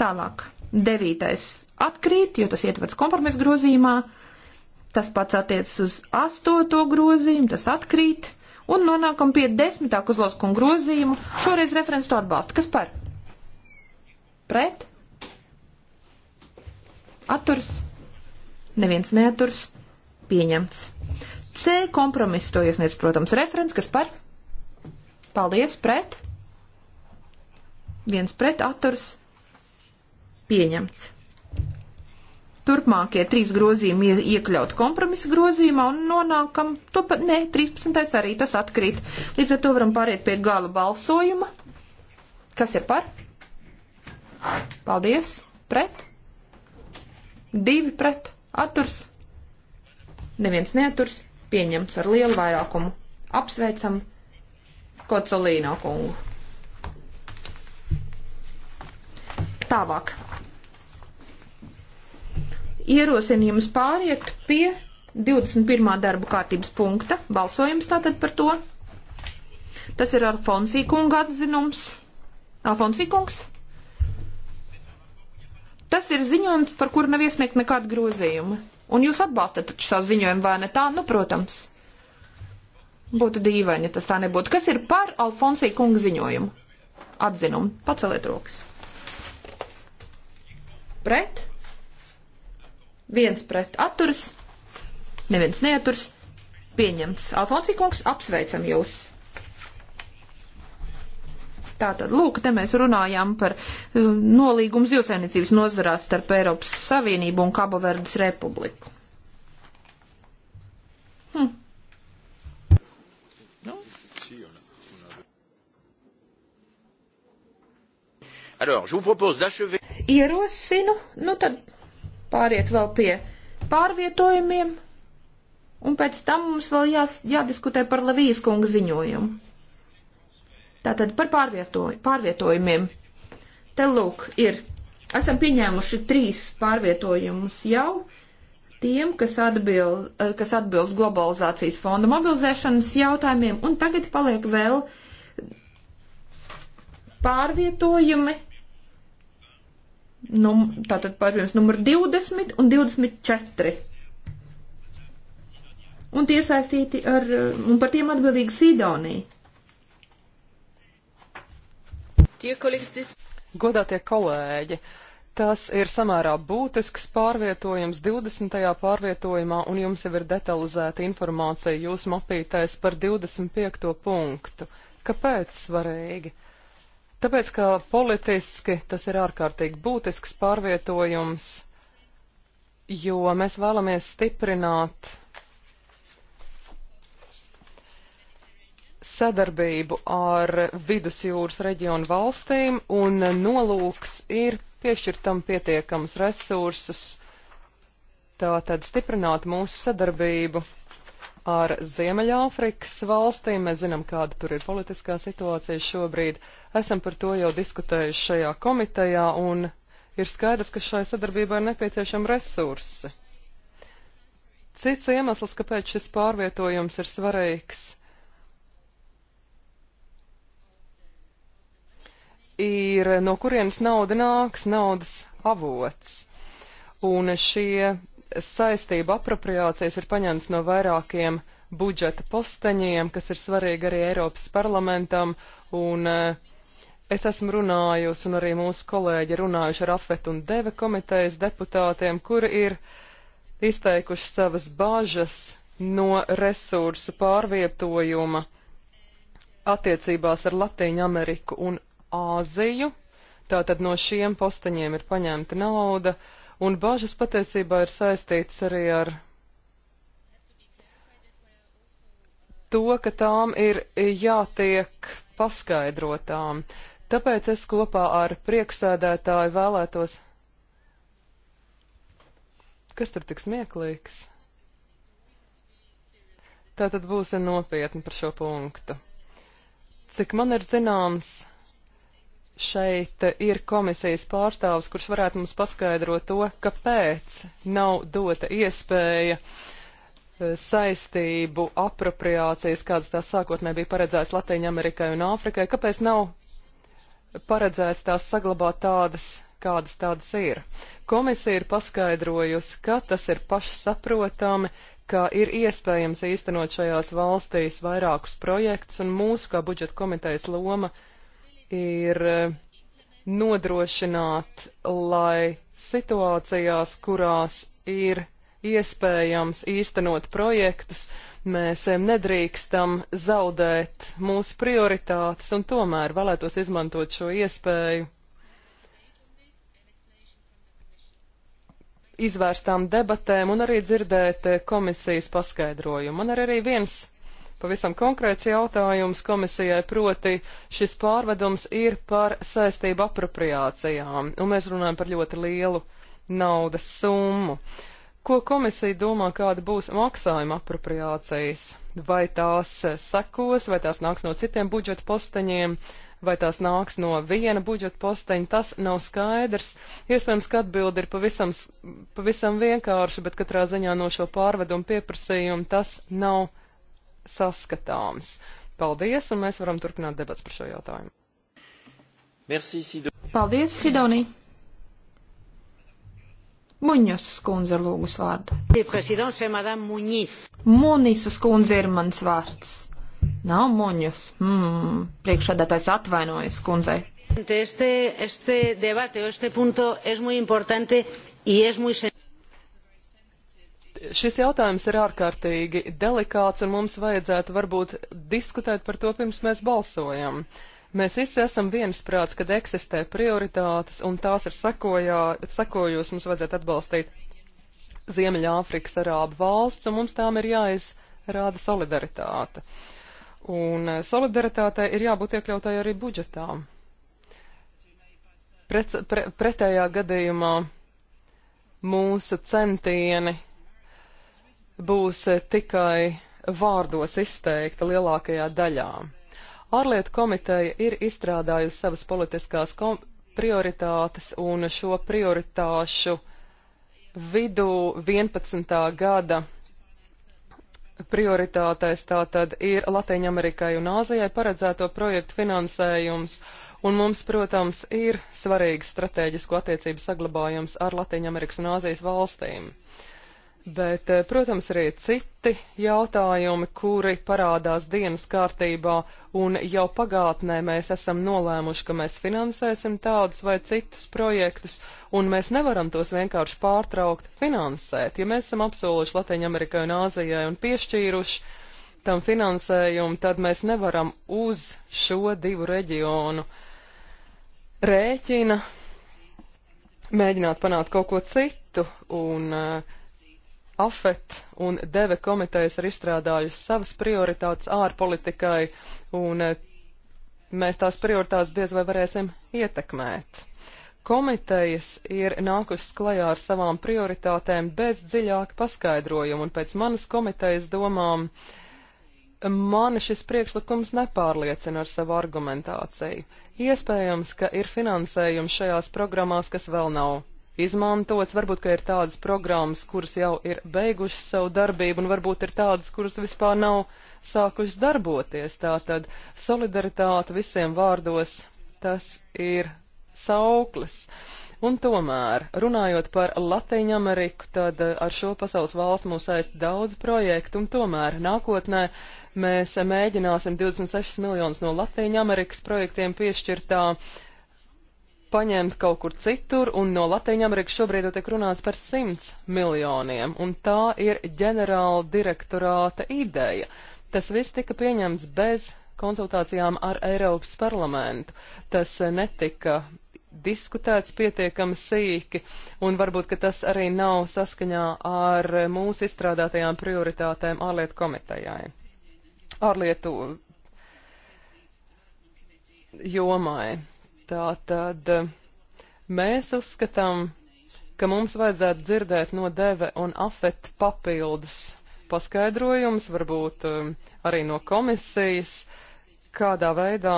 Tālāk. Devītais atkrīt, jo tas ietverts kompromisa grozījumā. Tas pats attiecas uz astoto grozījumu, tas atkrīt. Un nonākam pie desmitā kuzloskumu grozījumu. Šoreiz referents to atbalsta. Kas par? Pret? Atturs? Neviens neaturs. Pieņemts. C kompromiss to iesniedz, protams, referents, kas par? Paldies, pret. Viens pret atturs. Pieņemts. Turpmākie trīs grozījumi iekļaut kompromisa grozījumā un nonākam, to pat, nē, 13. arī tas atkrīt. Līdz ar to varam pāriet pie gala balsojuma. Kas ir par? Paldies. Pret. Divi pret. Atturs neviens neturs, pieņemts ar lielu vairākumu. Apsveicam Kocolīno kungu. Tālāk. Ierosinu jums pāriet pie 21. darbu kārtības punkta. Balsojums tātad par to. Tas ir Alfonsī kunga atzinums. Alfonsī kungs? Tas ir ziņojums, par kuru nav iesniegt nekāda grozījuma. Un jūs atbalstat taču savu ziņojumu, vai ne tā? Nu, protams. Būtu dīvaini, ja tas tā nebūtu. Kas ir par Alfonsī kunga ziņojumu? Atzinumu. Paceliet rokas. Pret. Viens pret atturs. Neviens neaturs. Pieņemts. Alfonsī kungs, apsveicam jūs. Tātad, lūk, te mēs runājām par uh, nolīgumu zivsainicības nozarās starp Eiropas Savienību un Kaboverdes Republiku. Hm. Alors, je vous propose d'achever. Ierosinu, nu tad pāriet vēl pie pārvietojumiem, un pēc tam mums vēl jās, jādiskutē par Levijas kunga ziņojumu. Tātad par pārvietojumiem. Te lūk, ir. Esam pieņēmuši trīs pārvietojumus jau tiem, kas, atbil, eh, kas atbilst globalizācijas fonda mobilizēšanas jautājumiem, un tagad paliek vēl pārvietojumi, num, tātad pārvietojums numur 20 un 24. Un tie saistīti ar, eh, un par tiem atbildīgi Sidonija. Godātie kolēģi, tas ir samērā būtisks pārvietojums 20. pārvietojumā, un jums jau ir detalizēta informācija jūsu mapītais par 25. punktu. Kāpēc svarīgi? Tāpēc, ka politiski tas ir ārkārtīgi būtisks pārvietojums, jo mēs vēlamies stiprināt sadarbību ar vidusjūras reģionu valstīm, un nolūks ir piešķirt tam pietiekamus resursus, tātad stiprināt mūsu sadarbību ar Ziemeļāfrikas valstīm. Mēs zinām, kāda tur ir politiskā situācija šobrīd. Esam par to jau diskutējuši šajā komitejā, un ir skaidrs, ka šai sadarbībai ir nepieciešami resursi. Cits iemesls, kāpēc šis pārvietojums ir svarīgs, ir, no kurienes nauda nāks, naudas avots. Un šie saistība apropriācijas ir paņemts no vairākiem budžeta posteņiem, kas ir svarīgi arī Eiropas parlamentam, un eh, es esmu runājusi, un arī mūsu kolēģi runājuši ar afetu un deve komitejas deputātiem, kuri ir izteikuši savas bāžas no resursu pārvietojuma attiecībās ar Latīņu Ameriku un Āziju. Tātad no šiem postaņiem ir paņemta nauda, un bažas patiesībā ir saistītas arī ar to, ka tām ir jātiek paskaidrotām. Tāpēc es kopā ar priekšsēdētāju vēlētos. Kas tur tik smieklīgs? Tā tad būsim nopietni par šo punktu. Cik man ir zināms, šeit ir komisijas pārstāvis, kurš varētu mums paskaidrot to, kāpēc nav dota iespēja eh, saistību apropriācijas, kādas tās sākotnē bija paredzētas Latvijai, Amerikai un Āfrikai, kāpēc nav paredzēts tās saglabāt tādas, kādas tādas ir. Komisija ir paskaidrojusi, ka tas ir pašsaprotami, ka ir iespējams īstenot šajās valstīs vairākus projektus, un mūsu kā budžeta komitejas loma uh, ir eh, nodrošināt, lai situācijās, kurās ir iespējams īstenot projektus, mēs eh, nedrīkstam zaudēt mūsu prioritātes un tomēr vēlētos izmantot šo iespēju izvērstām debatēm un arī dzirdēt eh, komisijas paskaidrojumu. Man ir arī viens pavisam konkrēts jautājums komisijai, proti šis pārvedums ir par saistību apropriācijām, un mēs runājam par ļoti lielu naudas summu. Ko komisija domā, kāda būs maksājuma apropriācijas? Vai tās sekos, vai tās nāks no citiem budžeta posteņiem, vai tās nāks no viena budžeta posteņa, tas nav skaidrs. Iespējams, ka atbildi ir pavisam, pavisam vienkārši, bet katrā ziņā no šo pārvedumu pieprasījumu tas nav skaidrs saskatāms. Paldies, un mēs varam turpināt debats par šo jautājumu. Merci, Sido. Paldies, Sidonī. Muņas skundze lūgus vārdu. Munisas skundze ir mans vārds. Nav muņas. Hmm, priekšādātais atvainojas skundzei. Este, este debate o este punto es muy importante y es muy sencillo šis jautājums ir ārkārtīgi delikāts, un mums vajadzētu varbūt diskutēt par to, pirms mēs balsojam. Mēs visi esam viensprāts, kad eksistē prioritātes, un tās ir sakojā, sakojos mums vajadzētu atbalstīt Ziemeļāfrikas arābu valsts, un mums tām ir jāizrāda solidaritāte. Un eh, solidaritātei ir jābūt iekļautai arī budžetā. Pret, pre, pretējā gadījumā mūsu centieni būs eh, tikai vārdos izteikta lielākajā daļā. Ārlietu komiteja ir izstrādājusi savas politiskās prioritātes un šo prioritāšu vidū 11. gada prioritātēs tātad ir Latvijai un Āzijai paredzēto projektu finansējums. Un mums, protams, ir svarīgi strateģisku attiecību saglabājums ar Latviju, Amerikas un Āzijas valstīm. Uh, Bet, eh, protams, arī citi jautājumi, kuri parādās dienas kārtībā, un jau pagātnē mēs esam nolēmuši, ka mēs finansēsim tādus vai citus projektus, un mēs nevaram tos vienkārši pārtraukt finansēt. Ja mēs esam apsoluši Latviju Amerikai un Āzijai un piešķīruši tam finansējumu, tad mēs nevaram uz šo divu reģionu rēķina mēģināt panākt kaut ko citu. Un, uh, AFET un DEVE komitejas ir izstrādājusi savas prioritātes ārpolitikai, un eh, mēs tās prioritātes diez vai varēsim ietekmēt. Komitejas ir nākušas klajā ar savām prioritātēm bez dziļāka paskaidrojuma, un pēc manas komitejas domām mani šis priekšlikums nepārliecina ar savu argumentāciju. Iespējams, ka ir finansējums šajās programmās, kas vēl nav izmantots. Varbūt, ka ir tādas programmas, kuras jau ir beigušas savu darbību, un varbūt ir tādas, kuras vispār nav sākušas darboties. Tātad solidaritāte visiem vārdos tas ir sauklis. Un tomēr, runājot par Latviju Ameriku, tad eh, ar šo pasaules valstu mūs saist daudz projektu, un tomēr nākotnē mēs mēģināsim 26 miljonus no Latviju Amerikas projektiem piešķirtā uh, paņemt kaut kur citur, un no Latvijas-Amerikas šobrīd jau tiek runāts par 100 miljoniem, un tā ir ģenerāla direktorāta ideja. Tas viss tika pieņemts bez konsultācijām ar Eiropas parlamentu. Tas eh, netika diskutēts pietiekami sīki, un varbūt, ka tas arī nav saskaņā ar eh, mūsu izstrādātajām prioritātēm ārlietu komitejai. Ārlietu jomai. Tā tad eh, mēs uzskatām, ka mums vajadzētu dzirdēt no deve un afet papildus paskaidrojums, varbūt eh, arī no komisijas, kādā veidā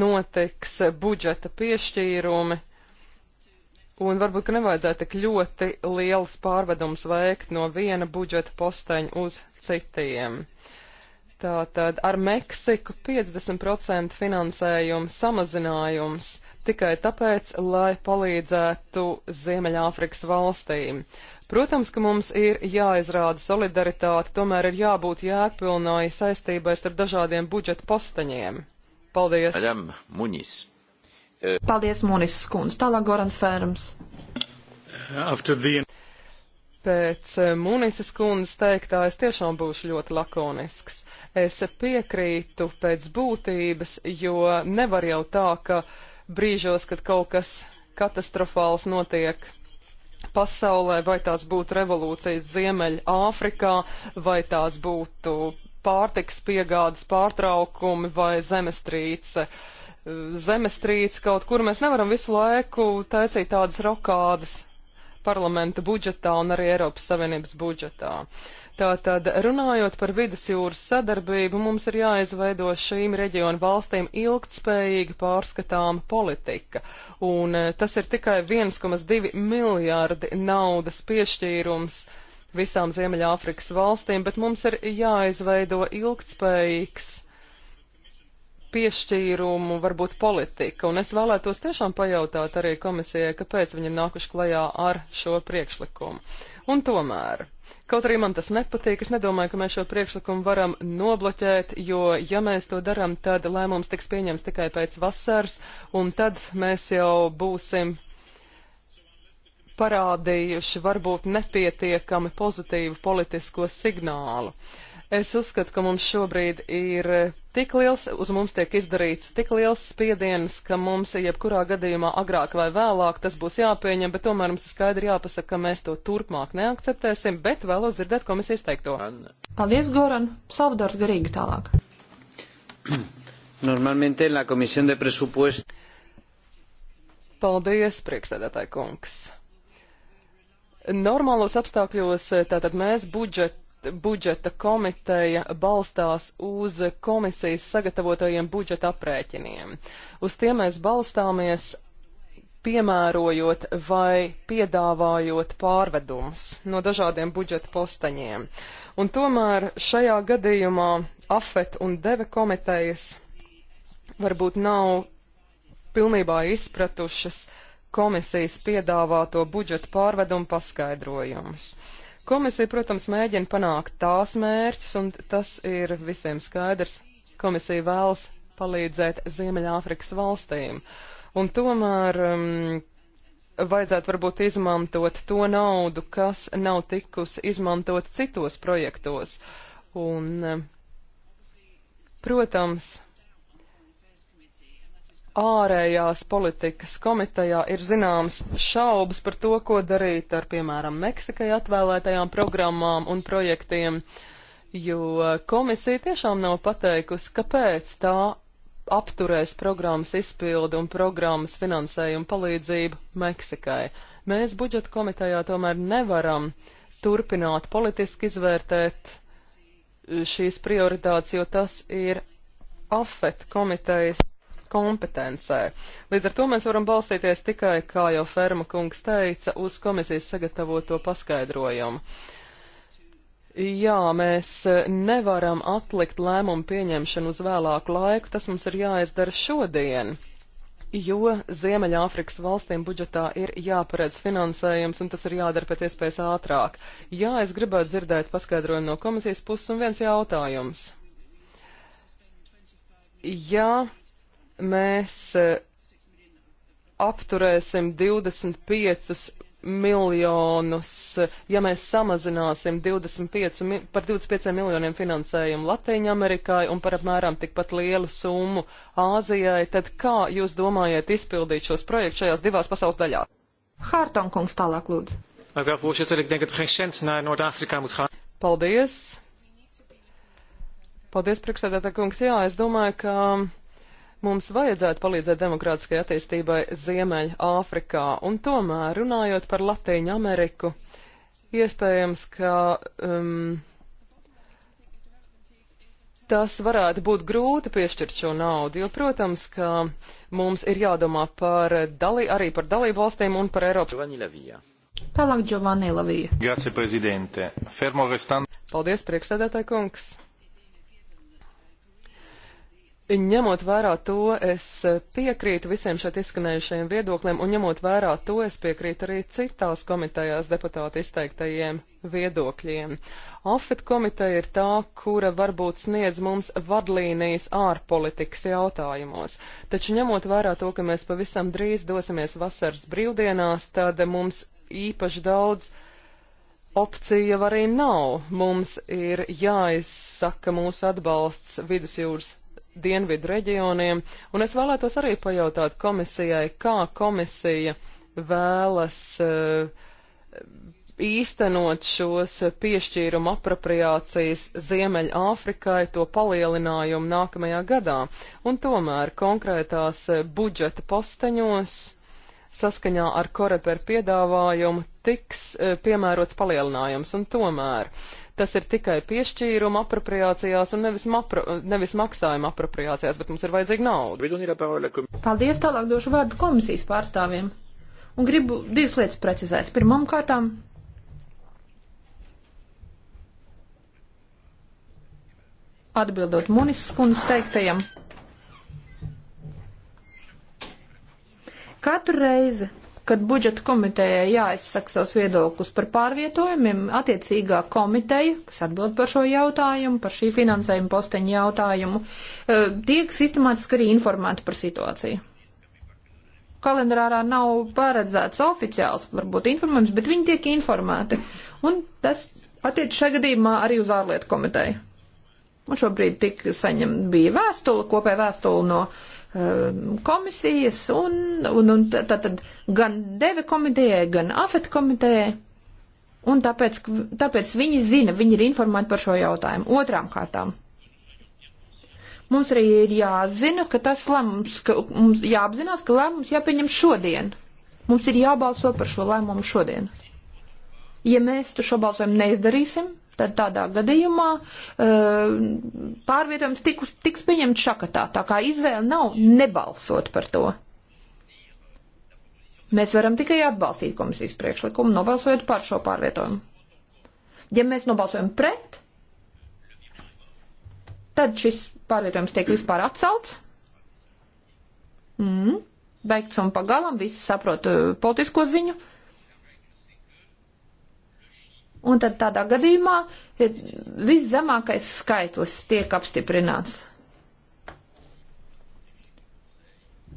notiks budžeta piešķīrumi. Un varbūt, ka nevajadzētu tik ļoti liels pārvedums veikt no viena budžeta posteņa uz citiem. Uh, Tātad ar Meksiku 50% finansējuma samazinājums tikai tāpēc, lai palīdzētu Ziemeļāfrikas valstīm. Protams, ka mums ir jāizrāda solidaritāte, tomēr ir jābūt jēgpilnai saistībai starp dažādiem budžeta postaņiem. Paldies! Madam Muņis. Eh, Paldies, Munis Skundz. Tālāk Gorans Fērums. The... Pēc eh, Munisas kundzes teiktā es tiešām būšu ļoti lakonisks. Es piekrītu pēc būtības, jo nevar jau tā, ka brīžos, kad kaut kas katastrofāls notiek pasaulē, vai tās būtu revolūcijas Ziemeļāfrikā, vai tās būtu pārtiks piegādes pārtraukumi vai zemestrīce. Zemestrīce kaut kur mēs nevaram visu laiku taisīt tādas rokādas parlamenta budžetā un arī Eiropas Savienības budžetā. Tātad, runājot par vidusjūras sadarbību, mums ir jāizveido šīm reģionu valstīm ilgtspējīga pārskatāma politika. Un eh, tas ir tikai 1,2 miljārdi naudas piešķīrums visām Ziemeļāfrikas valstīm, bet mums ir jāizveido ilgtspējīgs piešķīrumu, varbūt politika, un es vēlētos tiešām pajautāt arī komisijai, kāpēc viņi ir nākuši klajā ar šo priekšlikumu. Un tomēr, kaut arī man tas nepatīk, es nedomāju, ka mēs šo priekšlikumu varam nobloķēt, jo ja mēs to daram, tad lēmums tiks pieņems tikai pēc vasaras, un tad mēs jau būsim parādījuši varbūt nepietiekami pozitīvu politisko signālu. Uh, Es uzskatu, ka mums šobrīd ir tik liels, uz mums tiek izdarīts tik liels spiediens, ka mums jebkurā gadījumā agrāk vai vēlāk tas būs jāpieņem, bet tomēr mums skaidri jāpasaka, ka mēs to turpmāk neakceptēsim, bet vēlos dzirdēt komisijas teikto. Paldies, Goran. Salvadors Garīgi tālāk. Normalmente en la comisión de presupuesto. Paldies, priekšsēdētāji kungs. Normālos apstākļos tātad mēs budžetu budžeta komiteja balstās uz komisijas sagatavotajiem budžeta aprēķiniem. Uz tiem mēs balstāmies piemērojot vai piedāvājot pārvedumus no dažādiem budžeta postaņiem. Un tomēr šajā gadījumā AFET un DEVE komitejas varbūt nav pilnībā izpratušas komisijas piedāvāto budžeta pārvedumu paskaidrojumus. Uh, Komisija, protams, mēģina panākt tās mērķus, un tas ir visiem skaidrs. Komisija vēlas palīdzēt Ziemeļāfrikas valstīm. Un tomēr um, vajadzētu varbūt izmantot to naudu, kas nav tikusi izmantot citos projektos. Un, um, protams, ārējās politikas komitejā ir zināmas šaubas par to, ko darīt ar, piemēram, Meksikai atvēlētajām programmām un projektiem, jo komisija tiešām nav pateikusi, kāpēc tā apturēs programmas izpildi un programmas finansējumu palīdzību Meksikai. Mēs budžeta komitejā tomēr nevaram turpināt politiski izvērtēt eh, šīs prioritātes, jo tas ir AFET komitejas kompetencē. Līdz ar to mēs varam balstīties tikai, kā jau Ferma kungs teica, uz komisijas sagatavoto paskaidrojumu. Jā, mēs nevaram atlikt lēmumu pieņemšanu uz vēlāku laiku, tas mums ir jāizdara šodien jo Ziemeļāfrikas valstīm budžetā ir jāparedz finansējums, un tas ir jādara pēc iespējas ātrāk. Jā, es gribētu dzirdēt paskaidrojumu no komisijas puses un viens jautājums. Ja mēs eh, apturēsim 25 miljonus, ja mēs samazināsim 25, par 25 miljoniem finansējumu Latīņu Amerikai un par apmēram tikpat lielu summu Āzijai, tad kā jūs domājat izpildīt šos projektus šajās divās pasaules daļās? Hārtonkungs tālāk lūdzu. Er Paldies. Paldies, priekšsēdētā kungs. Jā, es domāju, ka Mums vajadzētu palīdzēt demokrātiskai attīstībai Ziemeļa Āfrikā, un tomēr runājot par Latīņu Ameriku, iespējams, ka um, tas varētu būt grūti piešķirt šo naudu, jo, protams, ka mums ir jādomā par dalī, arī par dalību valstīm un par Eiropu. Tālāk Giovanni Lavija. Grazie, prezidente. Fermo restan. Paldies, priekšsēdētāji kungs. Ņemot vērā to, es piekrītu visiem šeit izskanējušajiem viedokļiem, un ņemot vērā to, es piekrītu arī citās komitejās deputāti izteiktajiem viedokļiem. AFET komiteja ir tā, kura varbūt sniedz mums vadlīnijas ārpolitikas jautājumos, taču ņemot vērā to, ka mēs pavisam drīz dosimies vasaras brīvdienās, tad mums īpaši daudz opcija jau arī nav. Mums ir jāizsaka mūsu atbalsts vidusjūras dienvidu reģioniem, un es vēlētos arī pajautāt komisijai, kā komisija vēlas eh, īstenot šos piešķīrumu apropriācijas Ziemeļāfrikai to palielinājumu nākamajā gadā, un tomēr konkrētās eh, budžeta posteņos saskaņā ar koreperu piedāvājumu tiks eh, piemērots palielinājums, un tomēr tas ir tikai piešķīruma apropriācijās un nevis, mapro, nevis maksājuma apropriācijās, bet mums ir vajadzīga nauda. Paldies, tālāk došu vārdu komisijas pārstāvjiem. Un gribu divas lietas precizēt. Pirmam kārtām. Atbildot Munis skundas teiktajam. Katru reizi, kad budžeta komitejai jāizsaka savus viedokļus par pārvietojumiem, attiecīgā komiteja, kas atbild par šo jautājumu, par šī finansējuma posteņa jautājumu, e, tiek sistemātiski arī informēta par situāciju. Kalendārā nav paredzēts oficiāls, varbūt informējums, bet viņi tiek informēti. Un tas attiec šajā gadījumā arī uz ārlietu komiteju. Un šobrīd tik saņem, bija vēstule, kopēja vēstule no uh, Um, komisijas un, un, un tātad gan deve komitejai, gan afet komitejai. Un tāpēc, tāpēc viņi zina, viņi ir informēti par šo jautājumu. Otrām kārtām. Mums arī ir jāzina, ka tas lēmums, ka mums jāapzinās, ka lēmums jāpieņem šodien. Mums ir jābalso par šo lēmumu šodien. Ja mēs to šo balsojumu neizdarīsim, tad tādā gadījumā eh, pārvietojums tikus, tiks pieņemts šakatā, tā kā izvēle nav nebalsot par to. Mēs varam tikai atbalstīt komisijas priekšlikumu, nobalsojot par šo pārvietojumu. Ja mēs nobalsojam pret, tad šis pārvietojums tiek vispār atcelts. Mm. Beigts un pagalam, visi saprot eh, politisko ziņu. Uh, Un tad tādā gadījumā viszemākais skaitlis tiek apstiprināts.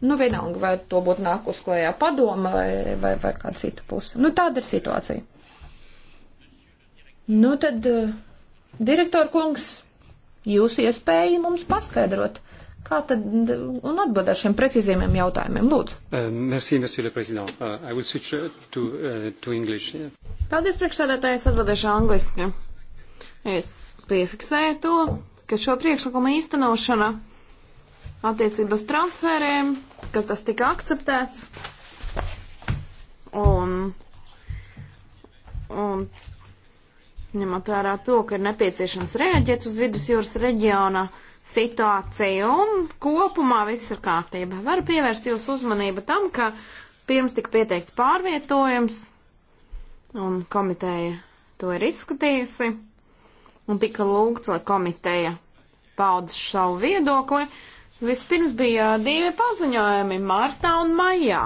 Nu, vienalga, vai to būtu nākus klējā padoma vai, vai, vai kāda cita puse. Nu, tāda ir situācija. Nu, tad, eh, direktor kungs, jūsu iespēja mums paskaidrot, Kā tad un atbild ar šiem precīziem jautājumiem, lūdzu? Uh, merci, monsieur le président. Uh, I will switch uh, to, uh, to English. Yeah. Paldies, priekšsēdētāji, es atbildēšu angliski. Es piefiksēju to, ka šo priekšlikuma īstenošana attiecībā uz transferiem, ka tas tika akceptēts. Un, un ņemot vērā to, ka ir nepieciešams rēģēt uz vidusjūras reģiona. Uh, situāciju un kopumā viss ir kārtībā. Varu pievērst jūsu uzmanību tam, ka pirms tika pieteikts pārvietojums un komiteja to ir izskatījusi un tika lūgts, lai komiteja paudas savu viedokli. Vispirms bija divi paziņojumi martā un maijā.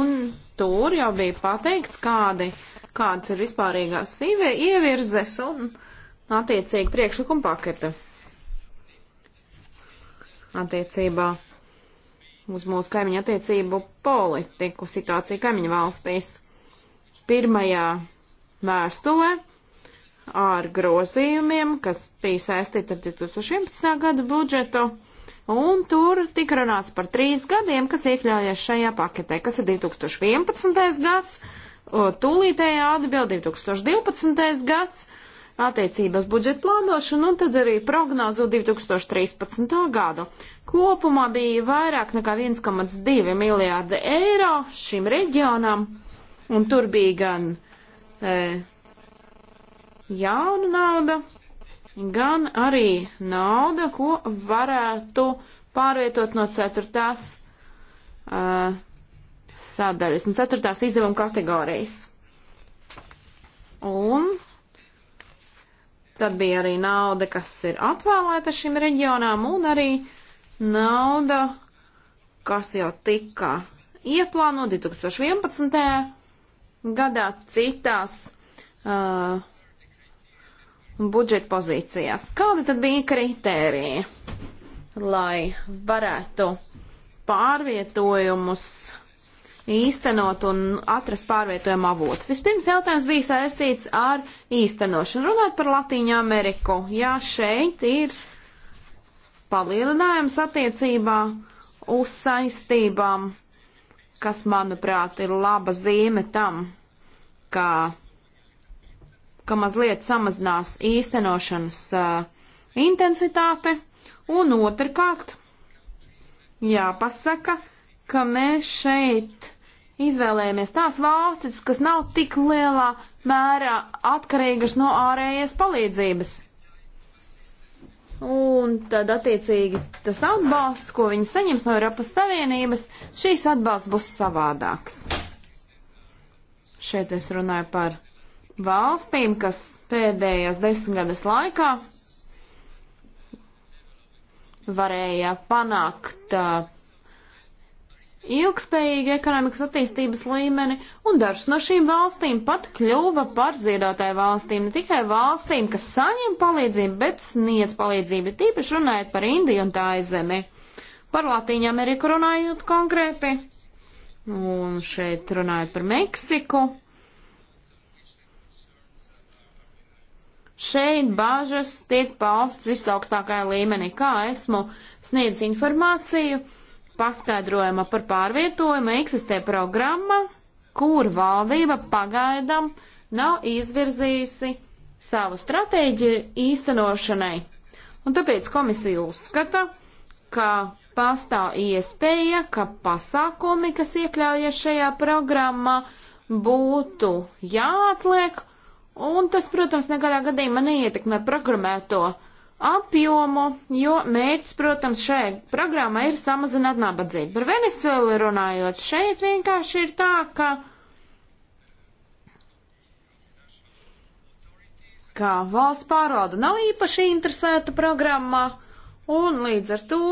Un tur jau bija pateikts, kādi, kāds ir vispārīgās sīvē ievirzes un attiecīgi priekšlikuma pakete attiecībā uz mūsu kaimiņu attiecību politiku situāciju kaimiņu valstīs. Pirmajā vēstulē ar grozījumiem, kas bija saistīti ar 2011. gada budžetu, un tur tika runāts par trīs gadiem, kas iekļaujas šajā paketē, kas ir 2011. gads, tūlītējā atbilda 2012. gads attiecības budžeta plānošanu un tad arī prognozu 2013. gadu. Kopumā bija vairāk nekā 1,2 miljārdi eiro šim reģionam, un tur bija gan e, jauna nauda, gan arī nauda, ko varētu pārvietot no ceturtās uh, sadaļas, no ceturtās izdevuma kategorijas. Un Tad bija arī nauda, kas ir atvēlēta šim reģionām, un arī nauda, kas jau tika ieplānota 2011. gadā citās uh, budžeta pozīcijās. Kādi tad bija kritēriji, lai varētu pārvietojumus īstenot un atrast pārvietojumu avotu. Vispirms jautājums bija saistīts ar īstenošanu. Runāt par Latīņu Ameriku. Jā, šeit ir palielinājums attiecībā uz saistībām, kas, manuprāt, ir laba zīme tam, ka, ka mazliet samazinās īstenošanas uh, intensitāte. Un otrkārt, jāpasaka, ka mēs šeit izvēlējamies tās valstis, kas nav tik lielā mērā atkarīgas no ārējās palīdzības. Un tad, attiecīgi, tas atbalsts, ko viņi saņems no Eiropas Savienības, šīs atbalsts būs savādāks. Šeit es runāju par valstīm, kas pēdējās desmitgades laikā varēja panākt uh, ilgspējīgu ekonomikas attīstības līmeni, un dažas no šīm valstīm pat kļuva par ziedotāju valstīm, ne tikai valstīm, kas saņem palīdzību, bet sniedz palīdzību, tīpaši runājot par Indiju un tā aizemi. Par Latīņu Ameriku runājot konkrēti, un šeit runājot par Meksiku. Šeit bāžas tiek paustas visaugstākajā līmenī, kā esmu sniedz informāciju paskaidrojuma par pārvietojumu eksistē programma, kur valdība pagaidam nav izvirzījusi savu stratēģiju īstenošanai. Un tāpēc komisija uzskata, ka pastāv iespēja, ka pasākumi, kas iekļaujas šajā programmā, būtu jāatliek, un tas, protams, nekādā gadījumā neietekmē programmēto apjomu, jo mērķis, protams, šajā programmā ir samazināt nabadzību. Par Venezuelu runājot, šeit vienkārši ir tā, ka, ka valsts pārvalda nav īpaši interesēta programmā, un līdz ar to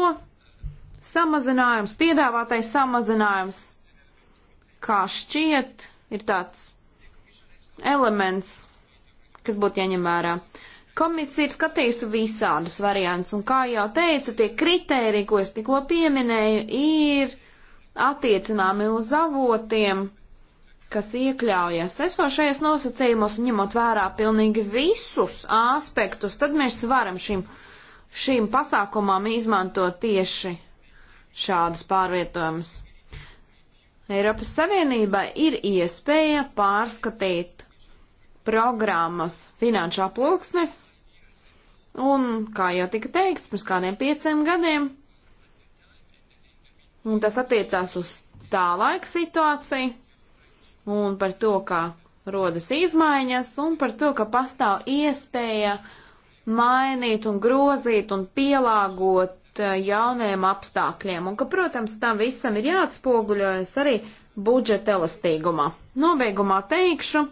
samazinājums, piedāvātais samazinājums, kā šķiet, ir tāds elements, kas būtu jāņem vērā. Uh, Komisija ir skatījusi visādus variantus, un kā jau teicu, tie kritēriji, ko es tikko pieminēju, ir attiecināmi uz avotiem, kas iekļaujas esošajos nosacījumos, un ņemot vērā pilnīgi visus aspektus, tad mēs varam šim, šim pasākumam izmantot tieši šādus pārvietojumus. Eiropas Savienībai ir iespēja pārskatīt programmas finanšu aploksnes Un, kā jau tika teikts, pirms kādiem pieciem gadiem, un tas attiecās uz tā laika situāciju, un par to, kā rodas izmaiņas, un par to, ka pastāv iespēja mainīt un grozīt un pielāgot eh, jauniem apstākļiem, un ka, protams, tam visam ir jāatspoguļojas arī budžeta elastīgumā. Nobeigumā teikšu,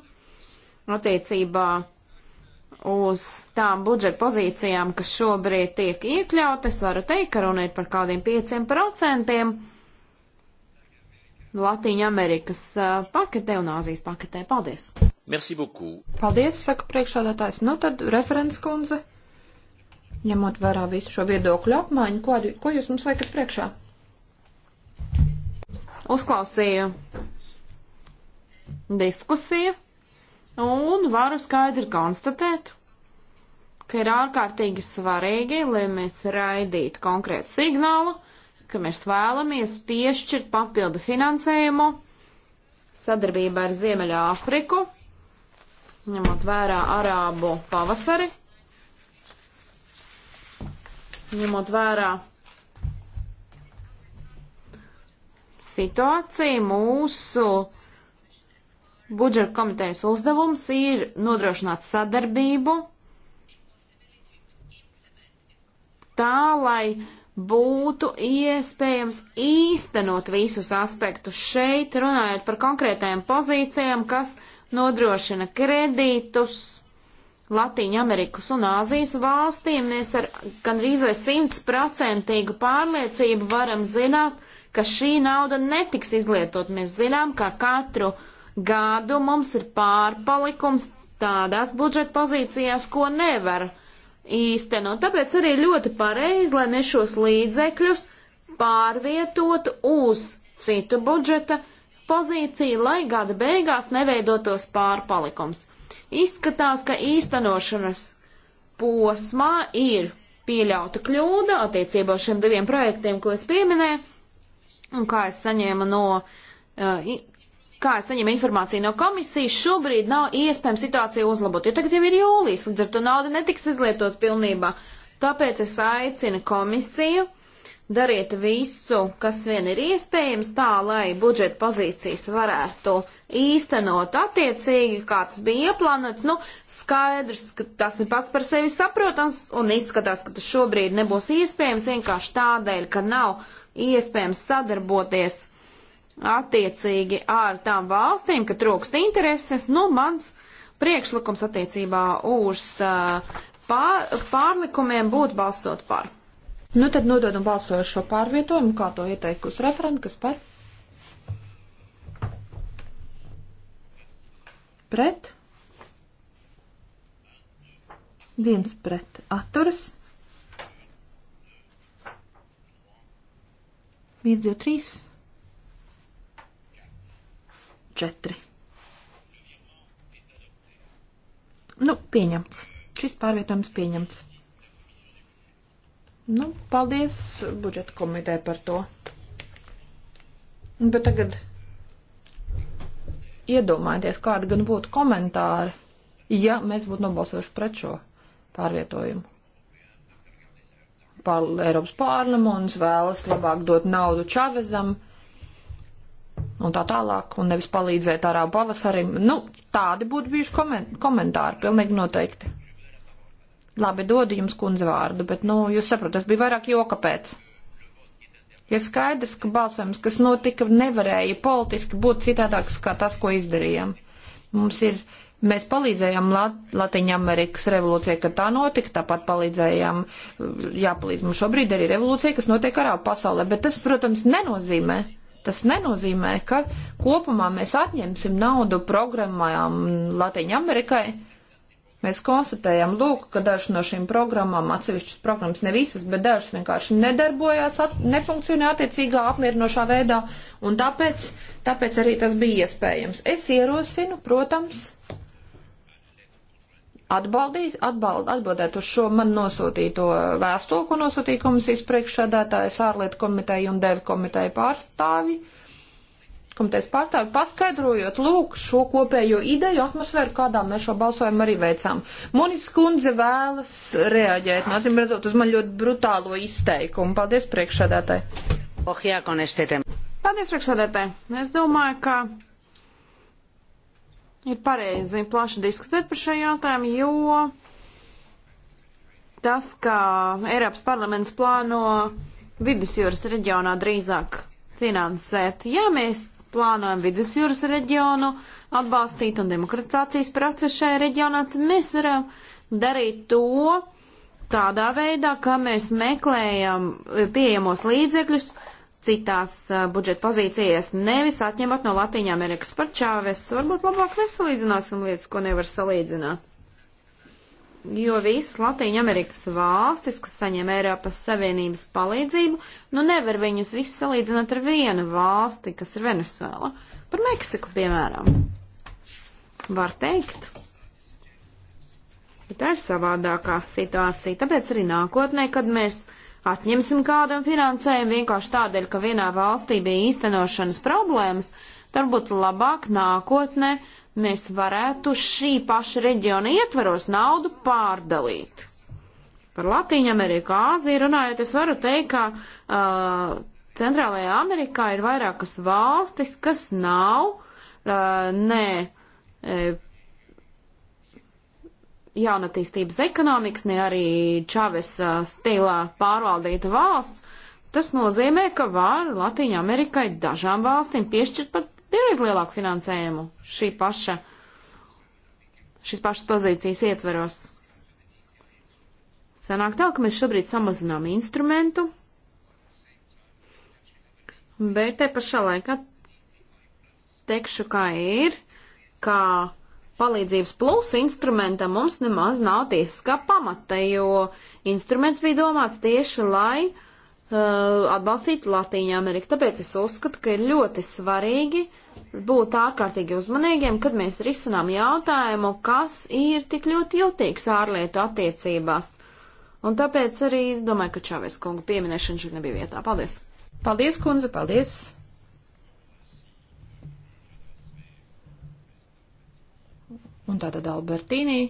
attiecībā uz tām budžeta pozīcijām, kas šobrīd tiek iekļautas, varu teikt, ka runa ir par kādiem 5% Latīņa Amerikas uh, paketē un Āzijas paketē. Paldies! Merci beaucoup! Paldies, saka priekšādātājs. Nu tad, referents kundze, ņemot vērā visu šo viedokļu apmaiņu, ko, ko jūs mums liekat priekšā? Uzklausīju diskusiju un varu skaidri konstatēt, ka ir ārkārtīgi svarīgi, lai mēs raidītu konkrētu signālu, ka mēs vēlamies piešķirt papildu finansējumu sadarbībā ar Ziemeļā Afriku, ņemot vērā arābu pavasari, ņemot vērā situāciju mūsu Budžeta komitejas uzdevums ir nodrošināt sadarbību tā, lai būtu iespējams īstenot visus aspektus šeit, runājot par konkrētajām pozīcijām, kas nodrošina kredītus Latīņa Amerikas un Āzijas valstīm. Mēs ar gandrīz vai simtprocentīgu pārliecību varam zināt, ka šī nauda netiks izlietot. Mēs zinām, ka katru uh, gadu mums ir pārpalikums tādās budžeta pozīcijās, ko nevar īstenot. Tāpēc arī ļoti pareizi, lai mēs šos līdzekļus pārvietotu uz citu budžeta pozīciju, lai gada beigās neveidotos pārpalikums. Izskatās, ka īstenošanas posmā ir pieļauta kļūda attiecībā uz šiem diviem projektiem, ko es pieminēju, un kā es saņēmu no uh, kā es saņemu informāciju no komisijas, šobrīd nav iespējams situāciju uzlabot, jo tagad jau ir jūlijas, līdz ar to nauda netiks izlietot pilnībā. Tāpēc es aicinu komisiju dariet visu, kas vien ir iespējams, tā lai budžeta pozīcijas varētu īstenot attiecīgi, kā tas bija ieplānots. Nu, skaidrs, ka tas ir pats par sevi saprotams un izskatās, ka tas šobrīd nebūs iespējams vienkārši tādēļ, ka nav iespējams sadarboties attiecīgi ar tām valstīm, ka trūkst intereses, nu, mans priekšlikums attiecībā uz uh, pār, pārlikumiem būtu balsot par. Nu, tad nododam balsojuši šo pārvietojumu, kā to ieteikusi referenta, kas par? Pret? Viens pret atturas. 1, 2, 3. 4. Nu, pieņemts. Šis pārvietojums pieņemts. Nu, paldies budžeta komitē par to. Bet tagad iedomājieties, kāda gan būtu komentāri, ja mēs būtu nobalsojuši pret šo pārvietojumu. Pār, Eiropas parlaments vēlas labāk dot naudu Čavezam un tā tālāk, un nevis palīdzēt ārā pavasarim. Nu, tādi būtu bijuši komentāri, pilnīgi noteikti. Labi, dodu jums kundze vārdu, bet, nu, jūs saprotat, tas bija vairāk joka pēc. Ir skaidrs, ka balsojums, kas notika, nevarēja politiski būt citādāks kā tas, ko izdarījām. Mums ir, mēs palīdzējām Lat Latviņu Amerikas revolūcijai, kad tā notika, tāpat palīdzējām, jāpalīdz mums šobrīd arī revolūcija, kas notiek arā pasaulē, bet tas, protams, nenozīmē, tas nenozīmē, ka kopumā mēs atņemsim naudu programmām Latviju Amerikai. Mēs konstatējam, lūk, ka dažas no šīm programmām, atsevišķas programmas, ne visas, bet dažas vienkārši nedarbojās, at, nefunkcionē attiecīgā apmierinošā veidā, un tāpēc, tāpēc arī tas bija iespējams. Es ierosinu, protams, atbaldīs, atbald, atbildēt uz šo man nosūtīto vēstuli, ko nosūtīja komisijas priekšsādātājs ārlietu komiteja un devu komiteja pārstāvi. Komitejas pārstāvi paskaidrojot, lūk, šo kopējo ideju atmosfēru, kādā mēs šo balsojumu arī veicām. Monis Kundze vēlas reaģēt, nācim nu, redzot, uz man ļoti brutālo izteikumu. Paldies priekšsādātāji. Paldies priekšsādātāji. Es domāju, ka ir pareizi plaši diskutēt par šo jautājumu, jo tas, ka Eiropas parlaments plāno vidusjūras reģionā drīzāk finansēt, ja mēs plānojam vidusjūras reģionu atbalstīt un demokratizācijas procesu šajā reģionā, tad mēs varam darīt to tādā veidā, ka mēs meklējam pieejamos līdzekļus, uh, citās budžeta pozīcijas, nevis atņemot no Latvijas Amerikas par čāves. Varbūt labāk nesalīdzināsim lietas, ko nevar salīdzināt. Jo visas Latvijas Amerikas valstis, kas saņem Eiropas Savienības palīdzību, nu nevar viņus visus salīdzināt ar vienu valsti, kas ir Venezuela. Par Meksiku, piemēram. Var teikt. Bet tā ir savādākā situācija. Tāpēc arī nākotnē, kad mēs. Mēs atņemsim kādam finansējumu vienkārši tādēļ, ka vienā valstī bija īstenošanas problēmas, tad būtu labāk nākotnē mēs varētu šī paša reģiona ietveros naudu pārdalīt. Par Latīņu Ameriku, Āziju runājot, es varu teikt, ka uh, Centrālajā Amerikā ir vairākas valstis, kas nav uh, ne e, jaunatīstības ekonomikas, ne arī Čavesa stilā pārvaldīta valsts, tas nozīmē, ka var Latīņa Amerikai dažām valstīm piešķirt pat divreiz lielāku finansējumu šī paša, šīs pašas pozīcijas ietveros. Sanāk tā, ka mēs šobrīd samazinām instrumentu, bet te pašā laikā teikšu, kā ir, kā palīdzības plus instrumentam mums nemaz nav tiesiskā pamata, jo instruments bija domāts tieši, lai uh, atbalstītu Latīņu Ameriku. Tāpēc es uzskatu, ka ir ļoti svarīgi būt ārkārtīgi uzmanīgiem, kad mēs risinām jautājumu, kas ir tik ļoti jūtīgs ārlietu attiecībās. Un tāpēc arī domāju, ka Čāvēs kunga pieminēšana šeit nebija vietā. Paldies! Paldies, kundze, paldies! Un tātad Albertīnī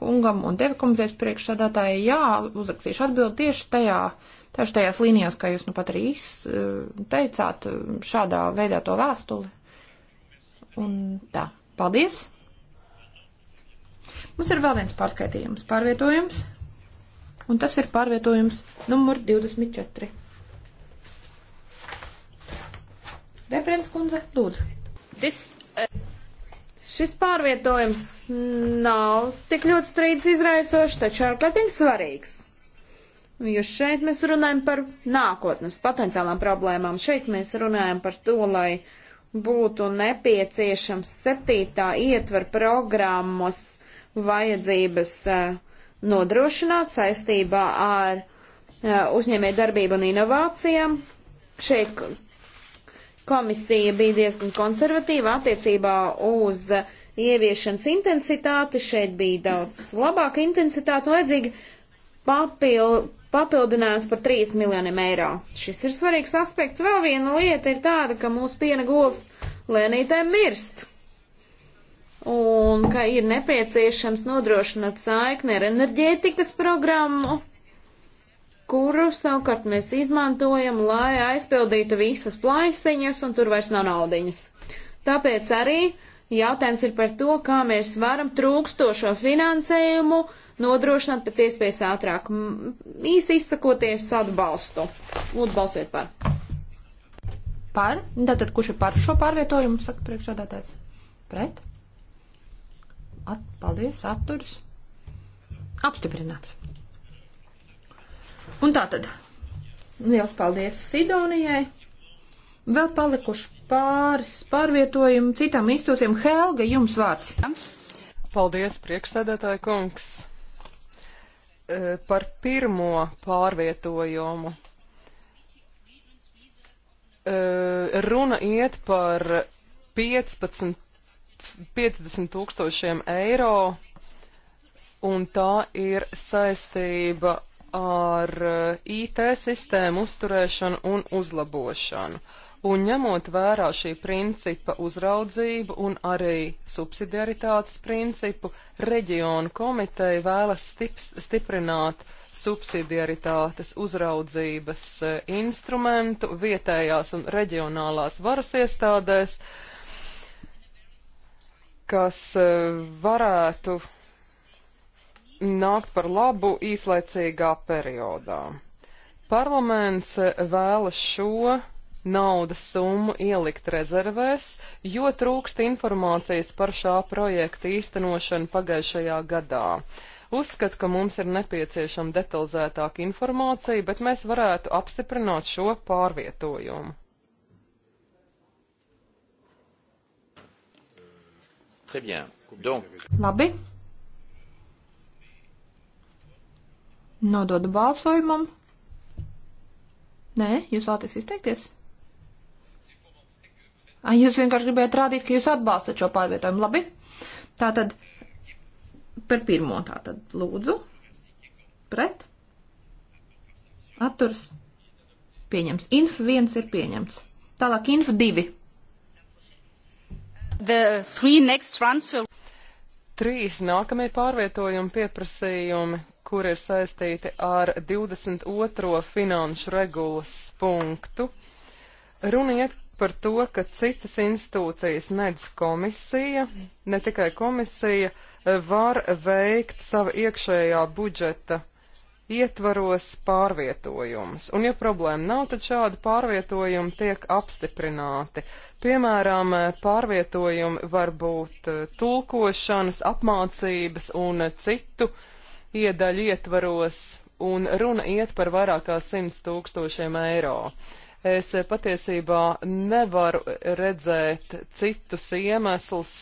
kungam un tevi komitejas priekšsādātāji, jā, uzrakstīšu atbildi tieši tajā, tieši tajās līnijās, kā jūs nu pat arī eh, teicāt, eh, šādā veidā to vēstuli. Un tā, paldies! Mums ir vēl viens pārskaitījums, pārvietojums, un tas ir pārvietojums numur 24. Referents kundze, lūdzu. This, uh... Šis pārvietojums nav tik ļoti strīdus izraisošs, taču ārkārtīgi svarīgs. Nu, jo šeit mēs runājam par nākotnes potenciālām problēmām. Šeit mēs runājam par to, lai būtu nepieciešams septītā ietver programmas vajadzības eh, nodrošināt saistībā ar eh, uzņēmē darbību un inovācijām. Šeit Komisija bija diezgan konservatīva attiecībā uz ieviešanas intensitāti, šeit bija daudz labāka intensitāte vajadzīga papil, papildinājums par 3 miljoniem eiro. Šis ir svarīgs aspekts. Vēl viena lieta ir tāda, ka mūsu piena govs lēnītēm mirst. Un ka ir nepieciešams nodrošināt saikni ar enerģētikas programmu kuru savukārt mēs izmantojam, lai aizpildītu visas plaisiņas, un tur vairs nav naudiņas. Tāpēc arī jautājums ir par to, kā mēs varam trūkstošo finansējumu nodrošināt pēc iespējas ātrāk. Īsi izsakoties atbalstu. Lūdzu, balsiet par. Par? Tātad, kurš ir par šo pārvietojumu, saka priekšādātājs? Pret? At, paldies, atturs. Apstiprināts. Un tā tad, liels paldies Sidonijai. Vēl palikuši pāris pārvietojumu citām institūcijām. Helga, jums vārds. Paldies, priekšsēdētāja kungs. E, par pirmo pārvietojumu e, runa iet par 15, 50 tūkstošiem eiro, un tā ir saistība ar eh, IT sistēmu uzturēšanu un uzlabošanu. Un ņemot vērā šī principa uzraudzību un arī subsidiaritātes principu, reģionu komiteja vēlas stips, stiprināt subsidiaritātes uzraudzības eh, instrumentu vietējās un reģionālās varas iestādēs, kas eh, varētu nākt par labu īslaicīgā periodā. Parlaments vēlas šo naudas summu ielikt rezervēs, jo trūkst informācijas par šā projekta īstenošanu pagājušajā gadā. Uzskat, ka mums ir nepieciešama detalizētāka informācija, bet mēs varētu apstiprināt šo pārvietojumu. Labi, Nododu balsojumam. Nē, jūs vēlaties izteikties? A, jūs vienkārši gribējāt rādīt, ka jūs atbalstat šo pārvietojumu. Labi. Tātad par pirmo tātad lūdzu. Pret. Atturs. Pieņems. Inf 1 ir pieņemts. Tālāk inf 2. The three next transfer. Trīs nākamie pārvietojumi pieprasījumi kur ir saistīti ar 22. finanšu regulas punktu. Runiet par to, ka citas institūcijas, nedz komisija, ne tikai komisija, var veikt sava iekšējā budžeta ietvaros pārvietojumus, un ja problēma nav, tad šādi pārvietojumi tiek apstiprināti. Piemēram, pārvietojumi var būt tulkošanas, apmācības un citu uh, iedaļu ietvaros, un runa iet par vairāk kā 100 tūkstošiem eiro. Es patiesībā nevaru redzēt citus iemeslus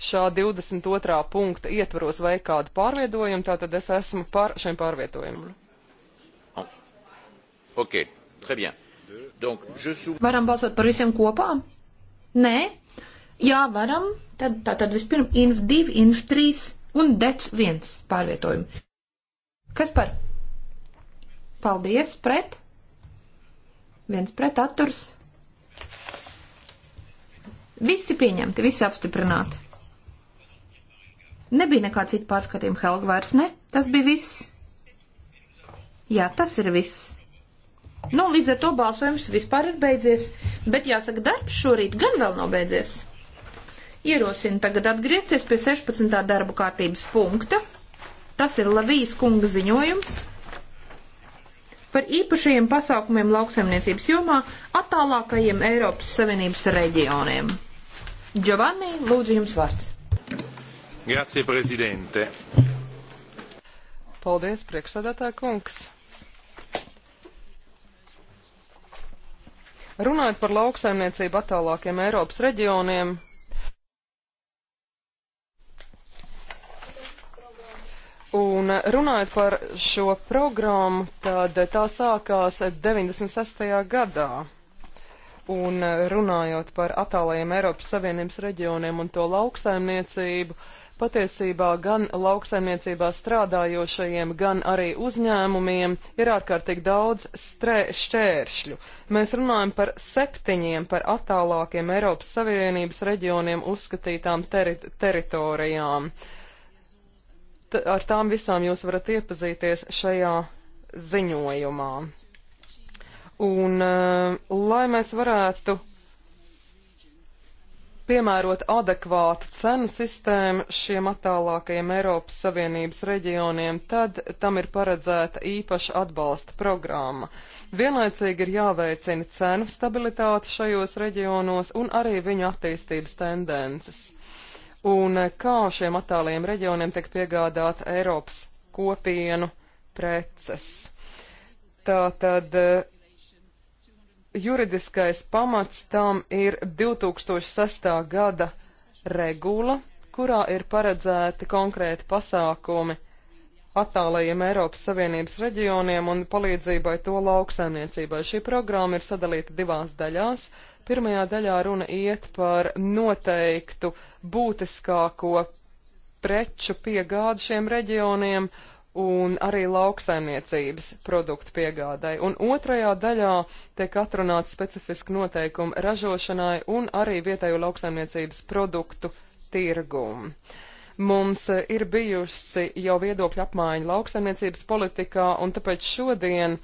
šā 22. punkta ietvaros veikt kādu pārvietojumu, tātad es esmu par šiem pārvietojumiem. Ah. Ok, très bien. Donc, je sou... Varam balsot par visiem kopā? Nē? Jā, varam. Tad, tātad vispirms inf 2, inf 3 un dec viens pārvietojumu. Kas par? Paldies, pret. Viens pret atturs. Visi pieņemti, visi apstiprināti. Nebija nekā cita pārskatījuma Helga vairs, ne? Tas bija viss. Jā, tas ir viss. Nu, līdz ar to balsojums vispār ir beidzies, bet jāsaka, darbs šorīt gan vēl nav beidzies. Ierosinu tagad atgriezties pie 16. darba kārtības punkta. Tas ir Lavijas kunga ziņojums par īpašajiem pasākumiem lauksaimniecības jomā attālākajiem Eiropas Savienības reģioniem. Giovanni, lūdzu jums vārds. Grazie, prezidente. Paldies, priekšsādātā kungs. Runājot par lauksaimniecību attālākiem Eiropas reģioniem, Un runājot par šo programmu, tad tā sākās 96. gadā. Un runājot par attālajiem Eiropas Savienības reģioniem un to lauksaimniecību, patiesībā gan lauksaimniecībā strādājošajiem, gan arī uzņēmumiem ir ārkārtīgi daudz šķēršļu. Mēs runājam par septiņiem par attālākiem Eiropas Savienības reģioniem uzskatītām teri teritorijām. Uh, ar tām visām jūs varat iepazīties šajā ziņojumā. Un, eh, lai mēs varētu piemērot adekvātu cenu sistēmu šiem attālākajiem Eiropas Savienības reģioniem, tad tam ir paredzēta īpaša atbalsta programma. Vienlaicīgi ir jāveicina cenu stabilitāte šajos reģionos un arī viņu attīstības tendences un eh, kā šiem attāliem reģioniem tiek piegādāt Eiropas kopienu preces. Tātad eh, juridiskais pamats tam ir 2006. gada regula, kurā ir paredzēti konkrēti pasākumi attālajiem Eiropas Savienības reģioniem un palīdzībai to lauksaimniecībai. Šī programma ir sadalīta divās daļās. Pirmajā daļā runa iet par noteiktu būtiskāko preču piegādu šiem reģioniem un arī lauksaimniecības produktu piegādai. Un otrajā daļā tiek atrunāts specifiski noteikumi ražošanai un arī vietējo lauksaimniecības produktu tirgumu. Uh, Mums eh, ir bijusi jau viedokļa apmaiņa lauksaimniecības politikā, un tāpēc šodien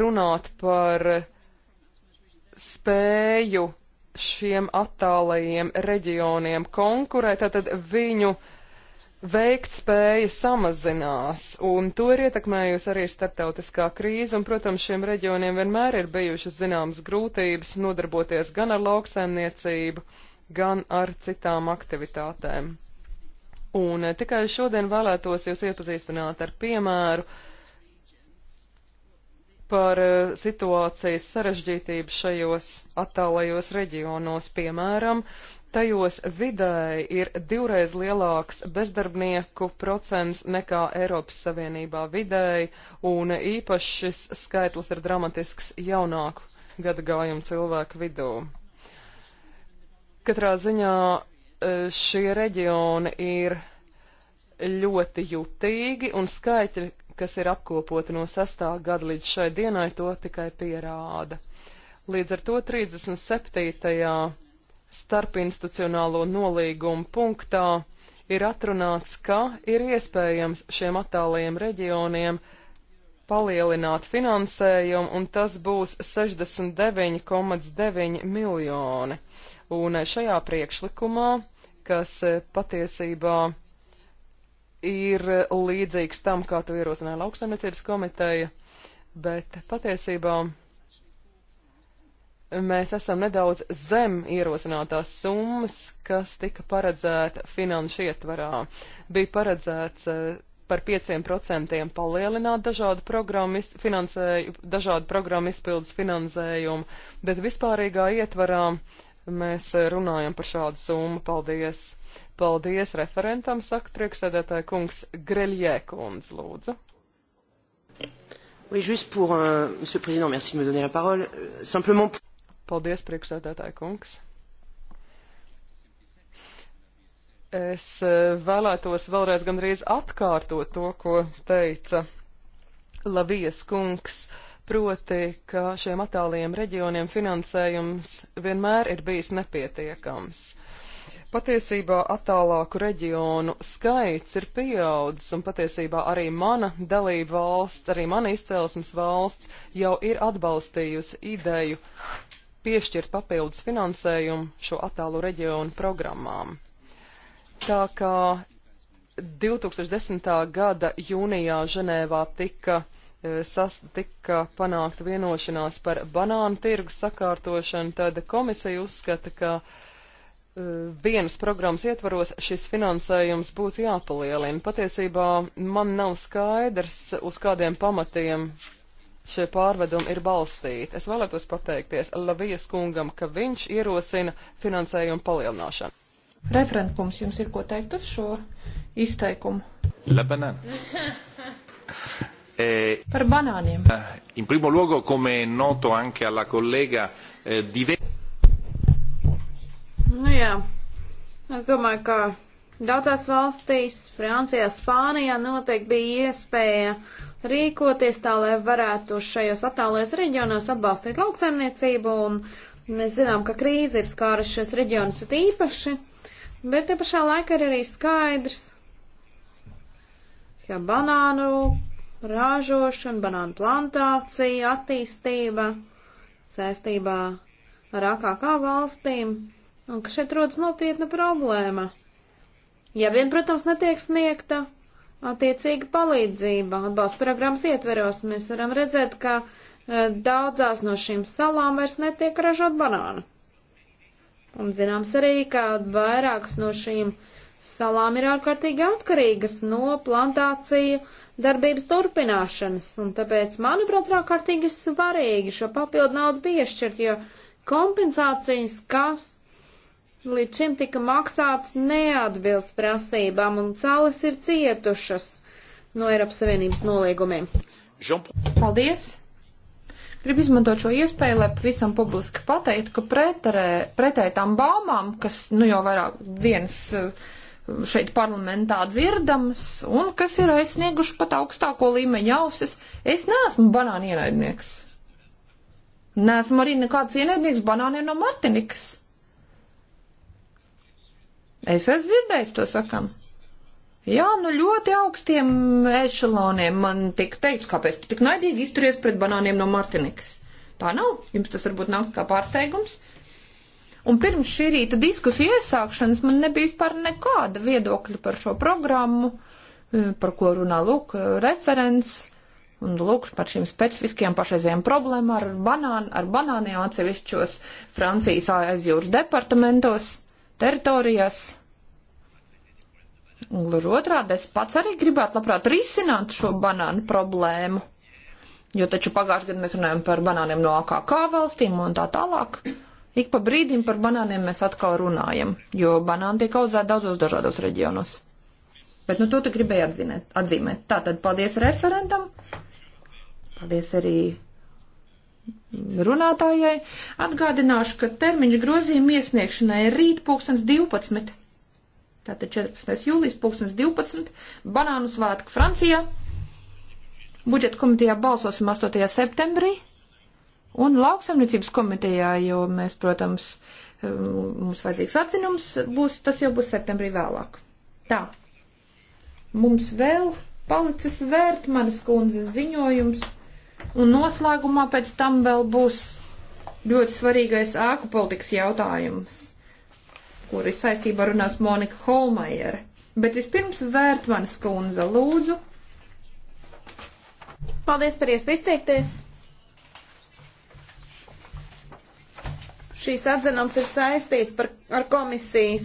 runāt par spēju šiem attālajiem reģioniem konkurēt, tātad viņu veikt spēja samazinās, un to ir ietekmējusi arī starptautiskā krīze, un, protams, šiem reģioniem vienmēr ir bijušas zināmas grūtības nodarboties gan ar lauksaimniecību, gan ar citām aktivitātēm. Un eh, tikai šodien vēlētos jūs iepazīstināt ar piemēru par eh, situācijas sarežģītību šajos attālajos reģionos, piemēram, tajos vidēji ir divreiz lielāks bezdarbnieku procents nekā Eiropas Savienībā vidēji, un īpaši šis skaitlis ir dramatisks jaunāku gadagājumu cilvēku vidū. Katrā ziņā E, šie reģioni ir ļoti jutīgi, un skaitļi, kas ir apkopoti no 6. gada līdz šai dienai, to tikai pierāda. Līdz ar to 37. starpinstitucionālo nolīgumu punktā ir atrunāts, ka ir iespējams šiem attālajiem reģioniem palielināt finansējumu, un tas būs 69,9 miljoni. Uh, Un šajā priekšlikumā, kas e, patiesībā ir līdzīgs tam, kā to ierosināja lauksaimniecības komiteja, bet patiesībā mēs esam nedaudz zem ierosinātās summas, kas tika paredzēta finanšu ietvarā. Bija paredzēts e, par 5% palielināt dažādu programmu, dažādu programmu izpildus finansējumu, bet vispārīgā ietvarā mēs eh, runājam par šādu summu. Paldies! Paldies referentam, saka priekšsēdētāja kungs Greļjē kundze, lūdzu. Oui, juste pour, euh, Monsieur le Président, merci de me donner la parole. Euh, simplement pour... Paldies, priekšsēdētāja kungs. Es eh, vēlētos vēlreiz gandrīz atkārtot to, ko teica Lavijas kungs. Uh, proti, ka šiem attāliem reģioniem finansējums vienmēr ir bijis nepietiekams. Patiesībā attālāku reģionu skaits ir pieaudzis, un patiesībā arī mana dalība valsts, arī mana izcelsmes valsts jau ir atbalstījusi ideju piešķirt papildus finansējumu šo attālu reģionu programmām. Tā kā 2010. gada jūnijā Ženēvā tika E, sas, tika panākta vienošanās par banānu tirgu sakārtošanu, tad komisija uzskata, ka uh, vienas programmas ietvaros šis finansējums būtu jāpalielina. Patiesībā man nav skaidrs, uz kādiem pamatiem šie pārvedumi ir balstīti. Es vēlētos pateikties Lavijas kungam, ka viņš ierosina finansējumu palielināšanu. Referentkungs, jums ir ko teikt uz šo izteikumu? Labanā. *laughs* Eh, per bananiem. Eh, in primo luogo, come è noto anche alla collega, eh, diver... Nu jā, es domāju, ka daudzās valstīs, Francijā, Spānijā noteikti bija iespēja rīkoties tā, lai varētu šajos attālajos reģionos atbalstīt lauksaimniecību, un mēs zinām, ka krīze ir skāras šos reģionus īpaši, bet te pašā laikā ir arī skaidrs, ka banānu ražošana, banānu plantācija, attīstība saistībā ar AKK valstīm, un ka šeit rodas nopietna problēma. Ja vien, protams, netiek sniegta attiecīga palīdzība atbalsta programmas ietveros, mēs varam redzēt, ka e, daudzās no šīm salām vairs netiek ražot banānu. Un zināms arī, ka vairākas no šīm uh, Salām ir ārkārtīgi atkarīgas no plantāciju darbības turpināšanas, un tāpēc, manuprāt, ir ārkārtīgi svarīgi šo papildu naudu piešķirt, jo kompensācijas, kas līdz šim tika maksāts, neatbilst prasībām, un cēlis ir cietušas no Eiropas Savienības noliegumiem. Paldies! Gribu izmantot šo iespēju, lai pavisam publiski pateiktu, ka pretēji tām baumām, kas nu jau vairāk dienas uh, šeit parlamentā dzirdamas un kas ir aizsnieguši pat augstāko līmeņa ausis. Es neesmu banāna ienaidnieks. Neesmu arī nekāds ienaidnieks banāniem no Martinikas. Es esmu dzirdējis to sakam. Jā, nu ļoti augstiem ešaloniem man tika teikts, kāpēc tu tik naidīgi izturies pret banāniem no Martinikas. Tā nav, jums tas varbūt nāks kā pārsteigums, Un pirms šī rīta diskusija iesākšanas man nebija vispār nekāda viedokļa par šo programmu, eh, par ko runā lūk eh, referents. Un lūk, par šīm specifiskajām pašreizējām problēmām ar, banān, ar banāniem atsevišķos Francijas aizjūras departamentos, teritorijās. Un gluži otrādi, es pats arī gribētu labprāt risināt šo banānu problēmu. Jo taču pagājušajā gadā mēs runājam par banāniem no AKK valstīm un tā tālāk. Ik pa brīdim par banāniem mēs atkal runājam, jo banāni tiek audzēti daudzos dažādos reģionos. Bet nu to te gribēju atzinēt, atzīmēt. Tātad paldies referentam, paldies arī runātājai. Atgādināšu, ka termiņš grozījuma iesniegšanai ir rīt 2012. Tātad 14. jūlijas 2012. Banānu svētku Francijā. Budžeta komitejā balsosim 8. septembrī Un lauksamniecības komitejā, jo mēs, protams, eh, mums vajadzīgs atzinums, būs, tas jau būs septembrī vēlāk. Tā. Mums vēl palicis vērt manas kundzes ziņojums, un noslēgumā pēc tam vēl būs ļoti svarīgais ēku politikas jautājums, kuri saistībā runās Monika Holmajere. Bet vispirms vērt manas kundze, lūdzu. Paldies par iespēju izteikties! Šīs atzinums ir saistīts par, ar komisijas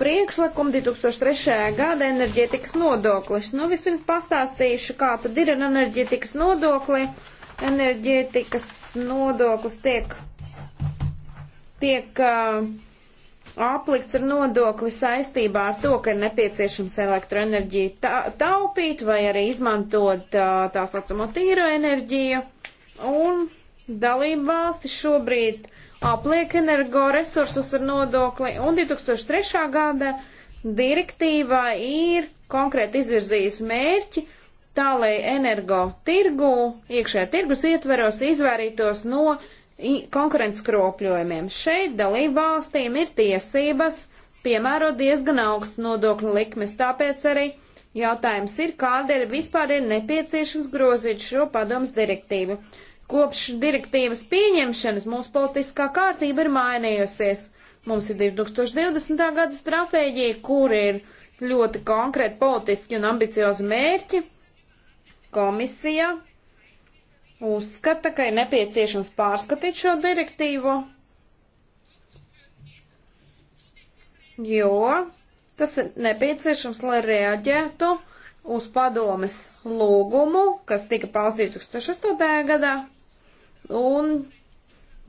priekšlikumu 2003. gada enerģētikas nodoklis. Nu, vispirms pastāstīšu, kā tad ir ar enerģētikas nodokli. Enerģētikas nodoklis tiek, tiek uh, aplikts ar nodokli saistībā ar to, ka ir nepieciešams elektroenerģiju ta taupīt vai arī izmantot uh, tā saucamo tīro enerģiju. Un dalību valsti šobrīd apliek energoresursus ar nodokli, un 2003. gada direktīva ir konkrēti izvirzījusi mērķi, tā lai energo tirgu, iekšējā tirgus ietveros izvairītos no konkurences kropļojumiem. Šeit dalību valstīm ir tiesības piemērot diezgan augstu nodokļu likmes, tāpēc arī jautājums ir, kādēļ vispār ir nepieciešams grozīt šo padomus direktīvu. Kopš direktīvas pieņemšanas mūsu politiskā kārtība ir mainījusies. Mums ir 2020. gada stratēģija, kur ir ļoti konkrēti politiski un ambiciozi mērķi. Komisija uzskata, ka ir nepieciešams pārskatīt šo direktīvu, jo tas ir nepieciešams, lai reaģētu uz padomes lūgumu, kas tika paustīts 2008. gadā un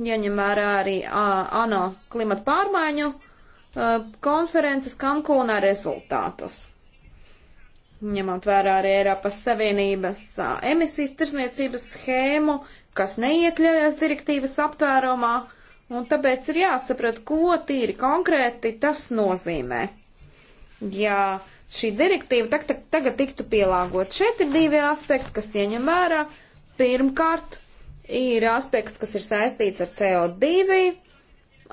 jaņem vērā arī ANO klimata pārmaiņu konferences Kankūnā rezultātus. Ņemot vērā arī Eiropas Savienības emisijas tirsniecības schēmu, kas neiekļaujas direktīvas aptvērumā, un tāpēc ir jāsaprot, ko tīri konkrēti tas nozīmē. Ja šī direktīva tag, tag, tagad tiktu pielāgot, šeit ir divi aspekti, kas ieņem vērā. Pirmkārt, ir aspekts, kas ir saistīts ar CO2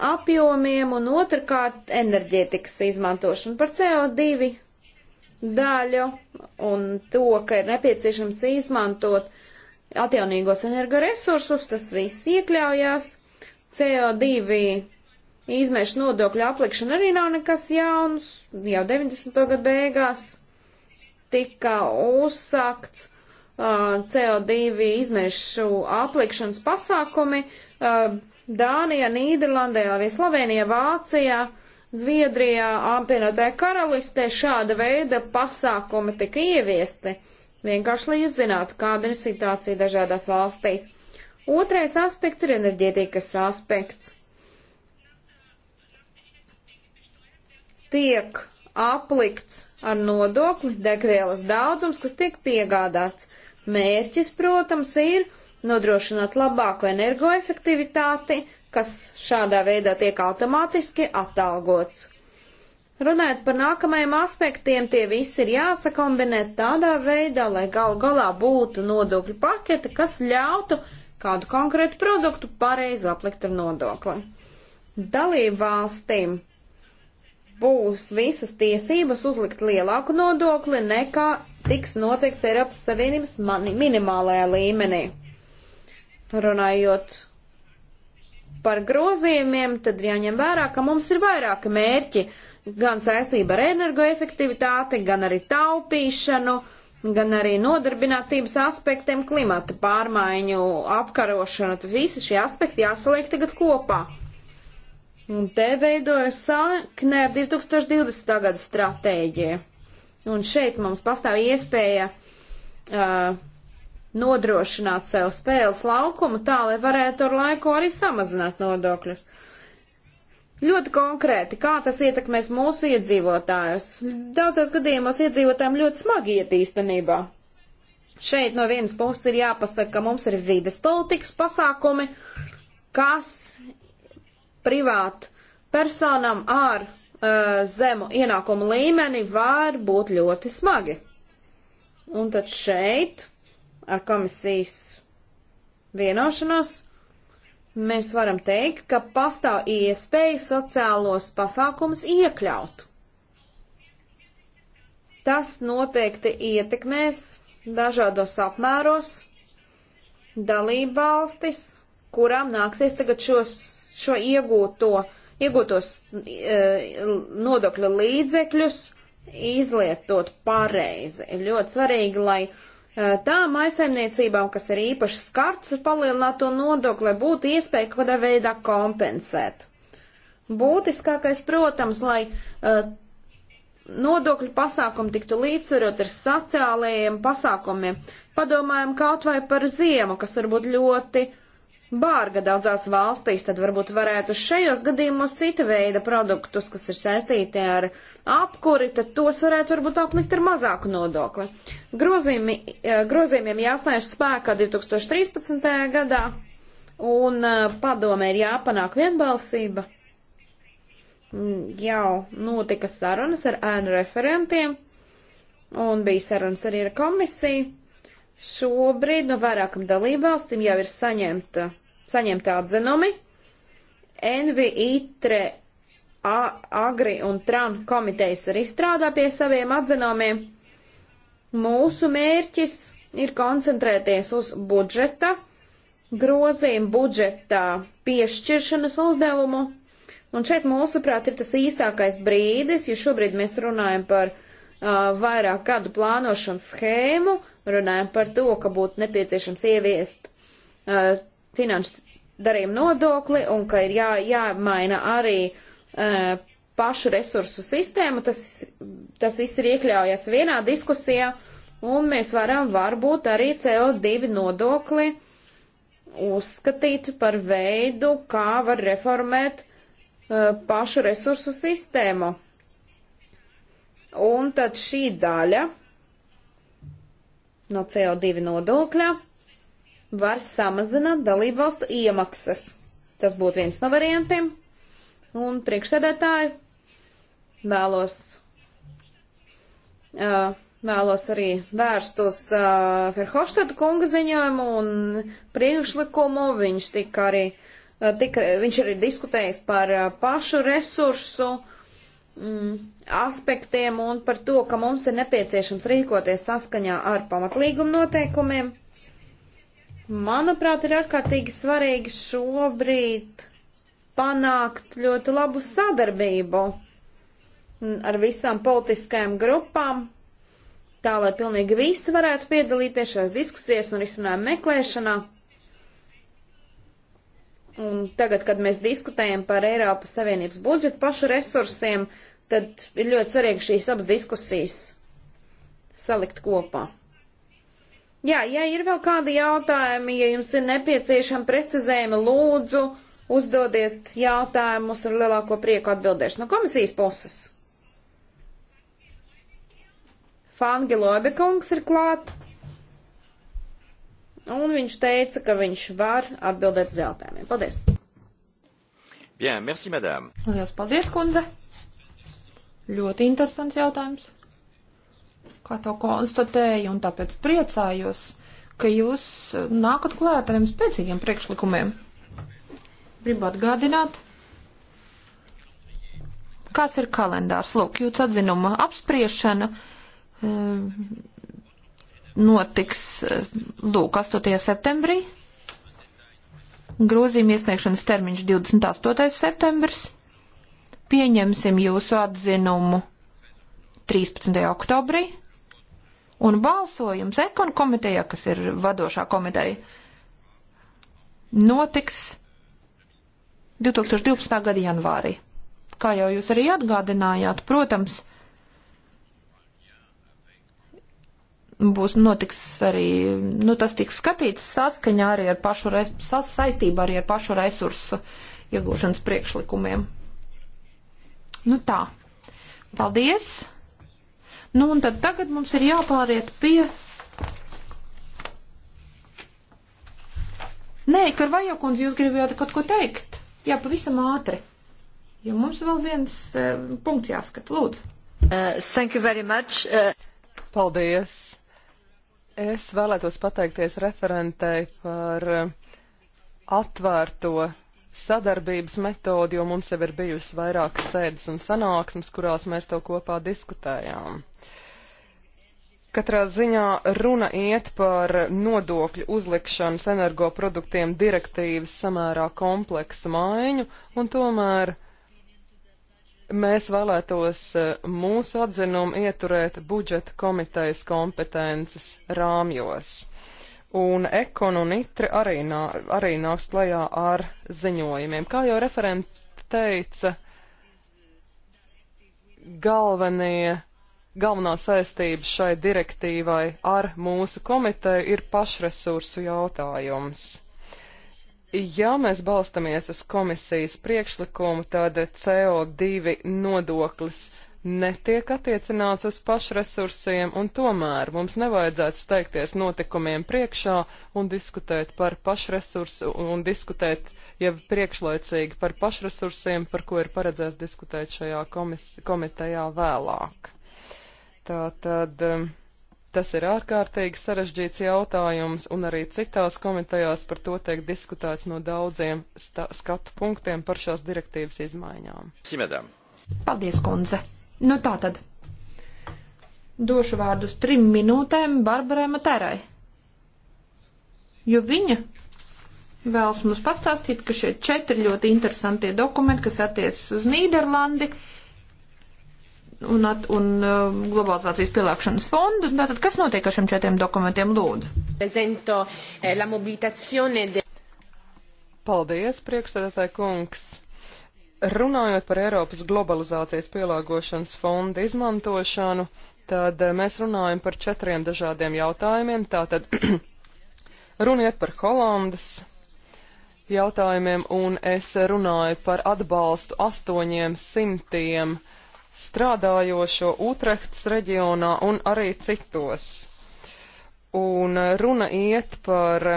apjomiem un otrkārt enerģētikas izmantošanu par CO2 daļu un to, ka ir nepieciešams izmantot atjaunīgos energoresursus, tas viss iekļaujās. CO2 izmešu nodokļu aplikšana arī nav nekas jauns, jau 90. gadu beigās tika uzsākts CO2 izmešu aplikšanas pasākumi Dānijā, Nīderlandē, arī Slovenijā, Vācijā, Zviedrijā, apvienotē karalistē šāda veida pasākumi tika ieviesti, vienkārši lai jūs zinātu, kāda ir situācija dažādās valstīs. Otrais aspekts ir enerģētikas aspekts. Tiek aplikts ar nodokli degvielas daudzums, kas tiek piegādāts. Mērķis, protams, ir nodrošināt labāku energoefektivitāti, kas šādā veidā tiek automātiski atalgots. Runājot par nākamajiem aspektiem, tie visi ir jāsakombinē tādā veidā, lai gal galā būtu nodokļu pakete, kas ļautu kādu konkrētu produktu pareizi aplikt ar nodokli. Dalību valstīm būs visas tiesības uzlikt lielāku nodokli nekā tiks noteikts Eiropas Savienības minimālajā līmenī. Runājot par grozījumiem, tad jāņem vērā, ka mums ir vairāki mērķi, gan saistība ar energoefektivitāti, gan arī taupīšanu, gan arī nodarbinātības aspektiem, klimata pārmaiņu, apkarošanu. Tad visi šie aspekti jāsaliek tagad kopā. Un te veidojas sākne ar 2020. gada stratēģiju. Un šeit mums pastāv iespēja uh, nodrošināt sev spēles laukumu tā, lai varētu ar laiku arī samazināt nodokļus. Ļoti konkrēti, kā tas ietekmēs mūsu iedzīvotājus. Daudzos gadījumos iedzīvotājiem ļoti smagi iet īstenībā. Šeit no vienas puses ir jāpasaka, ka mums ir vides politikas pasākumi, kas privātu personam ar Uh, zemu ienākumu līmeni var būt ļoti smagi. Un tad šeit ar komisijas vienošanos mēs varam teikt, ka pastāv iespēja sociālos pasākumus iekļaut. Tas noteikti ietekmēs dažādos apmēros dalību valstis, kurām nāksies tagad šos, šo iegūto uh, iegūtos e, nodokļu līdzekļus izlietot pareizi. Ir ļoti svarīgi, lai e, tām aizsaimniecībām, kas ir īpaši skarts ar palielināto nodokli, būtu iespēja kaut kādā veidā kompensēt. Būtiskākais, protams, lai e, nodokļu pasākumi tiktu līdzsvarot ar sociālajiem pasākumiem. Padomājam kaut vai par ziemu, kas varbūt ļoti uh, bārga daudzās valstīs, tad varbūt varētu šajos gadījumos cita veida produktus, kas ir saistīti ar apkuri, tad tos varētu varbūt aplikt ar mazāku nodokli. Grozījumi, e, grozījumiem jāsnēž spēkā 2013. gadā, un e, padome ir jāpanāk vienbalsība. Mm, jau notika sarunas ar ēnu referentiem, un bija sarunas arī ar komisiju Šobrīd no vairākam dalībvalstīm jau ir saņemta, saņemta atzinumi. NVITRE, Agri un TRAN komitejas arī strādā pie saviem atzinumiem. Mūsu mērķis ir koncentrēties uz budžeta grozījumu, budžeta piešķiršanas uzdevumu. Un šeit, mūsuprāt, ir tas īstākais brīdis, jo šobrīd mēs runājam par uh, vairāk gadu plānošanas schēmu, runājam par to, ka būtu nepieciešams ieviest uh, finanšu darījumu nodokli un ka ir jā, jāmaina arī uh, pašu resursu sistēmu. Tas, tas viss ir iekļaujies vienā diskusijā, un mēs varam varbūt arī CO2 nodokli uzskatīt par veidu, kā var reformēt uh, pašu resursu sistēmu. Un tad šī daļa no CO2 nodokļa var samazināt dalību valstu iemaksas. Tas būtu viens no variantiem. Un priekšsēdētāji vēlos, uh, vēlos arī vērst uz uh, Ferhofstadta kunga ziņojumu un priekšlikumu. Viņš tika arī, uh, tika, viņš arī diskutējis par uh, pašu resursu uh, mm, aspektiem un par to, ka mums ir nepieciešams rīkoties saskaņā ar pamatlīguma noteikumiem. Manuprāt, ir ārkārtīgi svarīgi šobrīd panākt ļoti labu sadarbību ar visām politiskajām grupām, tā lai pilnīgi visi varētu piedalīties šajās diskusijās un risinājumu meklēšanā. Un tagad, kad mēs diskutējam par Eiropas Savienības budžetu pašu resursiem, uh, tad ir ļoti svarīgi šīs abas diskusijas salikt kopā. Jā, ja ir vēl kādi jautājumi, ja jums ir nepieciešama precizējuma, lūdzu, uzdodiet jautājumus ar lielāko prieku atbildēšu no komisijas puses. Fangi Lobekungs ir klāt, un viņš teica, ka viņš var atbildēt uz jautājumiem. Paldies! Bien, merci, madame! Lielas paldies, kundze! Ļoti interesants jautājums. Kā to konstatēju, un tāpēc priecājos, ka jūs nākat klāt ar tādiem spēcīgiem priekšlikumiem. Gribu atgādināt, kāds ir kalendārs. Lūk, jūtas atzinuma apspriešana eh, notiks, eh, lūk, 8. septembrī. Grozījuma iesniegšanas termiņš 28. septembris. Pieņemsim jūsu atzinumu 13. oktobrī, un balsojums ekon komitejā, kas ir vadošā komiteja, notiks 2012. gada janvārī. Kā jau jūs arī atgādinājāt, protams, būs notiks arī, nu tas tiks skatīts saskaņā arī ar pašu, saistībā arī ar pašu resursu iegūšanas priekšlikumiem. Nu tā. Paldies! Nu un tad tagad mums ir jāpāriet pie. Nē, Karvajo kundze, jūs gribējāt kaut ko teikt? Jā, pavisam ātri. Jo mums vēl viens uh, punkts jāskat. Lūdzu. Uh, thank you very much. Uh... Paldies. Es vēlētos pateikties referentei par uh, atvērto sadarbības metodi, jo mums jau ir bijusi vairākas sēdes un sanāksmes, kurās mēs to kopā diskutējām. Katrā ziņā runa iet par nodokļu uzlikšanas energoproduktiem direktīvas samērā kompleksu maiņu, un tomēr mēs vēlētos eh, mūsu atzinumu ieturēt budžeta komitejas kompetences rāmjos un Ekon un Itri arī, nā, arī nāks klajā ar ziņojumiem. Kā jau referenti teica, galvenie, galvenā saistība šai direktīvai ar mūsu komiteju ir pašresursu jautājums. Ja mēs balstamies uz komisijas priekšlikumu, tad CO2 nodoklis netiek attiecināts uz pašresursiem, un tomēr mums nevajadzētu steigties notikumiem priekšā un diskutēt par pašresursu, un diskutēt jau priekšlaicīgi par pašresursiem, par ko ir paredzēts diskutēt šajā komis, komitejā vēlāk. Tā tad um, tas ir ārkārtīgi sarežģīts jautājums, un arī citās komitejās par to tiek diskutēts no daudziem skatu punktiem par šās direktīvas izmaiņām. Paldies, kundze! Nu tā tad. Došu vārdu uz trim minūtēm Barbarai Matērai. Jo viņa vēlas mums pastāstīt, ka šie četri ļoti interesantie dokumenti, kas attiecas uz Nīderlandi un, at, un uh, globalizācijas pielāgšanas fondu, tātad kas notiek ar šiem četriem dokumentiem lūdzu? Prezento, eh, la mobilitazione de... Paldies, priekšstādātāji kungs! Runājot par Eiropas globalizācijas pielāgošanas fonda izmantošanu, tad eh, mēs runājam par četriem dažādiem jautājumiem. Tātad *clears throat* runiet par Holandas jautājumiem, un es runāju par atbalstu astoņiem simtiem strādājošo Utrehtas reģionā un arī citos. Un runa iet par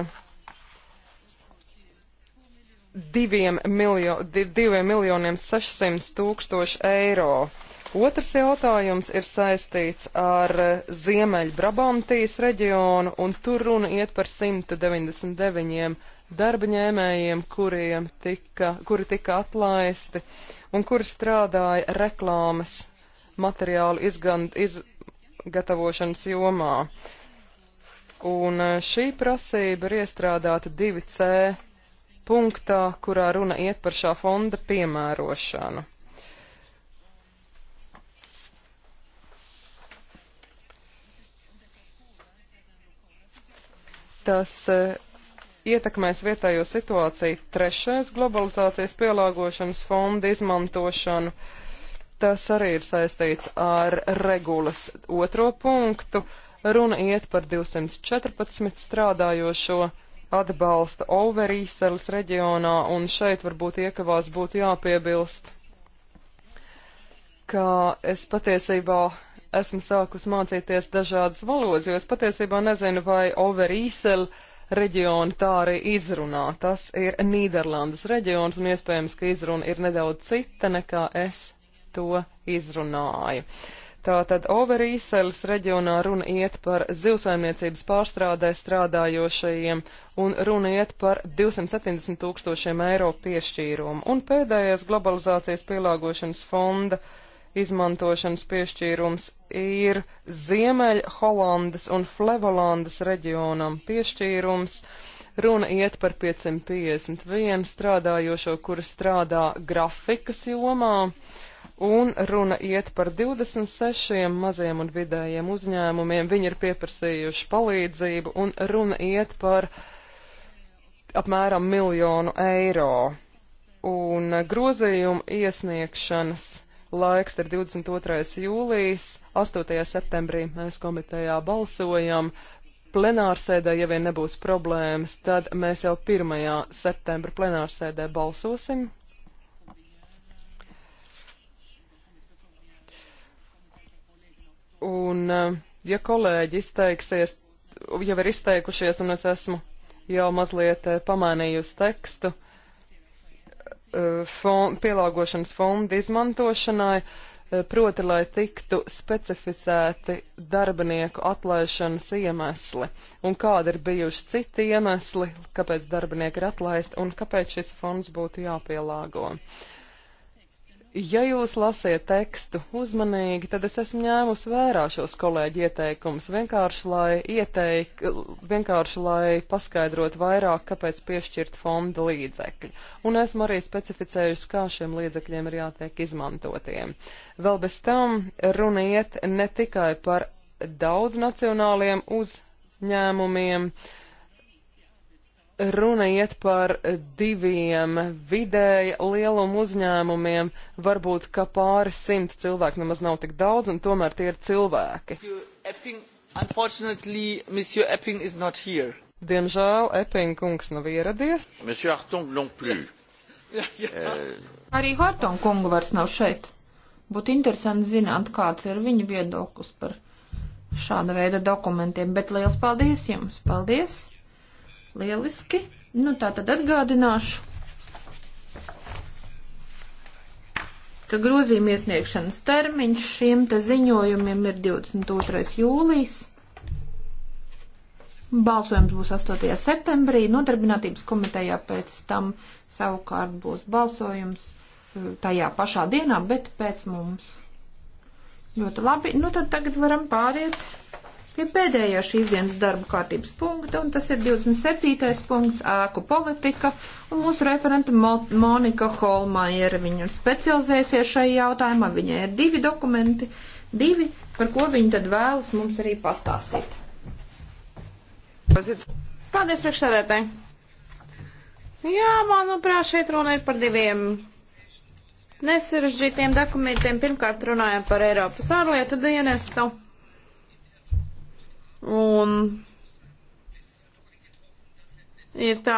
2 miljo, miljoniem 600 tūkstoši eiro. Otrs jautājums ir saistīts ar Ziemeļbrabantijas reģionu, un tur runa iet par 199 darba ņēmējiem, kuriem tika, kuri tika atlaisti un kuri strādāja reklāmas materiālu izgand, izgatavošanas jomā. Un eh, šī prasība ir iestrādāta 2C punktā, kurā runa iet par šā fonda piemērošanu. Tas eh, ietekmēs vietējo situāciju trešais globalizācijas pielāgošanas fonda izmantošanu. Tas arī ir saistīts ar regulas otro punktu. Runa iet par 214 strādājošo atbalsta Overīseles reģionā, un šeit varbūt iekavās būtu jāpiebilst, ka es patiesībā esmu sākus mācīties dažādas valodas, jo es patiesībā nezinu, vai Overīsele reģionu tā arī izrunā. Tas ir Nīderlandes reģions, un iespējams, ka izruna ir nedaudz cita nekā es to izrunāju. Uh, Tātad Overīseles reģionā runa iet par zivsaimniecības pārstrādē strādājošajiem un runa iet par 270 tūkstošiem eiro piešķīrumu. Un pēdējais globalizācijas pielāgošanas fonda izmantošanas piešķīrums ir Ziemeļa Holandas un Flevolandas reģionam piešķīrums. Runa iet par 551 strādājošo, kuri strādā grafikas jomā. Uh, un runa iet par 26 maziem un vidējiem uzņēmumiem. Viņi ir pieprasījuši palīdzību, un runa iet par apmēram miljonu eiro. Un grozījumu iesniegšanas laiks ir 22. jūlijas, 8. septembrī mēs komitejā balsojam. Plenārsēdē, ja vien nebūs problēmas, tad mēs jau 1. septembra plenārsēdē balsosim, Un, eh, ja kolēģi izteiksies, jau ir izteikušies, un es esmu jau mazliet eh, pamainījusi tekstu eh, fond, pielāgošanas fonda izmantošanai, proti, lai tiktu specificēti darbinieku atlaišanas iemesli un kādi ir bijuši citi iemesli, kāpēc darbinieki ir atlaisti un kāpēc šis fonds būtu jāpielāgo. Uh, ja jūs lasiet tekstu uzmanīgi, tad es esmu ņēmus vērā šos kolēģi ieteikumus, vienkārši lai ieteik, vienkārši lai paskaidrot vairāk, kāpēc piešķirt fonda līdzekļi. Un esmu arī specificējusi, kā šiem līdzekļiem ir jātiek izmantotiem. Vēl bez tam runiet ne tikai par daudznacionāliem uzņēmumiem, uh, runa iet par diviem vidēja lielumu uzņēmumiem, varbūt ka pāris simt cilvēku nemaz nav tik daudz, un tomēr tie ir cilvēki. Epping, Diemžēl Epping kungs nav ieradies. Jā, jā. *laughs* Arī Hartonga kunga vairs nav šeit. Būtu interesanti zināt, kāds ir viņa viedoklis par šāda veida dokumentiem, bet liels paldies jums! Paldies! Lieliski. Nu, tā tad atgādināšu, ka grozījuma iesniegšanas termiņš šiem te ziņojumiem ir 22. jūlijas. Balsojums būs 8. septembrī, nodarbinātības komitejā pēc tam savukārt būs balsojums uh, tajā pašā dienā, bet pēc mums. Ļoti labi, nu tad tagad varam pāriet pie pēdējā šīs dienas darba kārtības punkta, un tas ir 27. punkts ēku politika, un mūsu referenta Mo Monika Holmaier, viņa ir specializējusies šajā jautājumā, viņai ir divi dokumenti, divi, par ko viņa tad vēlas mums arī pastāstīt. Paldies priekšsēdētāji! Jā, manuprāt, šeit runa ir par diviem nesarežģītiem dokumentiem. Pirmkārt, runājam par Eiropas ārlietu dienestu. Un ir tā,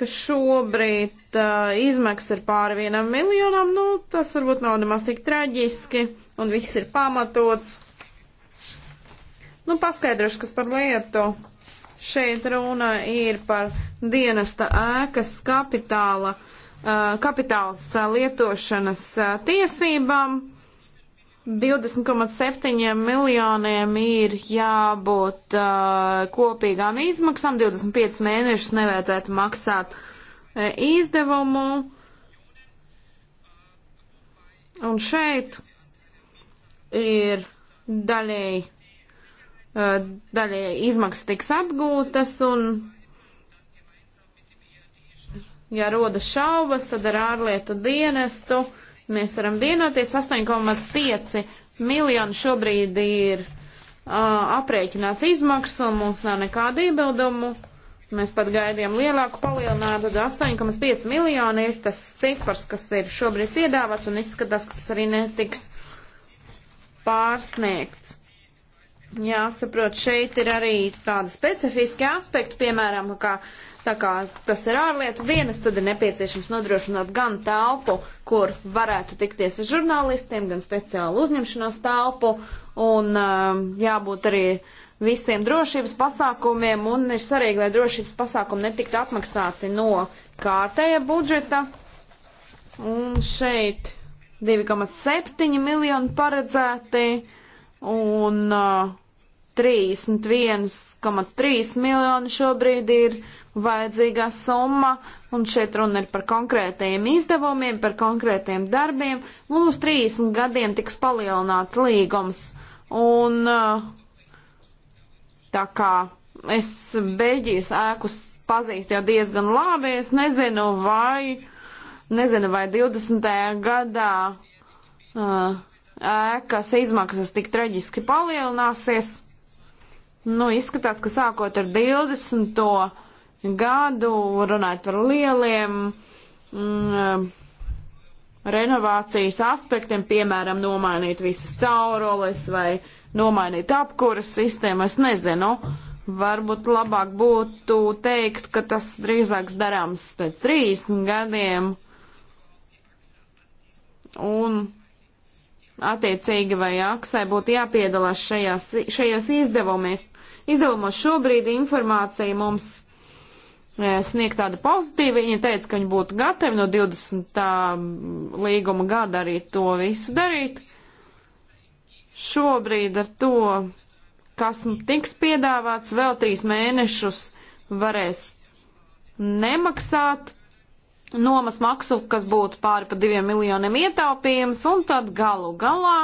ka šobrīd uh, izmaksas ir pāri vienam miljonam, nu, tas varbūt nav nemaz tik traģiski, un viss ir pamatots. Nu, paskaidrošu, kas par lietu. Šeit runa ir par dienesta ēkas kapitāla, uh, kapitāls uh, lietošanas uh, tiesībām. 20,7 miljoniem ir jābūt uh, kopīgām izmaksām, 25 mēnešus nevajadzētu maksāt uh, izdevumu. Un šeit ir daļēji, uh, daļēji izmaksas tiks apgūtas un, ja rodas šaubas, tad ar ārlietu dienestu. Uh, Mēs varam vienoties, 8,5 miljoni šobrīd ir uh, aprēķināts izmaksas, un mums nav nekādu iebildumu. Mēs pat gaidījām lielāku palielinājumu, tad 8,5 miljoni ir tas cifars, kas ir šobrīd piedāvāts, un izskatās, ka tas arī netiks pārsniegts. Jāsaprot, šeit ir arī tādi specifiski aspekti, piemēram, kā uh, Tā kā tas ir ārlietu dienas, tad ir nepieciešams nodrošināt gan telpu, kur varētu tikties ar žurnālistiem, gan speciālu uzņemšanās telpu, un um, jābūt arī visiem drošības pasākumiem, un ir svarīgi, lai drošības pasākumi netiktu atmaksāti no kārtēja budžeta. Un šeit 2,7 miljoni paredzēti, un uh, 31 1,3 miljoni šobrīd ir vajadzīgā summa, un šeit runa ir par konkrētajiem izdevumiem, par konkrētiem darbiem, un uz 30 gadiem tiks palielināts līgums. Un uh, tā kā es Beļģijas ēkus pazīstu jau diezgan labi, es nezinu, vai, nezinu, vai 20. gadā uh, ēkas izmaksas tik traģiski palielināsies. Nu, izskatās, ka sākot ar 20. gadu, runājot par lieliem mm, renovācijas aspektiem, piemēram, nomainīt visas caurules vai nomainīt apkuras sistēmu, es nezinu. Varbūt labāk būtu teikt, ka tas drīzāk darāms pēc 30 gadiem. Un attiecīgi vai aksai būtu jāpiedalās šajās, šajos izdevumos izdevumos šobrīd informācija mums e, sniegt tādu pozitīvu. Viņa teica, ka viņi būtu gatavi no 20. līguma gada arī to visu darīt. Šobrīd ar to, kas tiks piedāvāts, vēl trīs mēnešus varēs nemaksāt nomas maksu, kas būtu pāri pa diviem miljoniem ietaupījums, un tad galu galā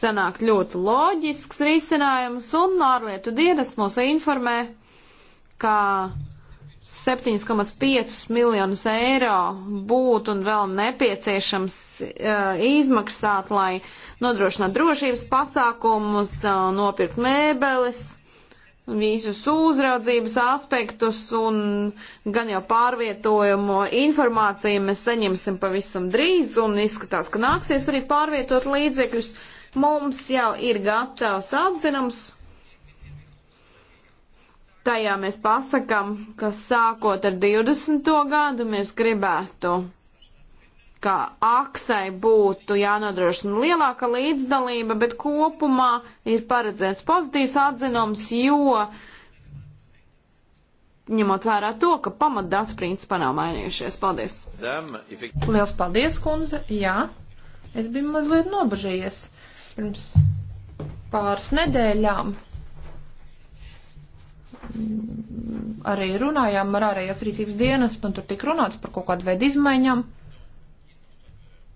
sanāk ļoti loģisks risinājums, un ārlietu dienas mūs informē, ka 7,5 miljonus eiro būtu un vēl nepieciešams uh, izmaksāt, lai nodrošinātu drošības pasākumus, uh, nopirkt mēbeles, visus uzraudzības aspektus un gan jau pārvietojumu informāciju mēs saņemsim pavisam drīz un izskatās, ka nāksies arī pārvietot līdzekļus. Uh, Mums jau ir gatavs atzinums. Tajā mēs pasakam, ka sākot ar 20. gadu mēs gribētu, ka aksai būtu jānodrošina lielāka līdzdalība, bet kopumā ir paredzēts pozitīvs atzinums, jo ņemot vērā to, ka pamatdats principā nav mainījušies. Paldies! Liels paldies, kundze! Jā, es biju mazliet nobažījies, Pirms pāris nedēļām mm, arī runājām ar ārējās rīcības dienestu, un tur tika runāts par kaut kādu veidu izmaiņām.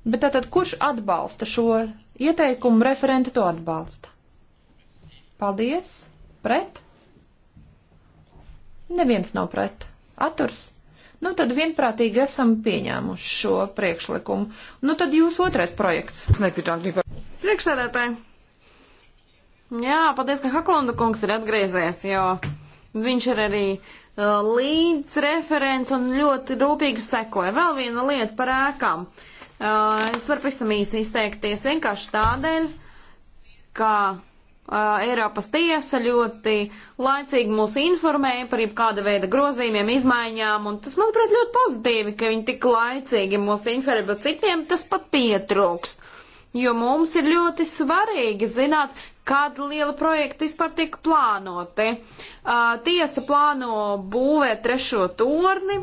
Bet tātad, kurš atbalsta šo ieteikumu, referenti to atbalsta? Paldies! Pret? Neviens nav pret. Aturs? Nu, tad vienprātīgi esam pieņēmuši šo priekšlikumu. Nu, tad jūs otrais projekts. Priekšsēdētāji. Jā, paldies, ka Haklunda kungs ir atgriezies, jo viņš ir arī uh, līdz referents un ļoti rūpīgi sekoja. Vēl viena lieta par ēkām. Uh, es varu pavisam īsi izteikties vienkārši tādēļ, ka Uh, Eiropas tiesa ļoti laicīgi mūs informēja par jebkāda veida grozījumiem, izmaiņām, un tas, manuprāt, ļoti pozitīvi, ka viņi tik laicīgi mūs informē par citiem, tas pat pietrūkst. Jo mums ir ļoti svarīgi zināt, kāda liela projekta vispār tiek plānoti. Uh, tiesa plāno būvēt trešo torni,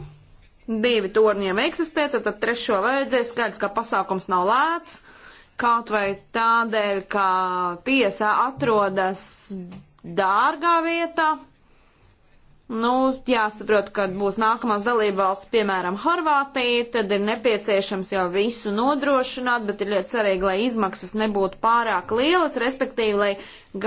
divi torni jau eksistē, tad, tad trešo vajadzēs, skaidrs, ka pasākums nav lēts kaut vai tādēļ, ka tiesa atrodas dārgā vietā. Nu, jāsaprot, kad būs nākamās dalībvalsts, piemēram, Horvātija, tad ir nepieciešams jau visu nodrošināt, bet ir ļoti cerīgi, lai izmaksas nebūtu pārāk lielas, respektīvi, lai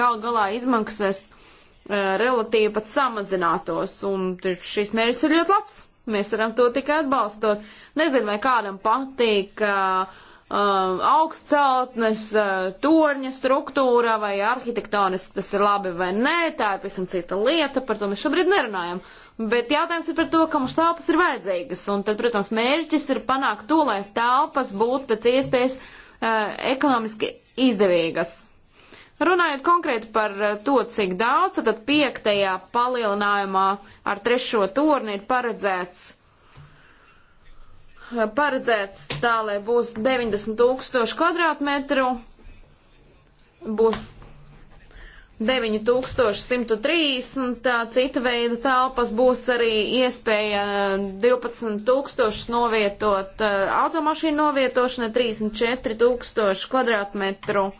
gal galā izmaksas uh, relatīvi pat samazinātos. Un šis mērķis ir ļoti labs. Mēs varam to tikai atbalstot. Nezinu, vai kādam patīk uh, um, augstceltnes uh, torņa struktūra vai arhitektoniski tas ir labi vai nē, tā ir pavisam cita lieta, par to mēs šobrīd nerunājam. Bet jautājums ir par to, ka mums telpas ir vajadzīgas, un tad, protams, mērķis ir panākt to, lai telpas būtu pēc iespējas uh, ekonomiski izdevīgas. Runājot konkrēti par uh, to, cik daudz, tad piektajā palielinājumā ar trešo torni ir paredzēts paredzēts tā, lai būs 90 tūkstoši kvadrātmetru, būs 9130, cita veida telpas būs arī iespēja 12 tūkstošus novietot eh, automašīnu novietošana, 34 tūkstoši kvadrātmetru uh,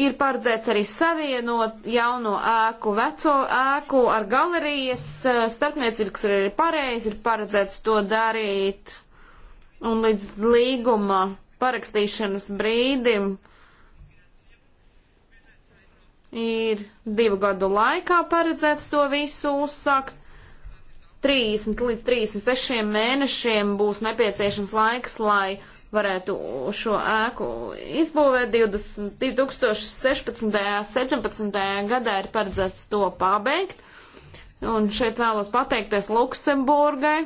Ir paredzēts arī savienot jauno ēku, veco ēku ar galerijas eh, starpniecības arī ir pareizi, ir paredzēts to darīt. Un līdz līguma parakstīšanas brīdim ir divu gadu laikā paredzēts to visu uzsākt. 30 līdz 36 mēnešiem būs nepieciešams laiks, lai varētu šo ēku izbūvēt. 20, 2016. un 2017. gadā ir paredzēts to pabeigt. Un šeit vēlos pateikties Luksemburgai,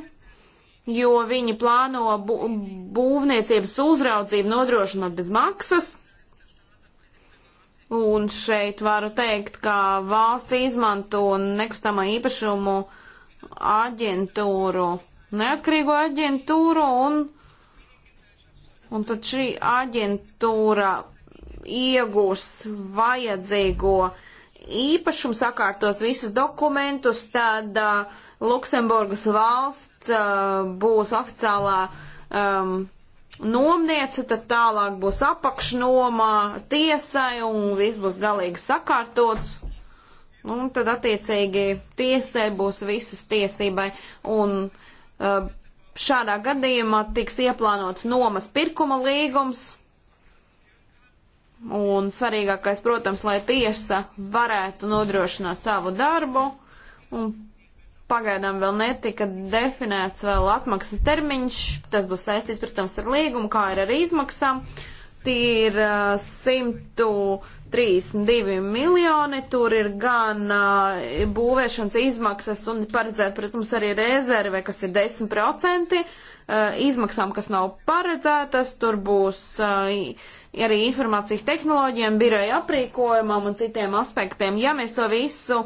jo viņi plāno būvniecības uzraudzību nodrošināt bez maksas. Un šeit varu teikt, ka valsts izmanto nekustamā īpašumu aģentūru, neatkarīgo aģentūru un Un tad šī aģentūra iegūs vajadzīgo īpašumu, sakārtos visus dokumentus, tad uh, Luksemburgas valsts uh, būs oficiālā um, nomniece, tad tālāk būs apakšnoma tiesai un viss būs galīgi sakārtots. Un tad attiecīgi tiesai būs visas tiesībai un uh, šādā gadījumā tiks ieplānots nomas pirkuma līgums. Un svarīgākais, protams, lai tiesa varētu nodrošināt savu darbu, un pagaidām vēl netika definēts vēl atmaksas termiņš, tas būs saistīts, protams, ar līgumu, kā ir ar izmaksām. Tie ir 100. Uh, 32 miljoni, tur ir gan uh, būvēšanas izmaksas un paredzēt, protams, arī rezerve, kas ir 10%, uh, izmaksām, kas nav paredzētas, tur būs uh, arī informācijas tehnoloģiem, biroja aprīkojumam un citiem aspektiem. Ja mēs to visu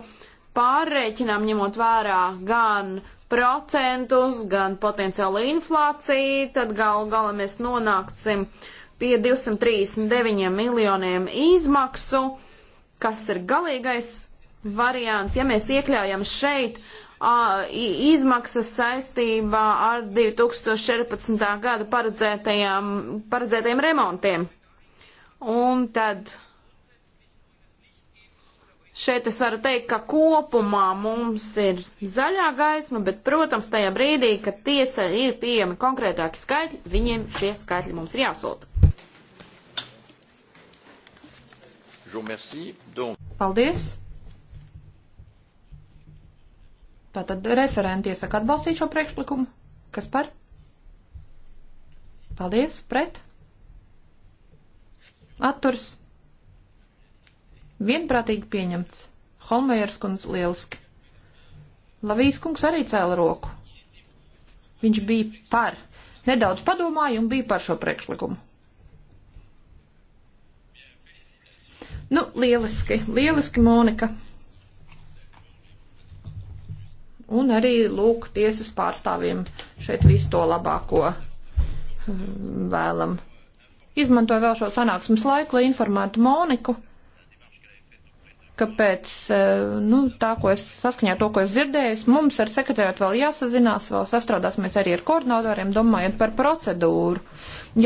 pārreikinām, ņemot vērā gan procentus, gan potenciālu inflāciju, tad gal galā mēs nonāksim uh, pie 239 miljoniem izmaksu, kas ir galīgais variants, ja mēs iekļaujam šeit a, izmaksas saistībā ar 2014. gada paredzētajām, paredzētajiem remontiem. Un tad šeit es varu teikt, ka kopumā mums ir zaļā gaisma, bet, protams, tajā brīdī, kad tiesa ir pieejami konkrētāki skaitļi, viņiem šie skaitļi mums ir jāsūta. Paldies! Tātad referenti iesaka atbalstīt šo priekšlikumu. Kas par? Paldies, pret. Atturs. Vienprātīgi pieņemts. Holmējers kundz lieliski. Lavijas kungs arī cēla roku. Viņš bija par. Nedaudz padomāja un bija par šo priekšlikumu. Nu, lieliski, lieliski, Monika. Un arī lūk tiesas pārstāvjiem šeit visu to labāko mm, vēlam. Izmantoju vēl šo sanāksmes laiku, lai informētu Moniku, ka pēc, e, nu, tā, ko es saskaņā to, ko es dzirdēju, mums ar sekretariātu vēl jāsazinās, vēl sastrādāsimies arī ar koordinatoriem, domājot par procedūru.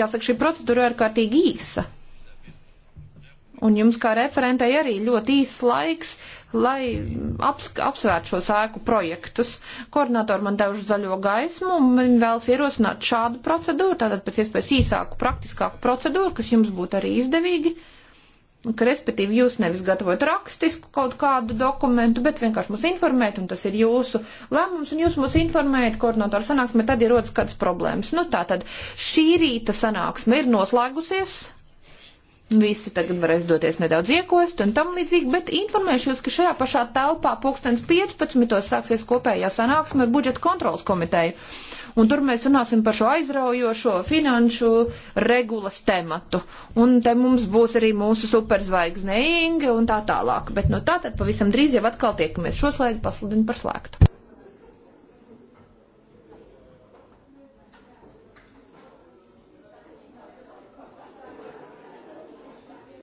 Jāsaka, šī procedūra ir ārkārtīgi īsa Un jums kā referentei arī ļoti īs laiks, lai aps, apsvērtu šo sēku projektus. Koordinatori man devuši zaļo gaismu un viņi vēlas ierosināt šādu procedūru, tātad pēc iespējas īsāku, praktiskāku procedūru, kas jums būtu arī izdevīgi. Ka, respektīvi, jūs nevis gatavojat rakstisku kaut kādu dokumentu, bet vienkārši mūs informēt, un tas ir jūsu lēmums, un jūs mūs informējat koordinatoru sanāksmē, tad ir rodas kādas problēmas. Nu, tā tad šī rīta sanāksme ir noslēgusies. Visi tagad varēs doties nedaudz iekost un tam līdzīgi, bet informēšu jūs, ka šajā pašā telpā pulkstens 15. sāksies kopējā sanāksme ar budžeta kontrolas komiteju. Un tur mēs runāsim par šo aizraujošo finanšu regulas tematu. Un te mums būs arī mūsu superzvaigzne Inga un tā tālāk. Bet no nu, tā tad pavisam drīz jau atkal tiekamies. Šo slēdzi pasludinu par slēgtu.